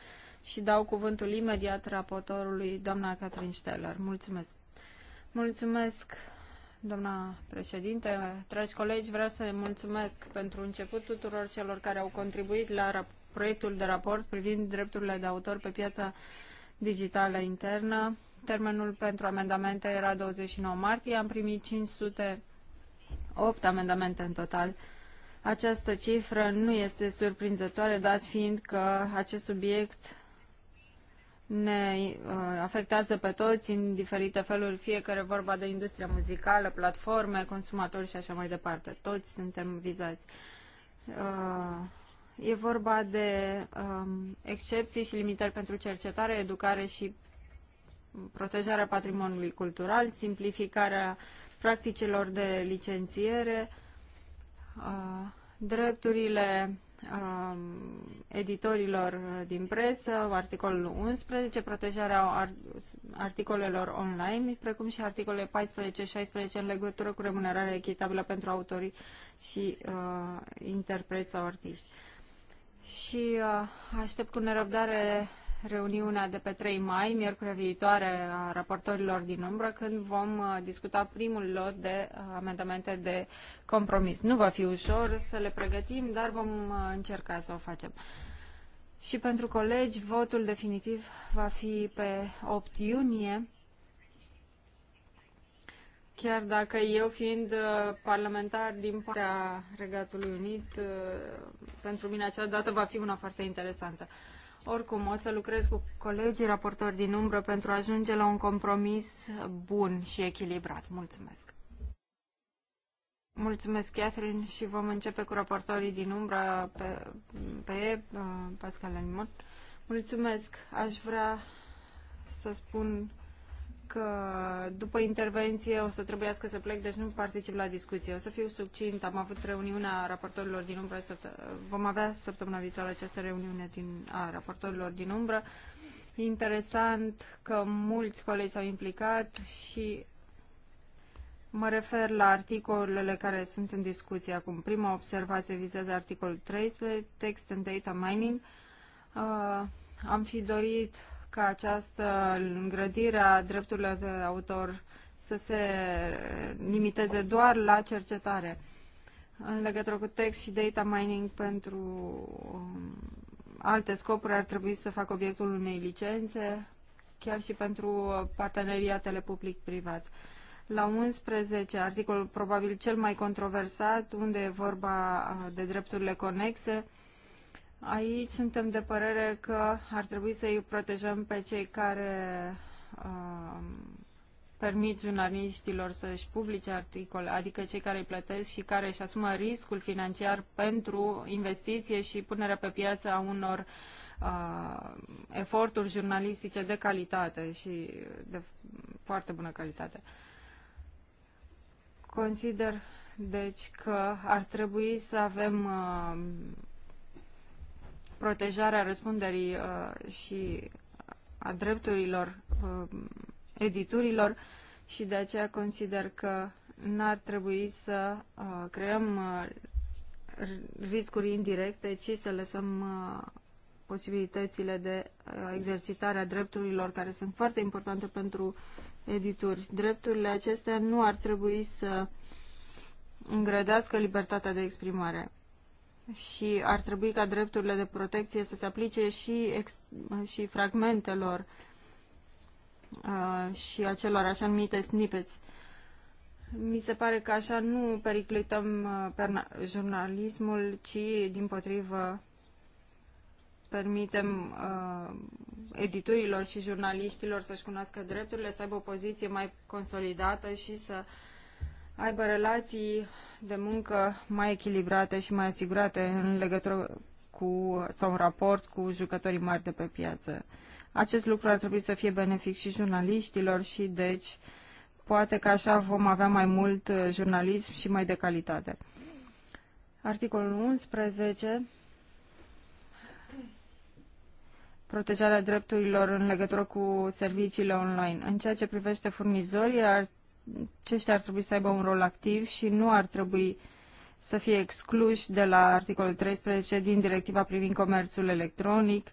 și dau cuvântul imediat raportorului doamna Catherine Steller. Mulțumesc. Mulțumesc, doamna președinte. Dragi colegi, vreau să mulțumesc pentru început tuturor celor care au contribuit la proiectul de raport privind drepturile de autor pe piața digitală internă. Termenul pentru amendamente era 29 martie. Am primit 508 amendamente în total. Această cifră nu este surprinzătoare, dat fiind că acest subiect ne uh, afectează pe toți în diferite feluri, fiecare vorba de industria muzicală, platforme, consumatori și așa mai departe. Toți suntem vizați. Uh, E vorba de um, excepții și limitări pentru cercetare, educare și protejarea patrimoniului cultural, simplificarea practicilor de licențiere, uh, drepturile uh, editorilor din presă, articolul 11, protejarea articolelor online, precum și articolele 14-16 în legătură cu remunerarea echitabilă pentru autorii și uh, interpreți sau artiști. Uh, și uh, aștept cu nerăbdare reuniunea de pe 3 mai, miercuri viitoare, a raportorilor din umbră, când vom uh, discuta primul lot de uh, amendamente de compromis. Nu va fi ușor să le pregătim, dar vom încerca să o facem. Și pentru colegi, votul definitiv va fi pe 8 iunie Chiar dacă eu, fiind uh, parlamentar din partea Regatului Unit, uh, pentru mine acea dată va fi una foarte interesantă. Oricum, o să lucrez cu colegii raportori din umbră pentru a ajunge la un compromis bun și echilibrat. Mulțumesc! Mulțumesc, Catherine, și vom începe cu raportorii din umbră pe, pe uh, Pascal Alimot. Mulțumesc! Aș vrea să spun că după intervenție o să trebuiască să plec, deci nu particip la discuție. O să fiu succint. Am avut reuniunea raportorilor din umbră. Vom avea săptămâna viitoare această reuniune din, a raportorilor din umbră. Interesant că mulți colegi s-au implicat și mă refer la articolele care sunt în discuție acum. Prima observație vizează articolul 13, text and data mining. Uh, am fi dorit uh, ca această îngrădire a drepturilor de autor să se limiteze doar la cercetare în legătură cu text și data mining pentru um, alte scopuri ar trebui să facă obiectul unei licențe, chiar și pentru parteneriatele public-privat. La 11, articolul probabil cel mai controversat, unde e vorba uh, de drepturile conexe, Aici suntem de părere că ar trebui să îi protejăm pe cei care uh, permit jurnaliștilor să-și publice articole, adică cei care îi plătesc și care își asumă riscul financiar pentru investiție și punerea pe piață a unor uh, eforturi jurnalistice de calitate și de foarte bună calitate. Consider, deci, că ar trebui să avem uh, protejarea răspunderii uh, și a drepturilor uh, editurilor și de aceea consider că n-ar trebui să uh, creăm uh, riscuri indirecte, ci să lăsăm uh, posibilitățile de uh, exercitare a drepturilor care sunt foarte importante pentru edituri. Drepturile acestea nu ar trebui să îngrădească libertatea de exprimare și ar trebui ca drepturile de protecție să se aplice și, ex, și fragmentelor uh, și acelor așa numite snippets. Mi se pare că așa nu periclităm uh, perna, jurnalismul, ci din potrivă permitem uh, editorilor și jurnaliștilor să-și cunoască drepturile, să aibă o poziție mai consolidată și să uh, aibă relații de muncă mai echilibrate și mai asigurate în legătură cu sau în raport cu jucătorii mari de pe piață. Acest lucru ar trebui să fie benefic și jurnaliștilor și deci poate că așa vom avea mai mult uh, jurnalism și mai de calitate. Articolul 11 protejarea drepturilor în legătură cu serviciile online. În ceea ce privește furnizorii, ar aceștia ar trebui să aibă un rol activ și nu ar trebui să fie excluși de la articolul 13 din directiva privind comerțul electronic,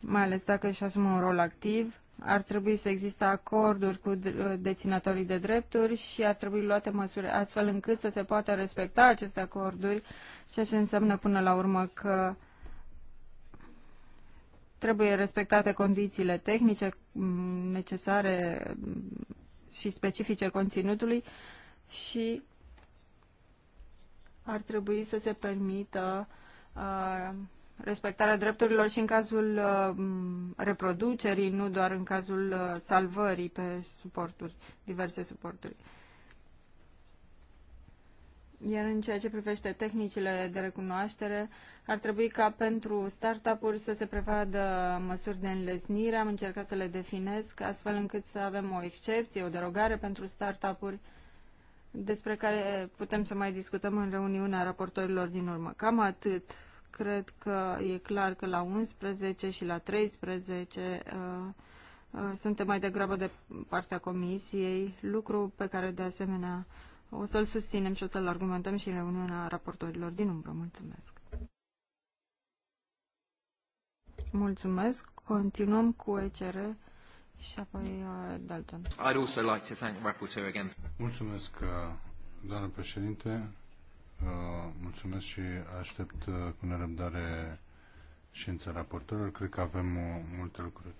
mai ales dacă își asumă un rol activ. Ar trebui să existe acorduri cu deținătorii de drepturi și ar trebui luate măsuri astfel încât să se poată respecta aceste acorduri, ceea ce înseamnă până la urmă că trebuie respectate condițiile tehnice mm, necesare mm, și specifice conținutului și ar trebui să se permită uh, respectarea drepturilor și în cazul uh, reproducerii, nu doar în cazul uh, salvării pe suporturi, diverse suporturi. Iar în ceea ce privește tehnicile de recunoaștere, ar trebui ca pentru startup-uri să se prevadă măsuri de înlesnire. Am încercat să le definesc astfel încât să avem o excepție, o derogare pentru startup-uri despre care putem să mai discutăm în reuniunea raportorilor din urmă. Cam atât. Cred că e clar că la 11 și la 13 uh, uh, suntem mai degrabă de partea comisiei, lucru pe care de asemenea o să-l susținem și o să-l argumentăm și în reuniunea raportorilor din umbră. Mulțumesc! Mulțumesc! Continuăm cu ECR și apoi uh, Dalton. I'd also like to thank Rapporteur again. Mulțumesc, uh, doamnă președinte. Uh, mulțumesc și aștept cu nerăbdare știința raportorilor. Cred că avem multe lucruri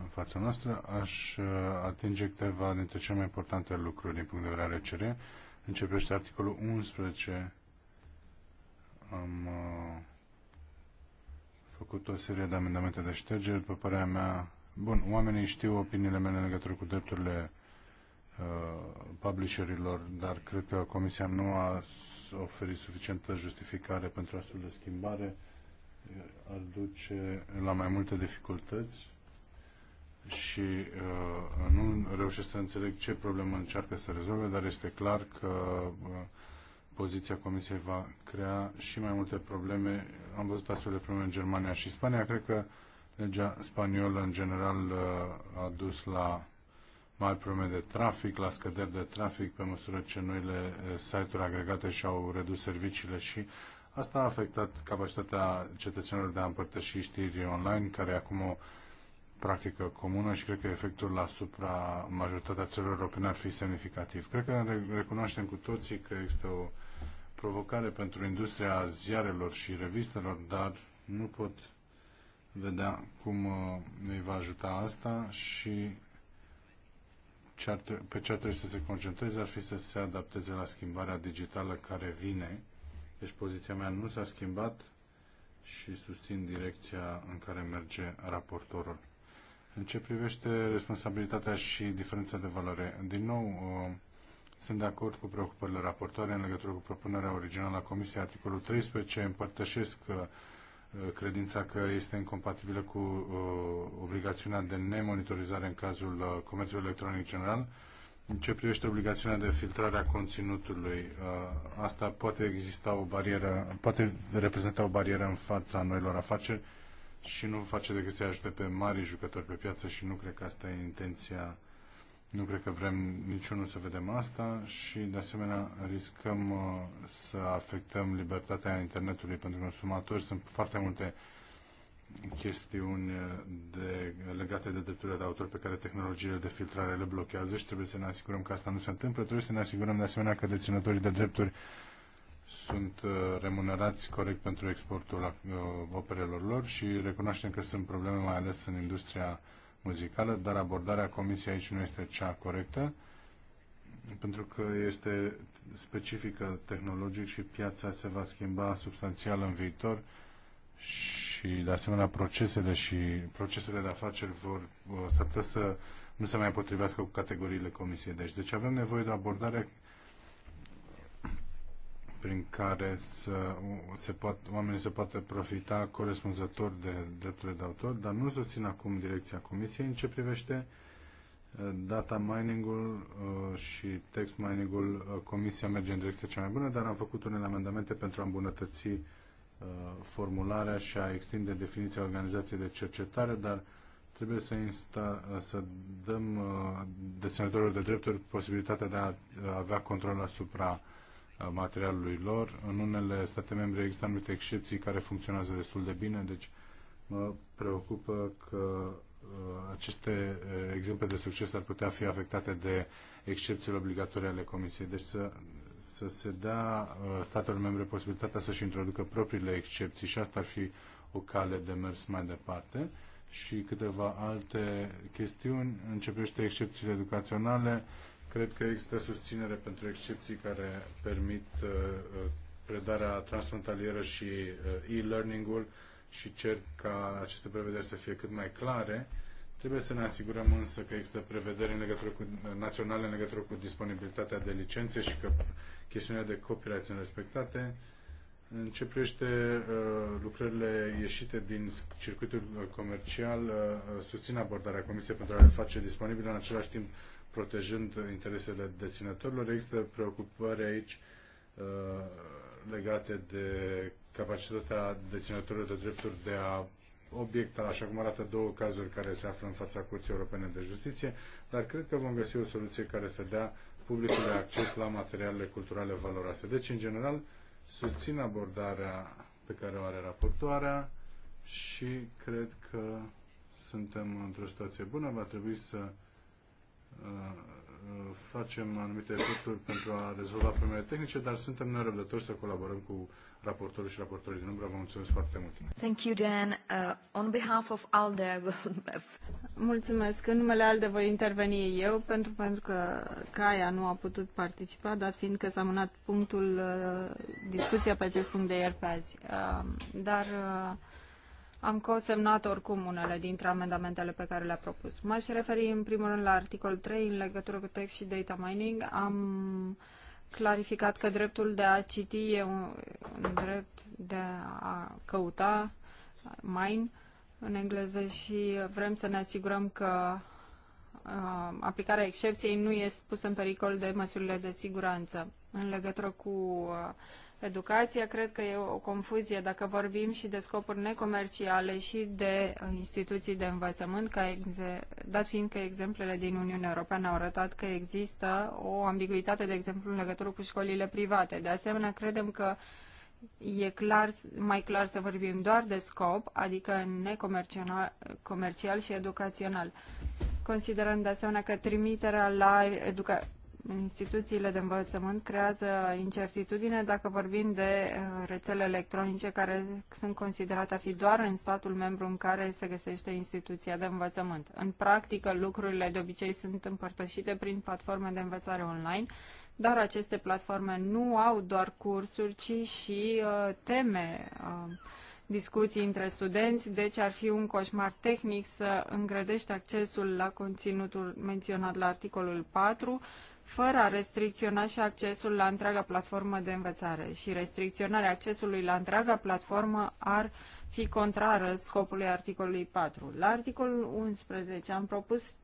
în fața noastră, aș uh, atinge câteva dintre cele mai importante lucruri din punct de vedere al CR. Începește articolul 11. Am uh, făcut o serie de amendamente de ștergere. După părerea mea, bun, oamenii știu opiniile mele legătură cu drepturile uh, publisherilor, dar cred că Comisia nu a oferit suficientă justificare pentru astfel de schimbare. Ar duce la mai multe dificultăți și uh, nu reușesc să înțeleg ce problemă încearcă să rezolve, dar este clar că uh, poziția Comisiei va crea și mai multe probleme. Am văzut astfel de probleme în Germania și Spania. Cred că legea spaniolă, în general, uh, a dus la mari probleme de trafic, la scăderi de trafic, pe măsură ce noile uh, site-uri agregate și-au redus serviciile și asta a afectat capacitatea cetățenilor de a împărtăși știri online, care acum o practică comună și cred că efectul asupra majoritatea țărilor europene ar fi semnificativ. Cred că recunoaștem cu toții că există o provocare pentru industria ziarelor și revistelor, dar nu pot vedea cum îi uh, va ajuta asta și ce ar, pe ce ar trebui să se concentreze ar fi să se adapteze la schimbarea digitală care vine. Deci poziția mea nu s-a schimbat și susțin direcția în care merge raportorul. În ce privește responsabilitatea și diferența de valoare, din nou uh, sunt de acord cu preocupările raportoare în legătură cu propunerea originală a Comisiei. Articolul 13 împărtășesc uh, credința că este incompatibilă cu uh, obligațiunea de nemonitorizare în cazul comerțului electronic general. În ce privește obligațiunea de filtrare a conținutului, asta poate exista o barieră, poate reprezenta o barieră în fața noilor afaceri și nu face decât să ajute pe mari jucători pe piață și nu cred că asta e intenția, nu cred că vrem niciunul să vedem asta și de asemenea riscăm uh, să afectăm libertatea internetului pentru consumatori. Sunt foarte multe chestiuni uh, de, legate de drepturile de autor pe care tehnologiile de filtrare le blochează și trebuie să ne asigurăm că asta nu se întâmplă. Trebuie să ne asigurăm de asemenea că deținătorii de drepturi sunt uh, remunerați corect pentru exportul uh, operelor lor și recunoaștem că sunt probleme mai ales în industria muzicală, dar abordarea comisiei aici nu este cea corectă pentru că este specifică tehnologic și piața se va schimba substanțial în viitor și de asemenea procesele și procesele de afaceri vor uh, s să nu se mai potrivească cu categoriile comisiei. Deci, deci avem nevoie de abordare prin care să se poat, oamenii se poate profita corespunzător de drepturile de autor, dar nu susțin acum direcția Comisiei în ce privește uh, data mining-ul uh, și text mining-ul. Uh, Comisia merge în direcția cea mai bună, dar am făcut unele amendamente pentru a îmbunătăți formularea și a extinde definiția organizației de cercetare, dar trebuie să, insta, să dăm desemnătorilor de drepturi posibilitatea de a avea control asupra materialului lor. În unele state membre există anumite excepții care funcționează destul de bine, deci mă preocupă că uh, aceste uh, exemple de succes ar putea fi afectate de excepțiile obligatorii ale Comisiei. Deci să, să se dea uh, statelor membre posibilitatea să-și introducă propriile excepții și asta ar fi o cale de mers mai departe și câteva alte chestiuni. Începește excepțiile educaționale. Cred că există susținere pentru excepții care permit uh, uh, predarea transfrontalieră și uh, e-learning-ul și cer ca aceste prevederi să fie cât mai clare. Trebuie să ne asigurăm însă că există prevederi în legătură cu, naționale în legătură cu disponibilitatea de licențe și că chestiunea de copyright sunt respectate. În ce privește uh, lucrările ieșite din circuitul comercial, uh, susțin abordarea Comisiei pentru a le face disponibile în același timp protejând interesele deținătorilor. Există preocupări aici uh, legate de capacitatea deținătorilor de drepturi de a obiecta, așa cum arată două cazuri care se află în fața Curții Europene de Justiție, dar cred că vom găsi o soluție care să dea publicului acces la materialele culturale valoroase. Deci, în general, susțin abordarea pe care o are raportoarea și cred că suntem într-o situație bună. Va trebui să Uh, uh, facem anumite eforturi pentru a rezolva problemele tehnice, dar suntem nerăbdători să colaborăm cu raportorul și raportorii din umbră. Vă mulțumesc foarte mult. Thank you, Dan. Uh, on behalf of ALDE... (laughs) mulțumesc. În numele ALDE voi interveni eu, pentru, pentru că Caia nu a putut participa, dar că s-a mânat punctul, uh, discuția pe acest punct de ieri pe azi. Uh, dar... Uh, am consemnat oricum unele dintre amendamentele pe care le-a propus. M-aș referi în primul rând la articolul 3 în legătură cu text și data mining. Am clarificat că dreptul de a citi e un, drept de a căuta mine în engleză și vrem să ne asigurăm că uh, aplicarea excepției nu e pusă în pericol de măsurile de siguranță. În legătură cu uh, educația. Cred că e o confuzie dacă vorbim și de scopuri necomerciale și de instituții de învățământ, ca exe- dat fiind că exemplele din Uniunea Europeană au arătat că există o ambiguitate, de exemplu, în legătură cu școlile private. De asemenea, credem că e clar, mai clar să vorbim doar de scop, adică necomercial și educațional. Considerăm de asemenea că trimiterea la educa- instituțiile de învățământ creează incertitudine dacă vorbim de uh, rețele electronice care sunt considerate a fi doar în statul membru în care se găsește instituția de învățământ. În practică, lucrurile de obicei sunt împărtășite prin platforme de învățare online, dar aceste platforme nu au doar cursuri, ci și uh, teme. Uh, discuții între studenți, deci ar fi un coșmar tehnic să îngrădești accesul la conținutul menționat la articolul 4 fără a restricționa și accesul la întreaga platformă de învățare. Și restricționarea accesului la întreaga platformă ar fi contrară scopului articolului 4. La articolul 11 am propus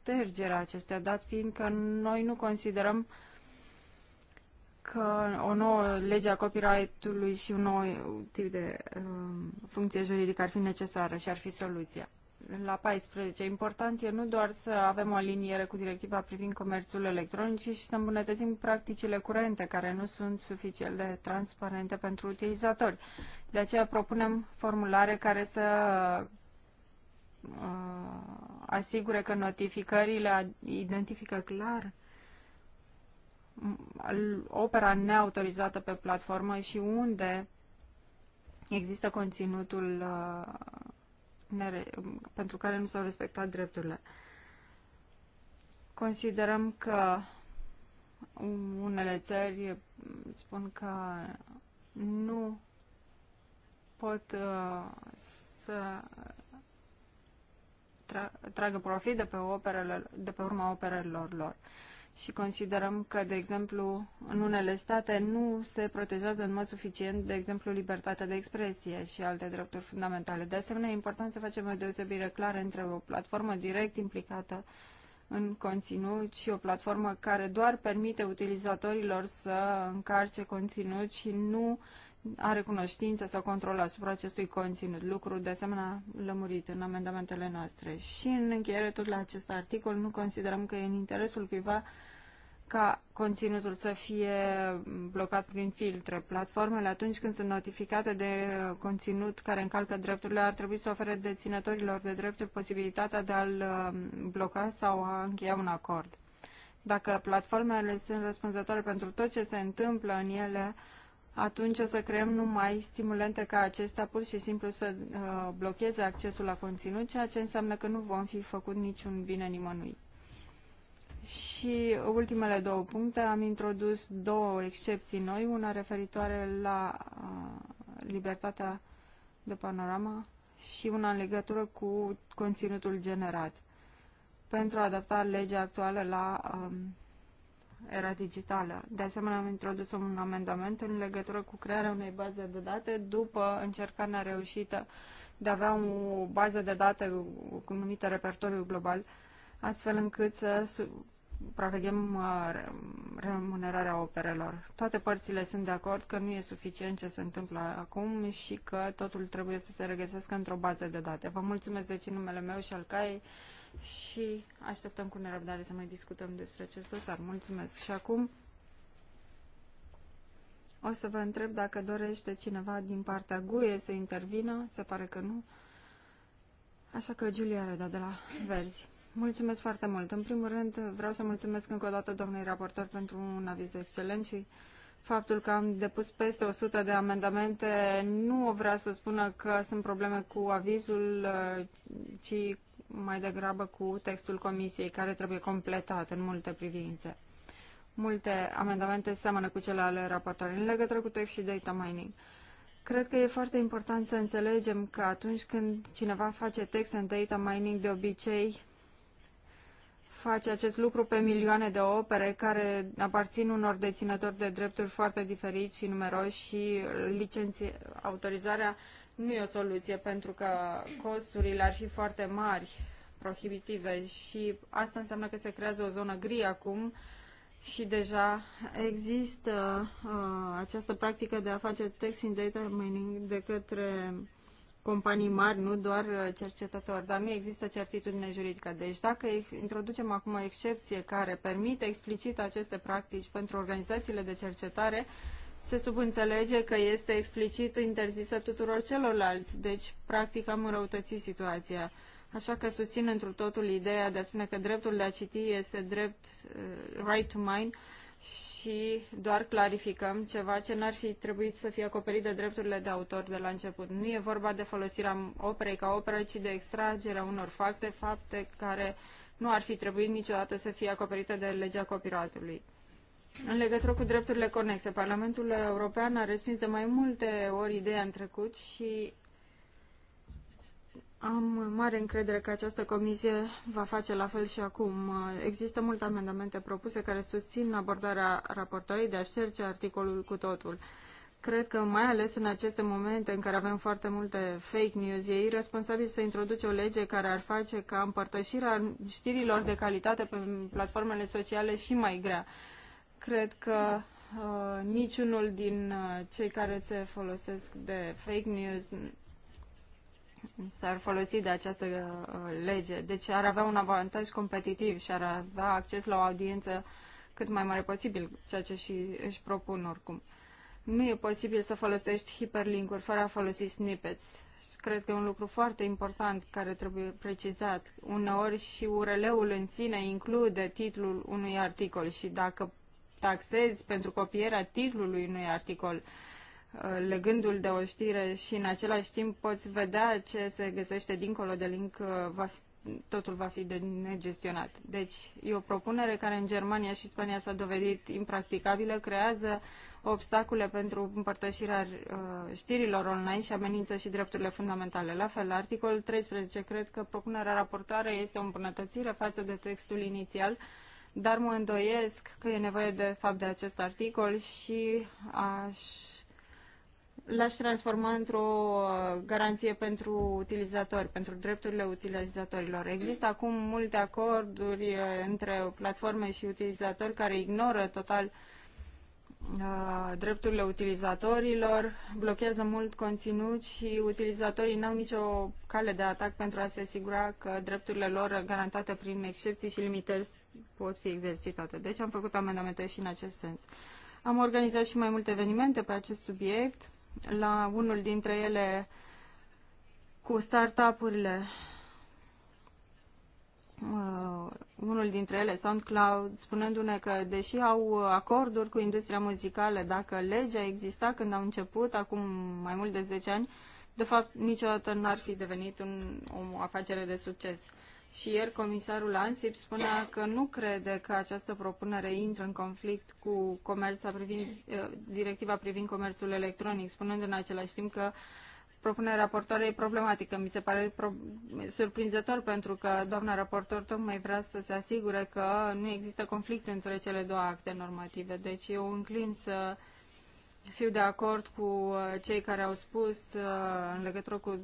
ștergerea acestea, dat fiindcă noi nu considerăm că o nouă lege a copyright-ului și un nou tip de um, funcție juridică ar fi necesară și ar fi soluția la 14. Important e nu doar să avem o aliniere cu directiva privind comerțul electronic, ci și să îmbunătățim practicile curente, care nu sunt suficient de transparente pentru utilizatori. De aceea propunem formulare care să uh, asigure că notificările identifică clar opera neautorizată pe platformă și unde există conținutul uh, pentru care nu s-au respectat drepturile. Considerăm că unele țări spun că nu pot uh, să tra tragă profit de pe, operele, de pe urma operelor lor. Uh, și considerăm că, de exemplu, în unele state nu se protejează în mod suficient, de exemplu, libertatea de expresie și alte drepturi fundamentale. De asemenea, e important să facem o deosebire clară între o platformă direct implicată în conținut și o platformă care doar permite utilizatorilor să încarce conținut și nu uh, are cunoștință sau control asupra acestui conținut, lucru de asemenea lămurit în amendamentele noastre. Și în încheiere tot la acest articol nu considerăm că e în interesul cuiva ca conținutul să fie blocat prin filtre. Platformele, atunci când sunt notificate de conținut care încalcă drepturile, ar trebui să ofere deținătorilor de drepturi posibilitatea de a-l uh, bloca sau a încheia un acord. Dacă platformele sunt răspunzătoare pentru tot ce se întâmplă în ele, atunci o să creăm numai stimulente ca acesta pur și simplu să uh, blocheze accesul la conținut, ceea ce înseamnă că nu vom fi făcut niciun bine nimănui. Și ultimele două puncte, am introdus două excepții noi, una referitoare la uh, libertatea de panorama și una în legătură cu conținutul generat pentru a adapta legea actuală la um, era digitală. De asemenea, am introdus un amendament în legătură cu crearea unei baze de date după încercarea reușită de a avea o bază de date cu numită repertoriu global, astfel încât să supraveghem uh, remunerarea operelor. Toate părțile sunt de acord că nu e suficient ce se întâmplă acum și că totul trebuie să se regăsească într-o bază de date. Vă mulțumesc de numele meu și al CAI și așteptăm cu nerăbdare să mai discutăm despre acest dosar. Mulțumesc! Și acum o să vă întreb dacă dorește cineva din partea GUE să intervină. Se pare că nu. Așa că Giulia Reda de la Verzi. Mulțumesc foarte mult. În primul rând vreau să mulțumesc încă o dată domnului raportor pentru un aviz excelent și faptul că am depus peste 100 de amendamente nu o vrea să spună că sunt probleme cu avizul, uh, ci mai degrabă cu textul comisiei, care trebuie completat în multe privințe. Multe amendamente seamănă cu cele ale raportorului în legătură cu text și data mining. Cred că e foarte important să înțelegem că atunci când cineva face text în data mining, de obicei face acest lucru pe milioane de opere care aparțin unor deținători de drepturi foarte diferiți și numeroși și licenție, autorizarea nu e o soluție pentru că costurile ar fi foarte mari, prohibitive și asta înseamnă că se creează o zonă gri acum și deja există uh, această practică de a face text in data mining de către companii mari, nu doar cercetători, dar nu există certitudine juridică. Deci dacă introducem acum o excepție care permite explicit aceste practici pentru organizațiile de cercetare, se subînțelege că este explicit interzisă tuturor celorlalți, deci practic am înrăutățit situația. Așa că susțin întru totul ideea de a spune că dreptul de a citi este drept uh, right to mind și doar clarificăm ceva ce n-ar fi trebuit să fie acoperit de drepturile de autor de la început. Nu e vorba de folosirea operei ca operă, ci de extragerea unor fapte, fapte care nu ar fi trebuit niciodată să fie acoperite de legea copyright în legătură cu drepturile conexe, Parlamentul European a respins de mai multe ori ideea în trecut și am mare încredere că această comisie va face la fel și acum. Există multe amendamente propuse care susțin abordarea raportorii de a șterge articolul cu totul. Cred că, mai ales în aceste momente în care avem foarte multe fake news, e irresponsabil să introduce o lege care ar face ca împărtășirea știrilor de calitate pe platformele sociale și mai grea cred că uh, niciunul din uh, cei care se folosesc de fake news s-ar folosi de această uh, lege. Deci ar avea un avantaj competitiv și ar avea acces la o audiență cât mai mare posibil, ceea ce și își propun oricum. Nu e posibil să folosești hiperlink-uri fără a folosi snippets. Cred că e un lucru foarte important care trebuie precizat. Uneori și URL-ul în sine include titlul unui articol și dacă taxezi pentru copierea titlului unui articol uh, legându-l de o știre și în același timp poți vedea ce se găsește dincolo de link, uh, va fi, totul va fi de negestionat. Deci e o propunere care în Germania și Spania s-a dovedit impracticabilă, creează obstacole pentru împărtășirea uh, știrilor online și amenință și drepturile fundamentale. La fel, la articolul 13, cred că propunerea raportoare este o îmbunătățire față de textul inițial, dar mă îndoiesc că e nevoie de fapt de acest articol și aș l-aș transforma într-o uh, garanție pentru utilizatori, pentru drepturile utilizatorilor. Există acum multe acorduri uh, între platforme și utilizatori care ignoră total uh, drepturile utilizatorilor, blochează mult conținut și utilizatorii n-au nicio cale de atac pentru a se asigura că drepturile lor garantate prin excepții și limitări pot fi exercitate. Deci am făcut amendamente și în acest sens. Am organizat și mai multe evenimente pe acest subiect. La unul dintre ele cu startup-urile, uh, unul dintre ele, SoundCloud, spunându-ne că deși au acorduri cu industria muzicală, dacă legea exista când au început, acum mai mult de 10 ani, de fapt niciodată n-ar fi devenit un, o afacere de succes. Și ieri comisarul Ansip spunea că nu crede că această propunere intră în conflict cu comerța privind, eh, directiva privind comerțul electronic, spunând în același timp că propunerea raportoarei e problematică. Mi se pare pro- surprinzător pentru că doamna raportor tocmai vrea să se asigure că nu există conflict între cele două acte normative. Deci eu înclin să fiu de acord cu eh, cei care au spus eh, în legătură cu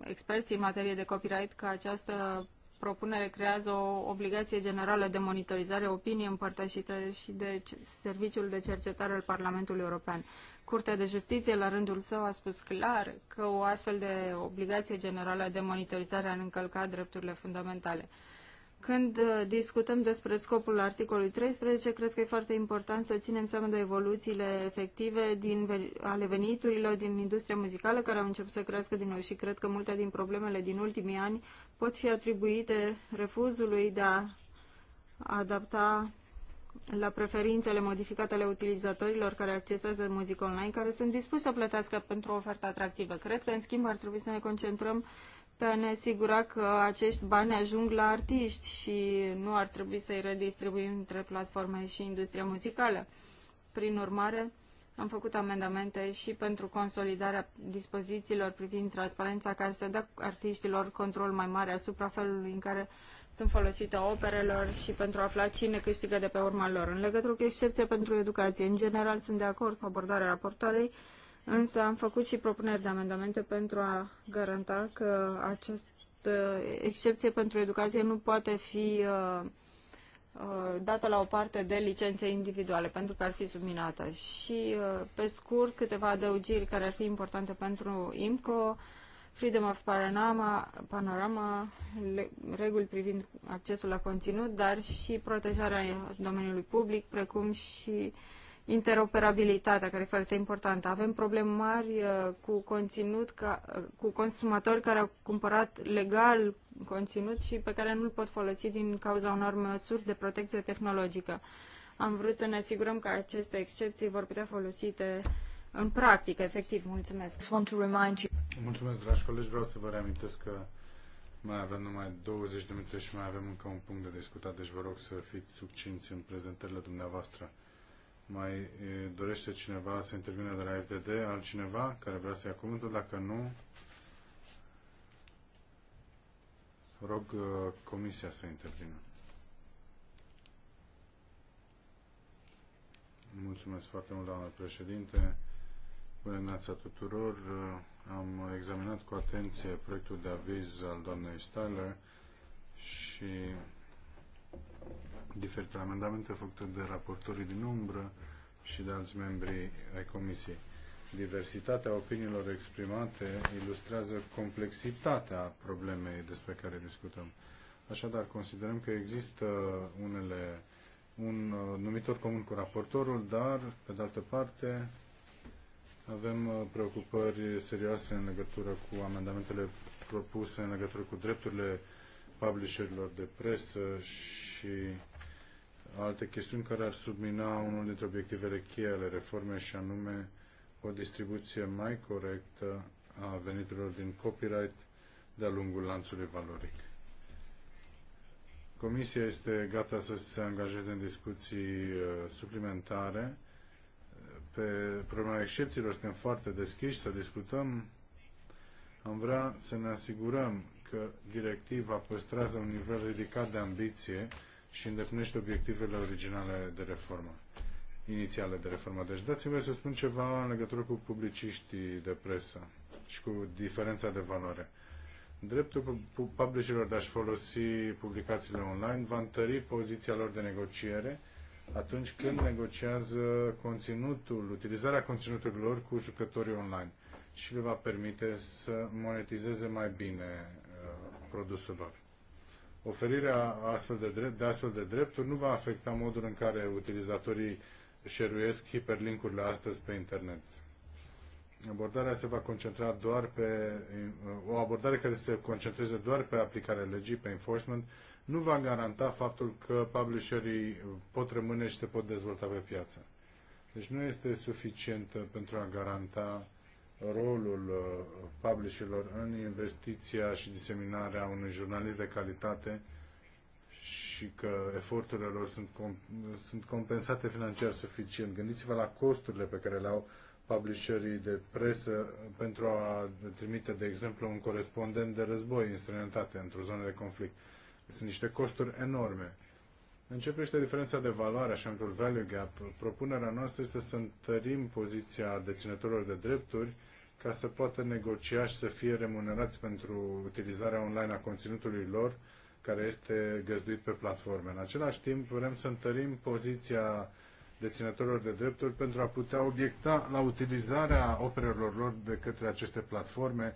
experții în materie de copyright că această propunere creează o obligație generală de monitorizare, opinie împărtășită și de Serviciul de Cercetare al Parlamentului European. Curtea de Justiție, la rândul său, a spus clar că o astfel de obligație generală de monitorizare ar încălca drepturile fundamentale. Când uh, discutăm despre scopul articolului 13, cred că e foarte important să ținem seama de evoluțiile efective din, ale veniturilor din industria muzicală, care au început să crească din nou și cred că multe din problemele din ultimii ani pot fi atribuite refuzului de a adapta la preferințele modificate ale utilizatorilor care accesează muzică online, care sunt dispuși să plătească pentru o ofertă atractivă. Cred că, în schimb, ar trebui să ne concentrăm pe a ne asigura că acești bani ajung la artiști și nu ar trebui să-i redistribuim între platforme și industria muzicală. Prin urmare, am făcut amendamente și pentru consolidarea dispozițiilor privind transparența care să dă artiștilor control mai mare asupra felului în care sunt folosite operelor și pentru a afla cine câștigă de pe urma lor. În legătură cu excepția pentru educație, în general sunt de acord cu abordarea raportoarei Însă am făcut și propuneri de amendamente pentru a garanta că această excepție pentru educație nu poate fi uh, uh dată la o parte de licențe individuale, pentru că ar fi subminată. Și, uh, pe scurt, câteva adăugiri care ar fi importante pentru IMCO, Freedom of Panorama, panorama le, reguli privind accesul la conținut, dar și protejarea domeniului public, precum și uh, interoperabilitatea, care e foarte importantă. Avem probleme mari uh, cu conținut, ca, uh, cu consumatori care au cumpărat legal conținut și pe care nu-l pot folosi din cauza unor măsuri de protecție tehnologică. Am vrut să ne asigurăm că aceste excepții vor putea folosite în practică, efectiv. Mulțumesc! Mulțumesc, dragi colegi! Vreau să vă reamintesc că mai avem numai 20 de minute și mai avem încă un punct de discutat, deci vă rog să fiți succinți în prezentările dumneavoastră. Mai dorește cineva să intervine de la FDD? Altcineva care vrea să ia cuvântul? Dacă nu, rog uh, Comisia să intervină. Mulțumesc foarte mult, doamnă președinte. Bună dimineața tuturor. Uh, am examinat cu atenție proiectul de aviz al doamnei Staller și diferitele amendamente făcute de raportorii din umbră și de alți membri ai Comisiei. Diversitatea opiniilor exprimate ilustrează complexitatea problemei despre care discutăm. Așadar, considerăm că există unele, un uh, numitor comun cu raportorul, dar, pe de altă parte, avem uh, preocupări serioase în legătură cu amendamentele propuse în legătură cu drepturile publisherilor de presă și alte chestiuni care ar submina unul dintre obiectivele cheie ale reformei și anume o distribuție mai corectă a veniturilor din copyright de-a lungul lanțului valoric. Comisia este gata să se angajeze în discuții uh, suplimentare. Pe problema excepțiilor suntem foarte deschiși să discutăm. Am vrea să ne asigurăm că directiva păstrează un nivel ridicat de ambiție și îndeplinește obiectivele originale de reformă, inițiale de reformă. Deci dați-mi să spun ceva în legătură cu publiciștii de presă și cu diferența de valoare. Dreptul publicilor de a-și folosi publicațiile online va întări poziția lor de negociere atunci când negociază conținutul, utilizarea conținuturilor cu jucătorii online și le va permite să monetizeze mai bine uh, produsul lor oferirea astfel de, drept, de astfel de drepturi nu va afecta modul în care utilizatorii șeruiesc hiperlinkurile astăzi pe internet. Abordarea se va concentra doar pe o abordare care se concentreze doar pe aplicarea legii, pe enforcement, nu va garanta faptul că publisherii pot rămâne și se pot dezvolta pe piață. Deci nu este suficient pentru a garanta rolul uh, publisherilor în investiția și diseminarea unui jurnalist de calitate și că eforturile lor sunt, comp- sunt compensate financiar suficient. Gândiți-vă la costurile pe care le au publisherii de presă pentru a trimite, de exemplu, un corespondent de război în străinătate, într-o zonă de conflict. Sunt niște costuri enorme. Începește diferența de valoare, așa într-un value gap. Propunerea noastră este să întărim poziția deținătorilor de drepturi ca să poată negocia și să fie remunerați pentru utilizarea online a conținutului lor care este găzduit pe platforme. În același timp, vrem să întărim poziția deținătorilor de drepturi pentru a putea obiecta la utilizarea operelor lor de către aceste platforme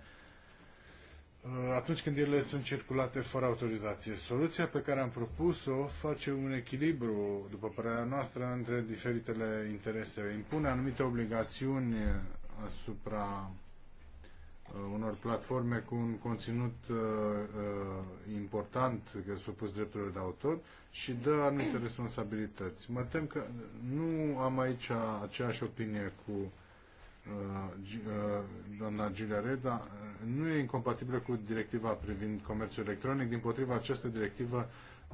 uh, atunci când ele sunt circulate fără autorizație. Soluția pe care am propus-o face un echilibru, după părerea noastră, între diferitele interese. Impune anumite obligațiuni asupra uh, unor platforme cu un conținut uh, uh important supus drepturilor de autor și dă anumite responsabilități. Mă tem că nu am aici aceeași opinie cu uh, uh doamna Gilia Reda. Nu e incompatibilă cu directiva privind comerțul electronic. Din potriva, această directivă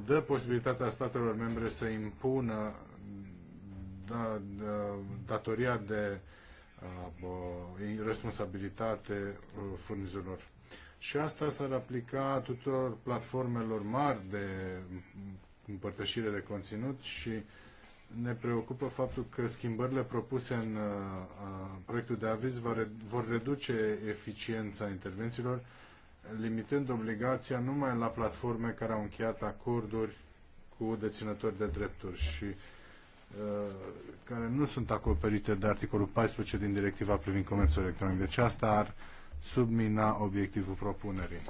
dă posibilitatea statelor membre să impună da, da, datoria de uh, Uh, responsabilitate uh, furnizorilor. Și asta s-ar aplica tuturor platformelor mari de împărtășire de conținut și ne preocupă faptul că schimbările propuse în uh, proiectul de aviz vor reduce eficiența intervențiilor, limitând obligația numai la platforme care au încheiat acorduri cu deținători de drepturi și Uh, care nu sunt acoperite de articolul 14 din directiva privind comerțul electronic. Deci asta ar submina obiectivul propunerii.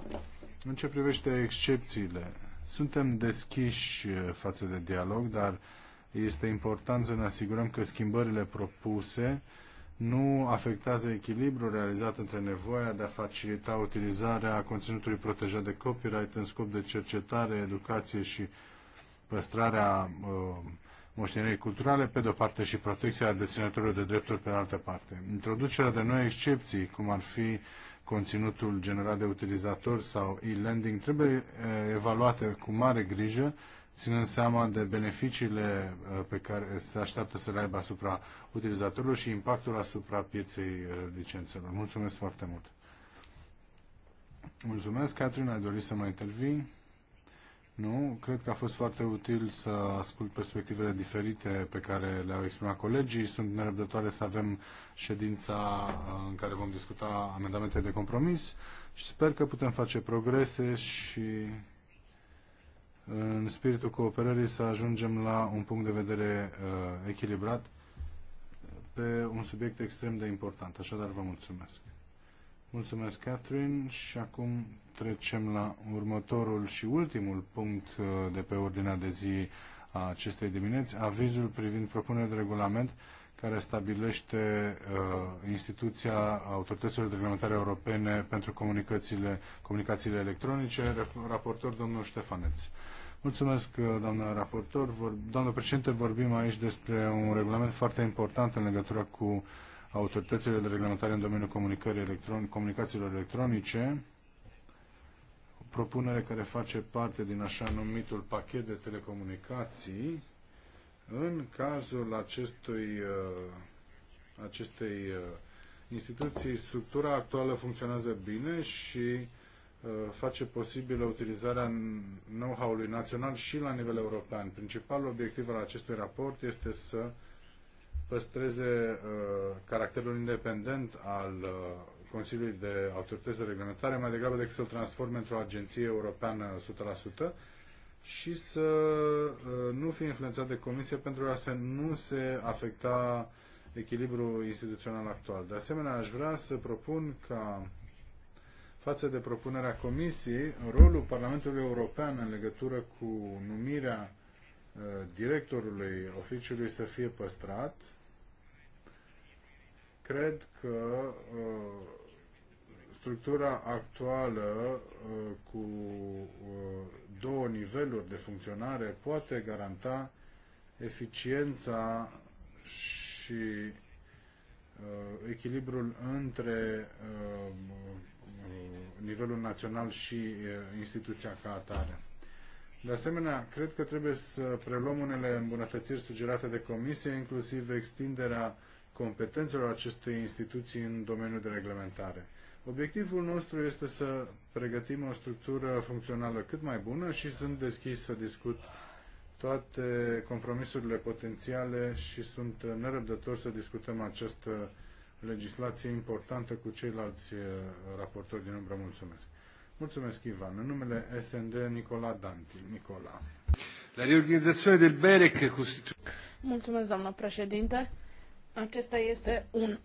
În ce privește excepțiile, suntem deschiși uh, față de dialog, dar este important să ne asigurăm că schimbările propuse nu afectează echilibrul realizat între nevoia de a facilita utilizarea conținutului protejat de copyright în scop de cercetare, educație și păstrarea uh, moștenirii culturale pe de-o parte și protecția deținătorilor de drepturi pe de altă parte. Introducerea de noi excepții, cum ar fi conținutul generat de utilizator sau e-lending, trebuie eh, evaluate cu mare grijă, ținând seama de beneficiile eh, pe care se așteaptă să le aibă asupra utilizatorilor și impactul asupra pieței eh, licențelor. Mulțumesc foarte mult! Mulțumesc, Catrin, ai dorit să mai intervii? Nu, cred că a fost foarte util să ascult perspectivele diferite pe care le-au exprimat colegii. Sunt nerăbdătoare să avem ședința uh, în care vom discuta amendamente de compromis și sper că putem face progrese și în spiritul cooperării să ajungem la un punct de vedere uh, echilibrat pe un subiect extrem de important. Așadar, vă mulțumesc. Mulțumesc, Catherine, și acum trecem la următorul și ultimul punct uh, de pe ordinea de zi a acestei dimineți, avizul privind propunerea de regulament care stabilește uh, instituția autorităților de reglementare europene pentru comunicațiile, comunicațiile electronice, raportor domnul Ștefaneț. Mulțumesc, uh, doamnă raportor. Vor, doamnă președinte, vorbim aici despre un regulament foarte important în legătură cu autoritățile de reglementare în domeniul comunicării electron, comunicațiilor electronice propunere care face parte din așa numitul pachet de telecomunicații. În cazul acestui, uh, acestei uh, instituții, structura actuală funcționează bine și uh, face posibilă utilizarea know-how-ului național și la nivel european. Principalul obiectiv al acestui raport este să păstreze uh, caracterul independent al uh, Consiliului de Autorități de Reglementare, mai degrabă decât să-l transforme într-o agenție europeană 100% și să uh, nu fie influențat de Comisie pentru a să nu se afecta echilibrul instituțional actual. De asemenea, aș vrea să propun ca față de propunerea Comisiei, rolul Parlamentului European în legătură cu numirea uh, directorului oficiului să fie păstrat. Cred că uh, structura actuală uh, cu uh, două niveluri de funcționare poate garanta eficiența și uh, echilibrul între nivelul național și instituția ca atare. De asemenea, cred că trebuie să preluăm unele îmbunătățiri sugerate de comisie, inclusiv extinderea competențelor acestei instituții în domeniul de reglementare. Obiectivul nostru este să pregătim o structură funcțională cât mai bună și sunt deschis să discut toate compromisurile potențiale și sunt nerăbdător să discutăm această legislație importantă cu ceilalți uh, raportori din umbră. Mulțumesc! Mulțumesc, Ivan. În numele SND, Nicola Danti. Nicola. La reorganizare del BEREC costituisce... Mulțumesc, doamnă președinte. Acesta este un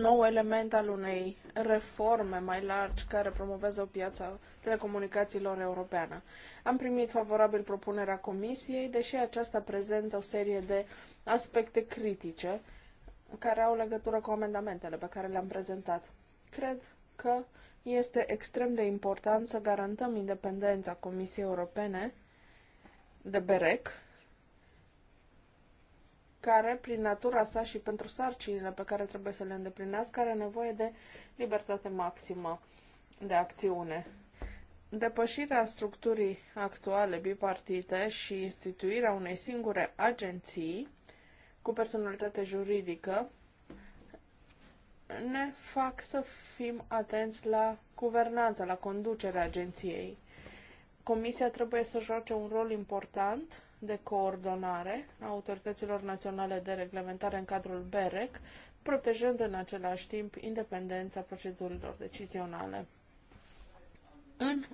nou element al unei reforme mai largi care promovează o piață telecomunicațiilor europeană. Am primit favorabil propunerea Comisiei, deși aceasta prezintă o serie de aspecte critice care au legătură cu amendamentele pe care le-am prezentat. Cred că este extrem de important să garantăm independența Comisiei Europene de BEREC care, prin natura sa și pentru sarcinile pe care trebuie să le îndeplinească, are nevoie de libertate maximă de acțiune. Depășirea structurii actuale bipartite și instituirea unei singure agenții cu personalitate juridică ne fac să fim atenți la guvernanța, la conducerea agenției. Comisia trebuie să joace un rol important de coordonare a autorităților naționale de reglementare în cadrul BEREC, protejând în același timp independența procedurilor decizionale. În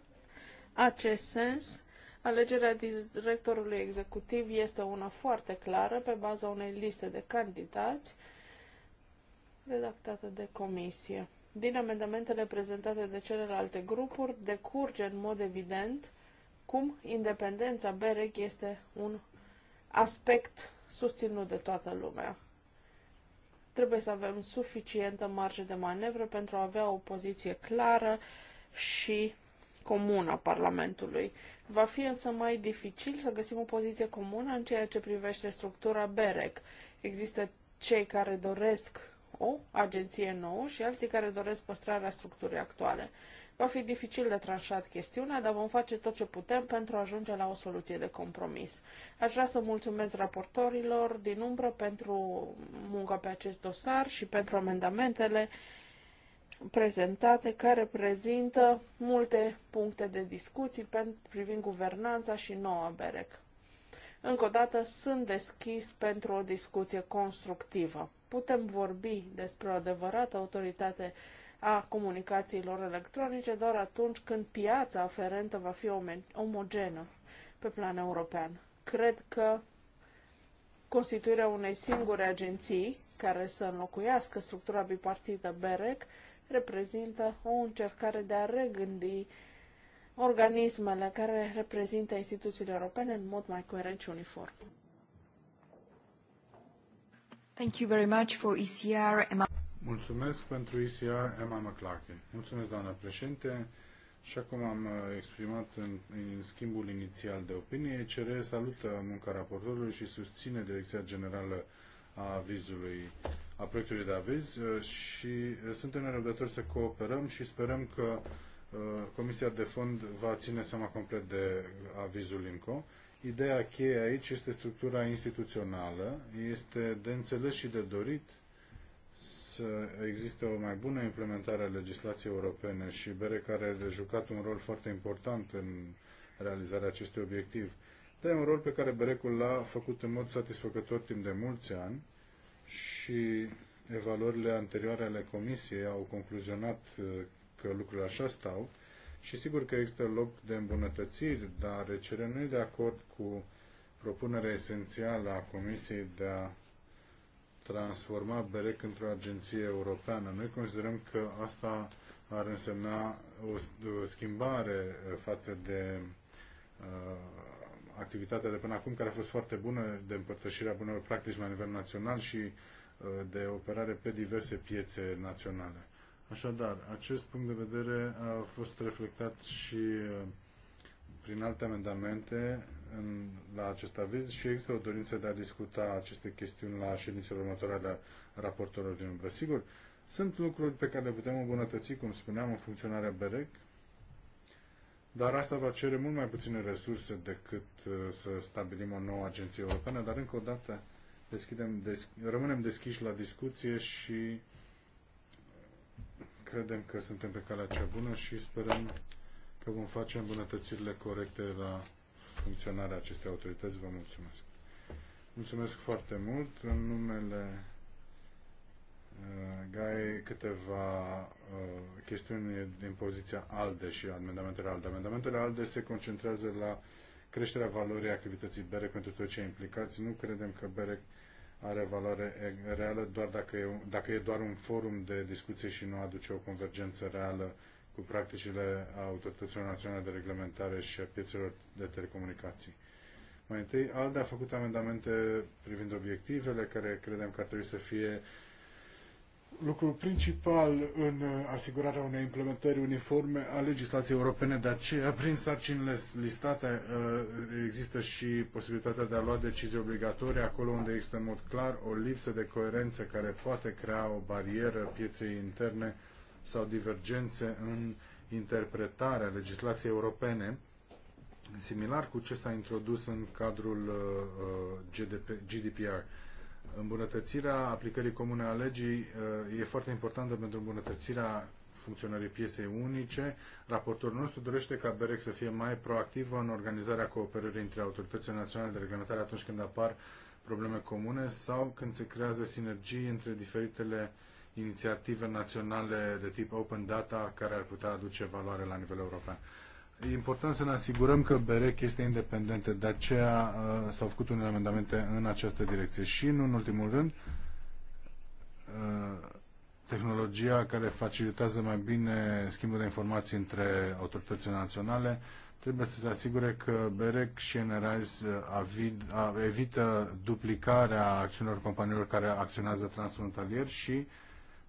acest sens, alegerea directorului executiv este una foarte clară pe baza unei liste de candidați redactată de comisie. Din amendamentele prezentate de celelalte grupuri, decurge în mod evident cum independența BEREC este un aspect susținut de toată lumea. Trebuie să avem suficientă marge de manevră pentru a avea o poziție clară și comună a Parlamentului. Va fi însă mai dificil să găsim o poziție comună în ceea ce privește structura BEREC. Există cei care doresc o agenție nouă și alții care doresc păstrarea structurii actuale. Va fi dificil de tranșat chestiunea, dar vom face tot ce putem pentru a ajunge la o soluție de compromis. Aș vrea să mulțumesc raportorilor din umbră pentru munca pe acest dosar și pentru amendamentele prezentate, care prezintă multe puncte de discuții privind guvernanța și noua BEREC. Încă o dată, sunt deschis pentru o discuție constructivă. Putem vorbi despre o adevărată autoritate a comunicațiilor electronice doar atunci când piața aferentă va fi omogenă pe plan european. Cred că constituirea unei singure agenții care să înlocuiască structura bipartită BEREC reprezintă o încercare de a regândi organismele care reprezintă instituțiile europene în mod mai coerent și uniform. Thank you very much for ECR. Mulțumesc pentru ICR, Emma McLache. Mulțumesc, doamna președinte. Și acum am uh, exprimat în, în schimbul inițial de opinie. CRE salută munca raportorului și susține Direcția Generală a avizului, a proiectului de aviz uh, și uh, suntem nerăbdători să cooperăm și sperăm că Comisia de Fond va ține seama complet de avizul INCO. Ideea cheie aici este structura instituțională, este de înțeles și de dorit să existe o mai bună implementare a legislației europene și bere care a jucat un rol foarte important în realizarea acestui obiectiv. Dar e un rol pe care Berecul l-a făcut în mod satisfăcător timp de mulți ani și evaluările anterioare ale Comisiei au concluzionat uh, că lucrurile așa stau și sigur că există loc de îmbunătățiri, dar CRN nu e de acord cu propunerea esențială a Comisiei de a transforma BEREC într-o agenție europeană. Noi considerăm că asta ar însemna o, schimbare eh, față de uh, activitatea de până acum, care a fost foarte bună de împărtășirea bunelor practici la nivel național și uh, de operare pe diverse piețe naționale. Așadar, acest punct de vedere a fost reflectat și prin alte amendamente în, la acest aviz și există o dorință de a discuta aceste chestiuni la ședințele următoare ale raportorilor din umbră. Sigur, sunt lucruri pe care le putem îmbunătăți, cum spuneam, în funcționarea BEREC, dar asta va cere mult mai puține resurse decât uh, să stabilim o nouă agenție europeană, dar încă o dată deschidem, des, rămânem deschiși la discuție și credem că suntem pe calea cea bună și sperăm că vom face îmbunătățirile corecte la funcționarea acestei autorități. Vă mulțumesc. Mulțumesc foarte mult. În numele uh, Gai, câteva uh, chestiuni din poziția ALDE și amendamentele ALDE. Amendamentele ALDE se concentrează la creșterea valorii activității BEREC pentru toți cei implicați. Nu credem că BEREC are valoare reală doar dacă e, dacă e doar un forum de discuție și nu aduce o convergență reală cu practicile autorităților naționale de reglementare și a piețelor de telecomunicații. Mai întâi, ALDE a făcut amendamente privind obiectivele care credem că ar trebui să fie lucrul principal în asigurarea unei implementări uniforme a legislației europene, de aceea, prin sarcinile listate, uh, există și posibilitatea de a lua decizii obligatorii acolo unde există în mod clar o lipsă de coerență care poate crea o barieră pieței interne sau divergențe în interpretarea legislației europene, similar cu ce s-a introdus în cadrul uh, uh, GDPR. Îmbunătățirea aplicării comune a legii uh, e foarte importantă pentru îmbunătățirea funcționării pieței unice. Raportorul nostru dorește ca BEREC să fie mai proactivă în organizarea cooperării între autoritățile naționale de reglementare atunci când apar probleme comune sau când se creează sinergii între diferitele uh, inițiative naționale de tip Open Data care ar putea aduce valoare la nivel european. E important să ne asigurăm că BEREC este independentă, de aceea uh, s-au făcut unele amendamente în această direcție. Și, nu în ultimul rând, uh, tehnologia care facilitează mai bine schimbul de informații între autoritățile naționale trebuie să se asigure că BEREC și NRIS uh, evită duplicarea acțiunilor companiilor care acționează transfrontalier și uh,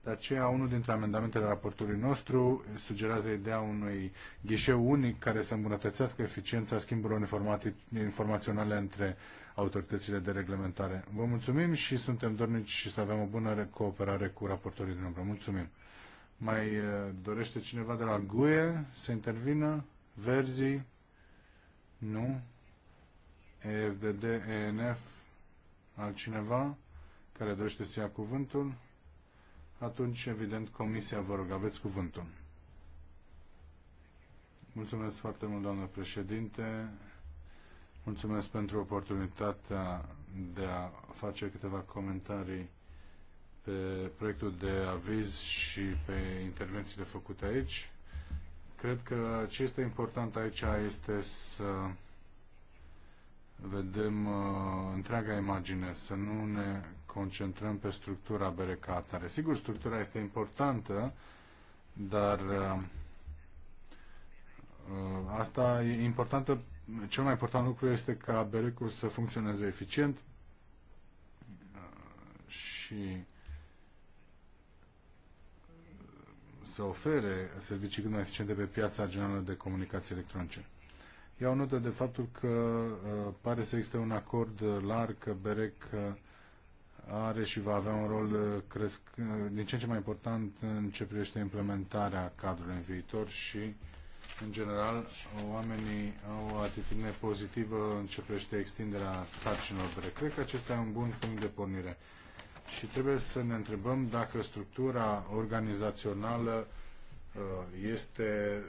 de aceea, unul dintre amendamentele raportului nostru sugerează ideea unui ghișeu unic care să îmbunătățească eficiența schimburilor informaționale între autoritățile de reglementare. Vă mulțumim și suntem dornici și să avem o bună cooperare cu raportorii din umbră. Mulțumim! Mai uh, dorește cineva de la GUE să intervină? Verzi? Nu? EFDD, ENF? Altcineva care dorește să ia cuvântul? atunci, evident, Comisia, vă rog, aveți cuvântul. Mulțumesc foarte mult, doamnă președinte. Mulțumesc pentru oportunitatea de a face câteva comentarii pe proiectul de aviz și pe intervențiile făcute aici. Cred că ce este important aici este să vedem uh, întreaga imagine, să nu ne concentrăm pe structura BRE Sigur, structura este importantă, dar uh, uh, asta e importantă. Cel mai important lucru este ca bre să funcționeze eficient uh, și să ofere servicii cât mai eficiente pe piața generală de comunicații electronice. Iau notă de faptul că pare să existe un acord larg că BEREC are și va avea un rol uh, cresc, uh, din ce în ce mai important în ce privește implementarea cadrului în viitor și, în general, oamenii au o atitudine pozitivă în ce privește extinderea sarcinilor. Cred că acesta e un bun punct de pornire. Și trebuie să ne întrebăm dacă structura organizațională uh, este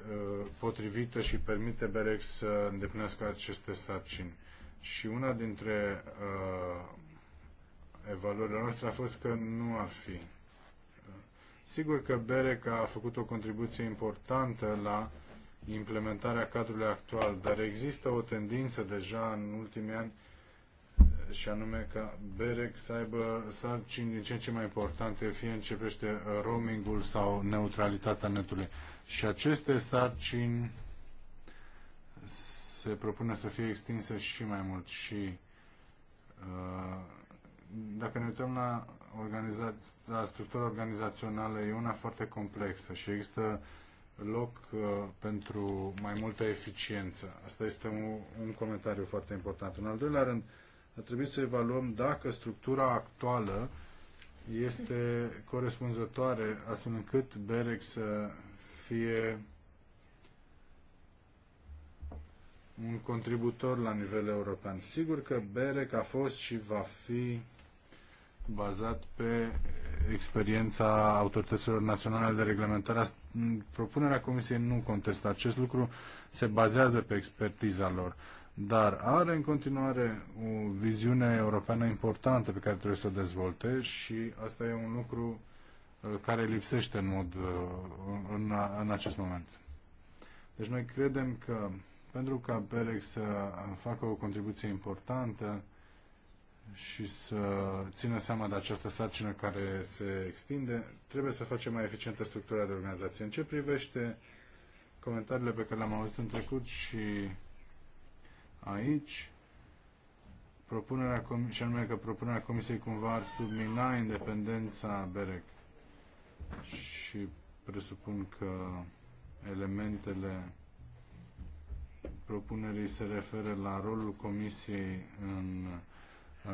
potrivită și permite BEREC să îndeplinească aceste sarcini. Și una dintre uh, evaluările noastre a fost că nu ar fi. Sigur că BEREC a făcut o contribuție importantă la implementarea cadrului actual, dar există o tendință deja în ultimii ani și anume ca BEREC să aibă sarcini din ce în ce mai importante, fie începește roamingul sau neutralitatea netului. Și aceste sarcini se propune să fie extinse și mai mult și uh, dacă ne uităm la, organiza... la structura organizațională, e una foarte complexă și există loc uh, pentru mai multă eficiență. Asta este un, un comentariu foarte important. În al doilea rând, ar trebui să evaluăm dacă structura actuală este corespunzătoare astfel încât BEREC să fie un contributor la nivel european. Sigur că BEREC a fost și va fi bazat pe experiența autorităților naționale de reglementare. Propunerea Comisiei nu contestă acest lucru, se bazează pe expertiza lor, dar are în continuare o viziune europeană importantă pe care trebuie să o dezvolte și asta e un lucru uh, care lipsește în mod uh, în, în acest moment. Deci noi credem că pentru ca BEREX să facă o contribuție importantă, și să țină seama de această sarcină care se extinde, trebuie să facem mai eficientă structura de organizație. În ce privește comentariile pe care le-am auzit în trecut și aici, propunerea și anume că propunerea Comisiei cumva ar submina independența BEREC și presupun că elementele propunerii se referă la rolul Comisiei în Uh,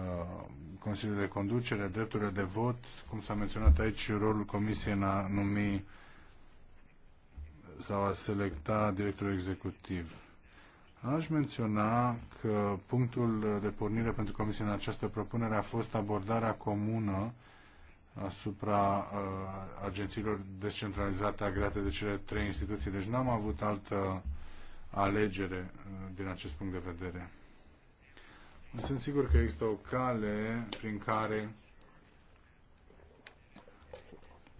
Consiliul de Conducere, drepturile de vot, cum s-a menționat aici, rolul Comisiei în a numi sau a selecta directorul executiv. Aș menționa că punctul de pornire pentru Comisie în această propunere a fost abordarea comună asupra uh, agențiilor descentralizate agreate de cele trei instituții. Deci n-am avut altă alegere uh, din acest punct de vedere. Sunt sigur că există o cale prin care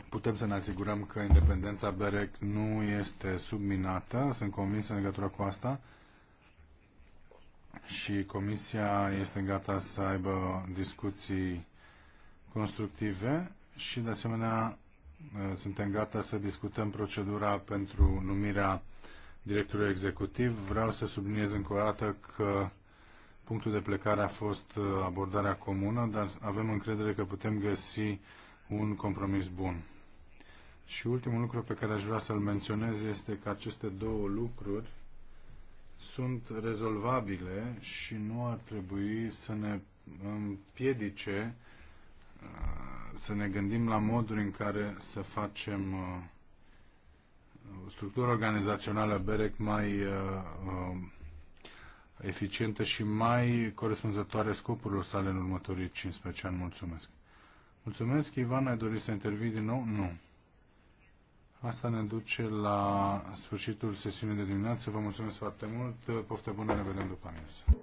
putem să ne asigurăm că independența BEREC nu este subminată. Sunt convins în legătură cu asta și Comisia este gata să aibă discuții constructive și, de asemenea, suntem gata să discutăm procedura pentru numirea directorului executiv. Vreau să subliniez încă o dată că Punctul de plecare a fost uh, abordarea comună, dar avem încredere că putem găsi un compromis bun. Și ultimul lucru pe care aș vrea să-l menționez este că aceste două lucruri sunt rezolvabile și nu ar trebui să ne împiedice uh, să ne gândim la moduri în care să facem uh, structura organizațională BEREC mai eficientă și mai corespunzătoare scopurilor sale în următorii 15 ani. Mulțumesc. Mulțumesc. Ivan, ai dorit să intervii din nou? Nu. Asta ne duce la sfârșitul sesiunii de dimineață. Vă mulțumesc foarte mult. Poftă bună, ne vedem după amiază.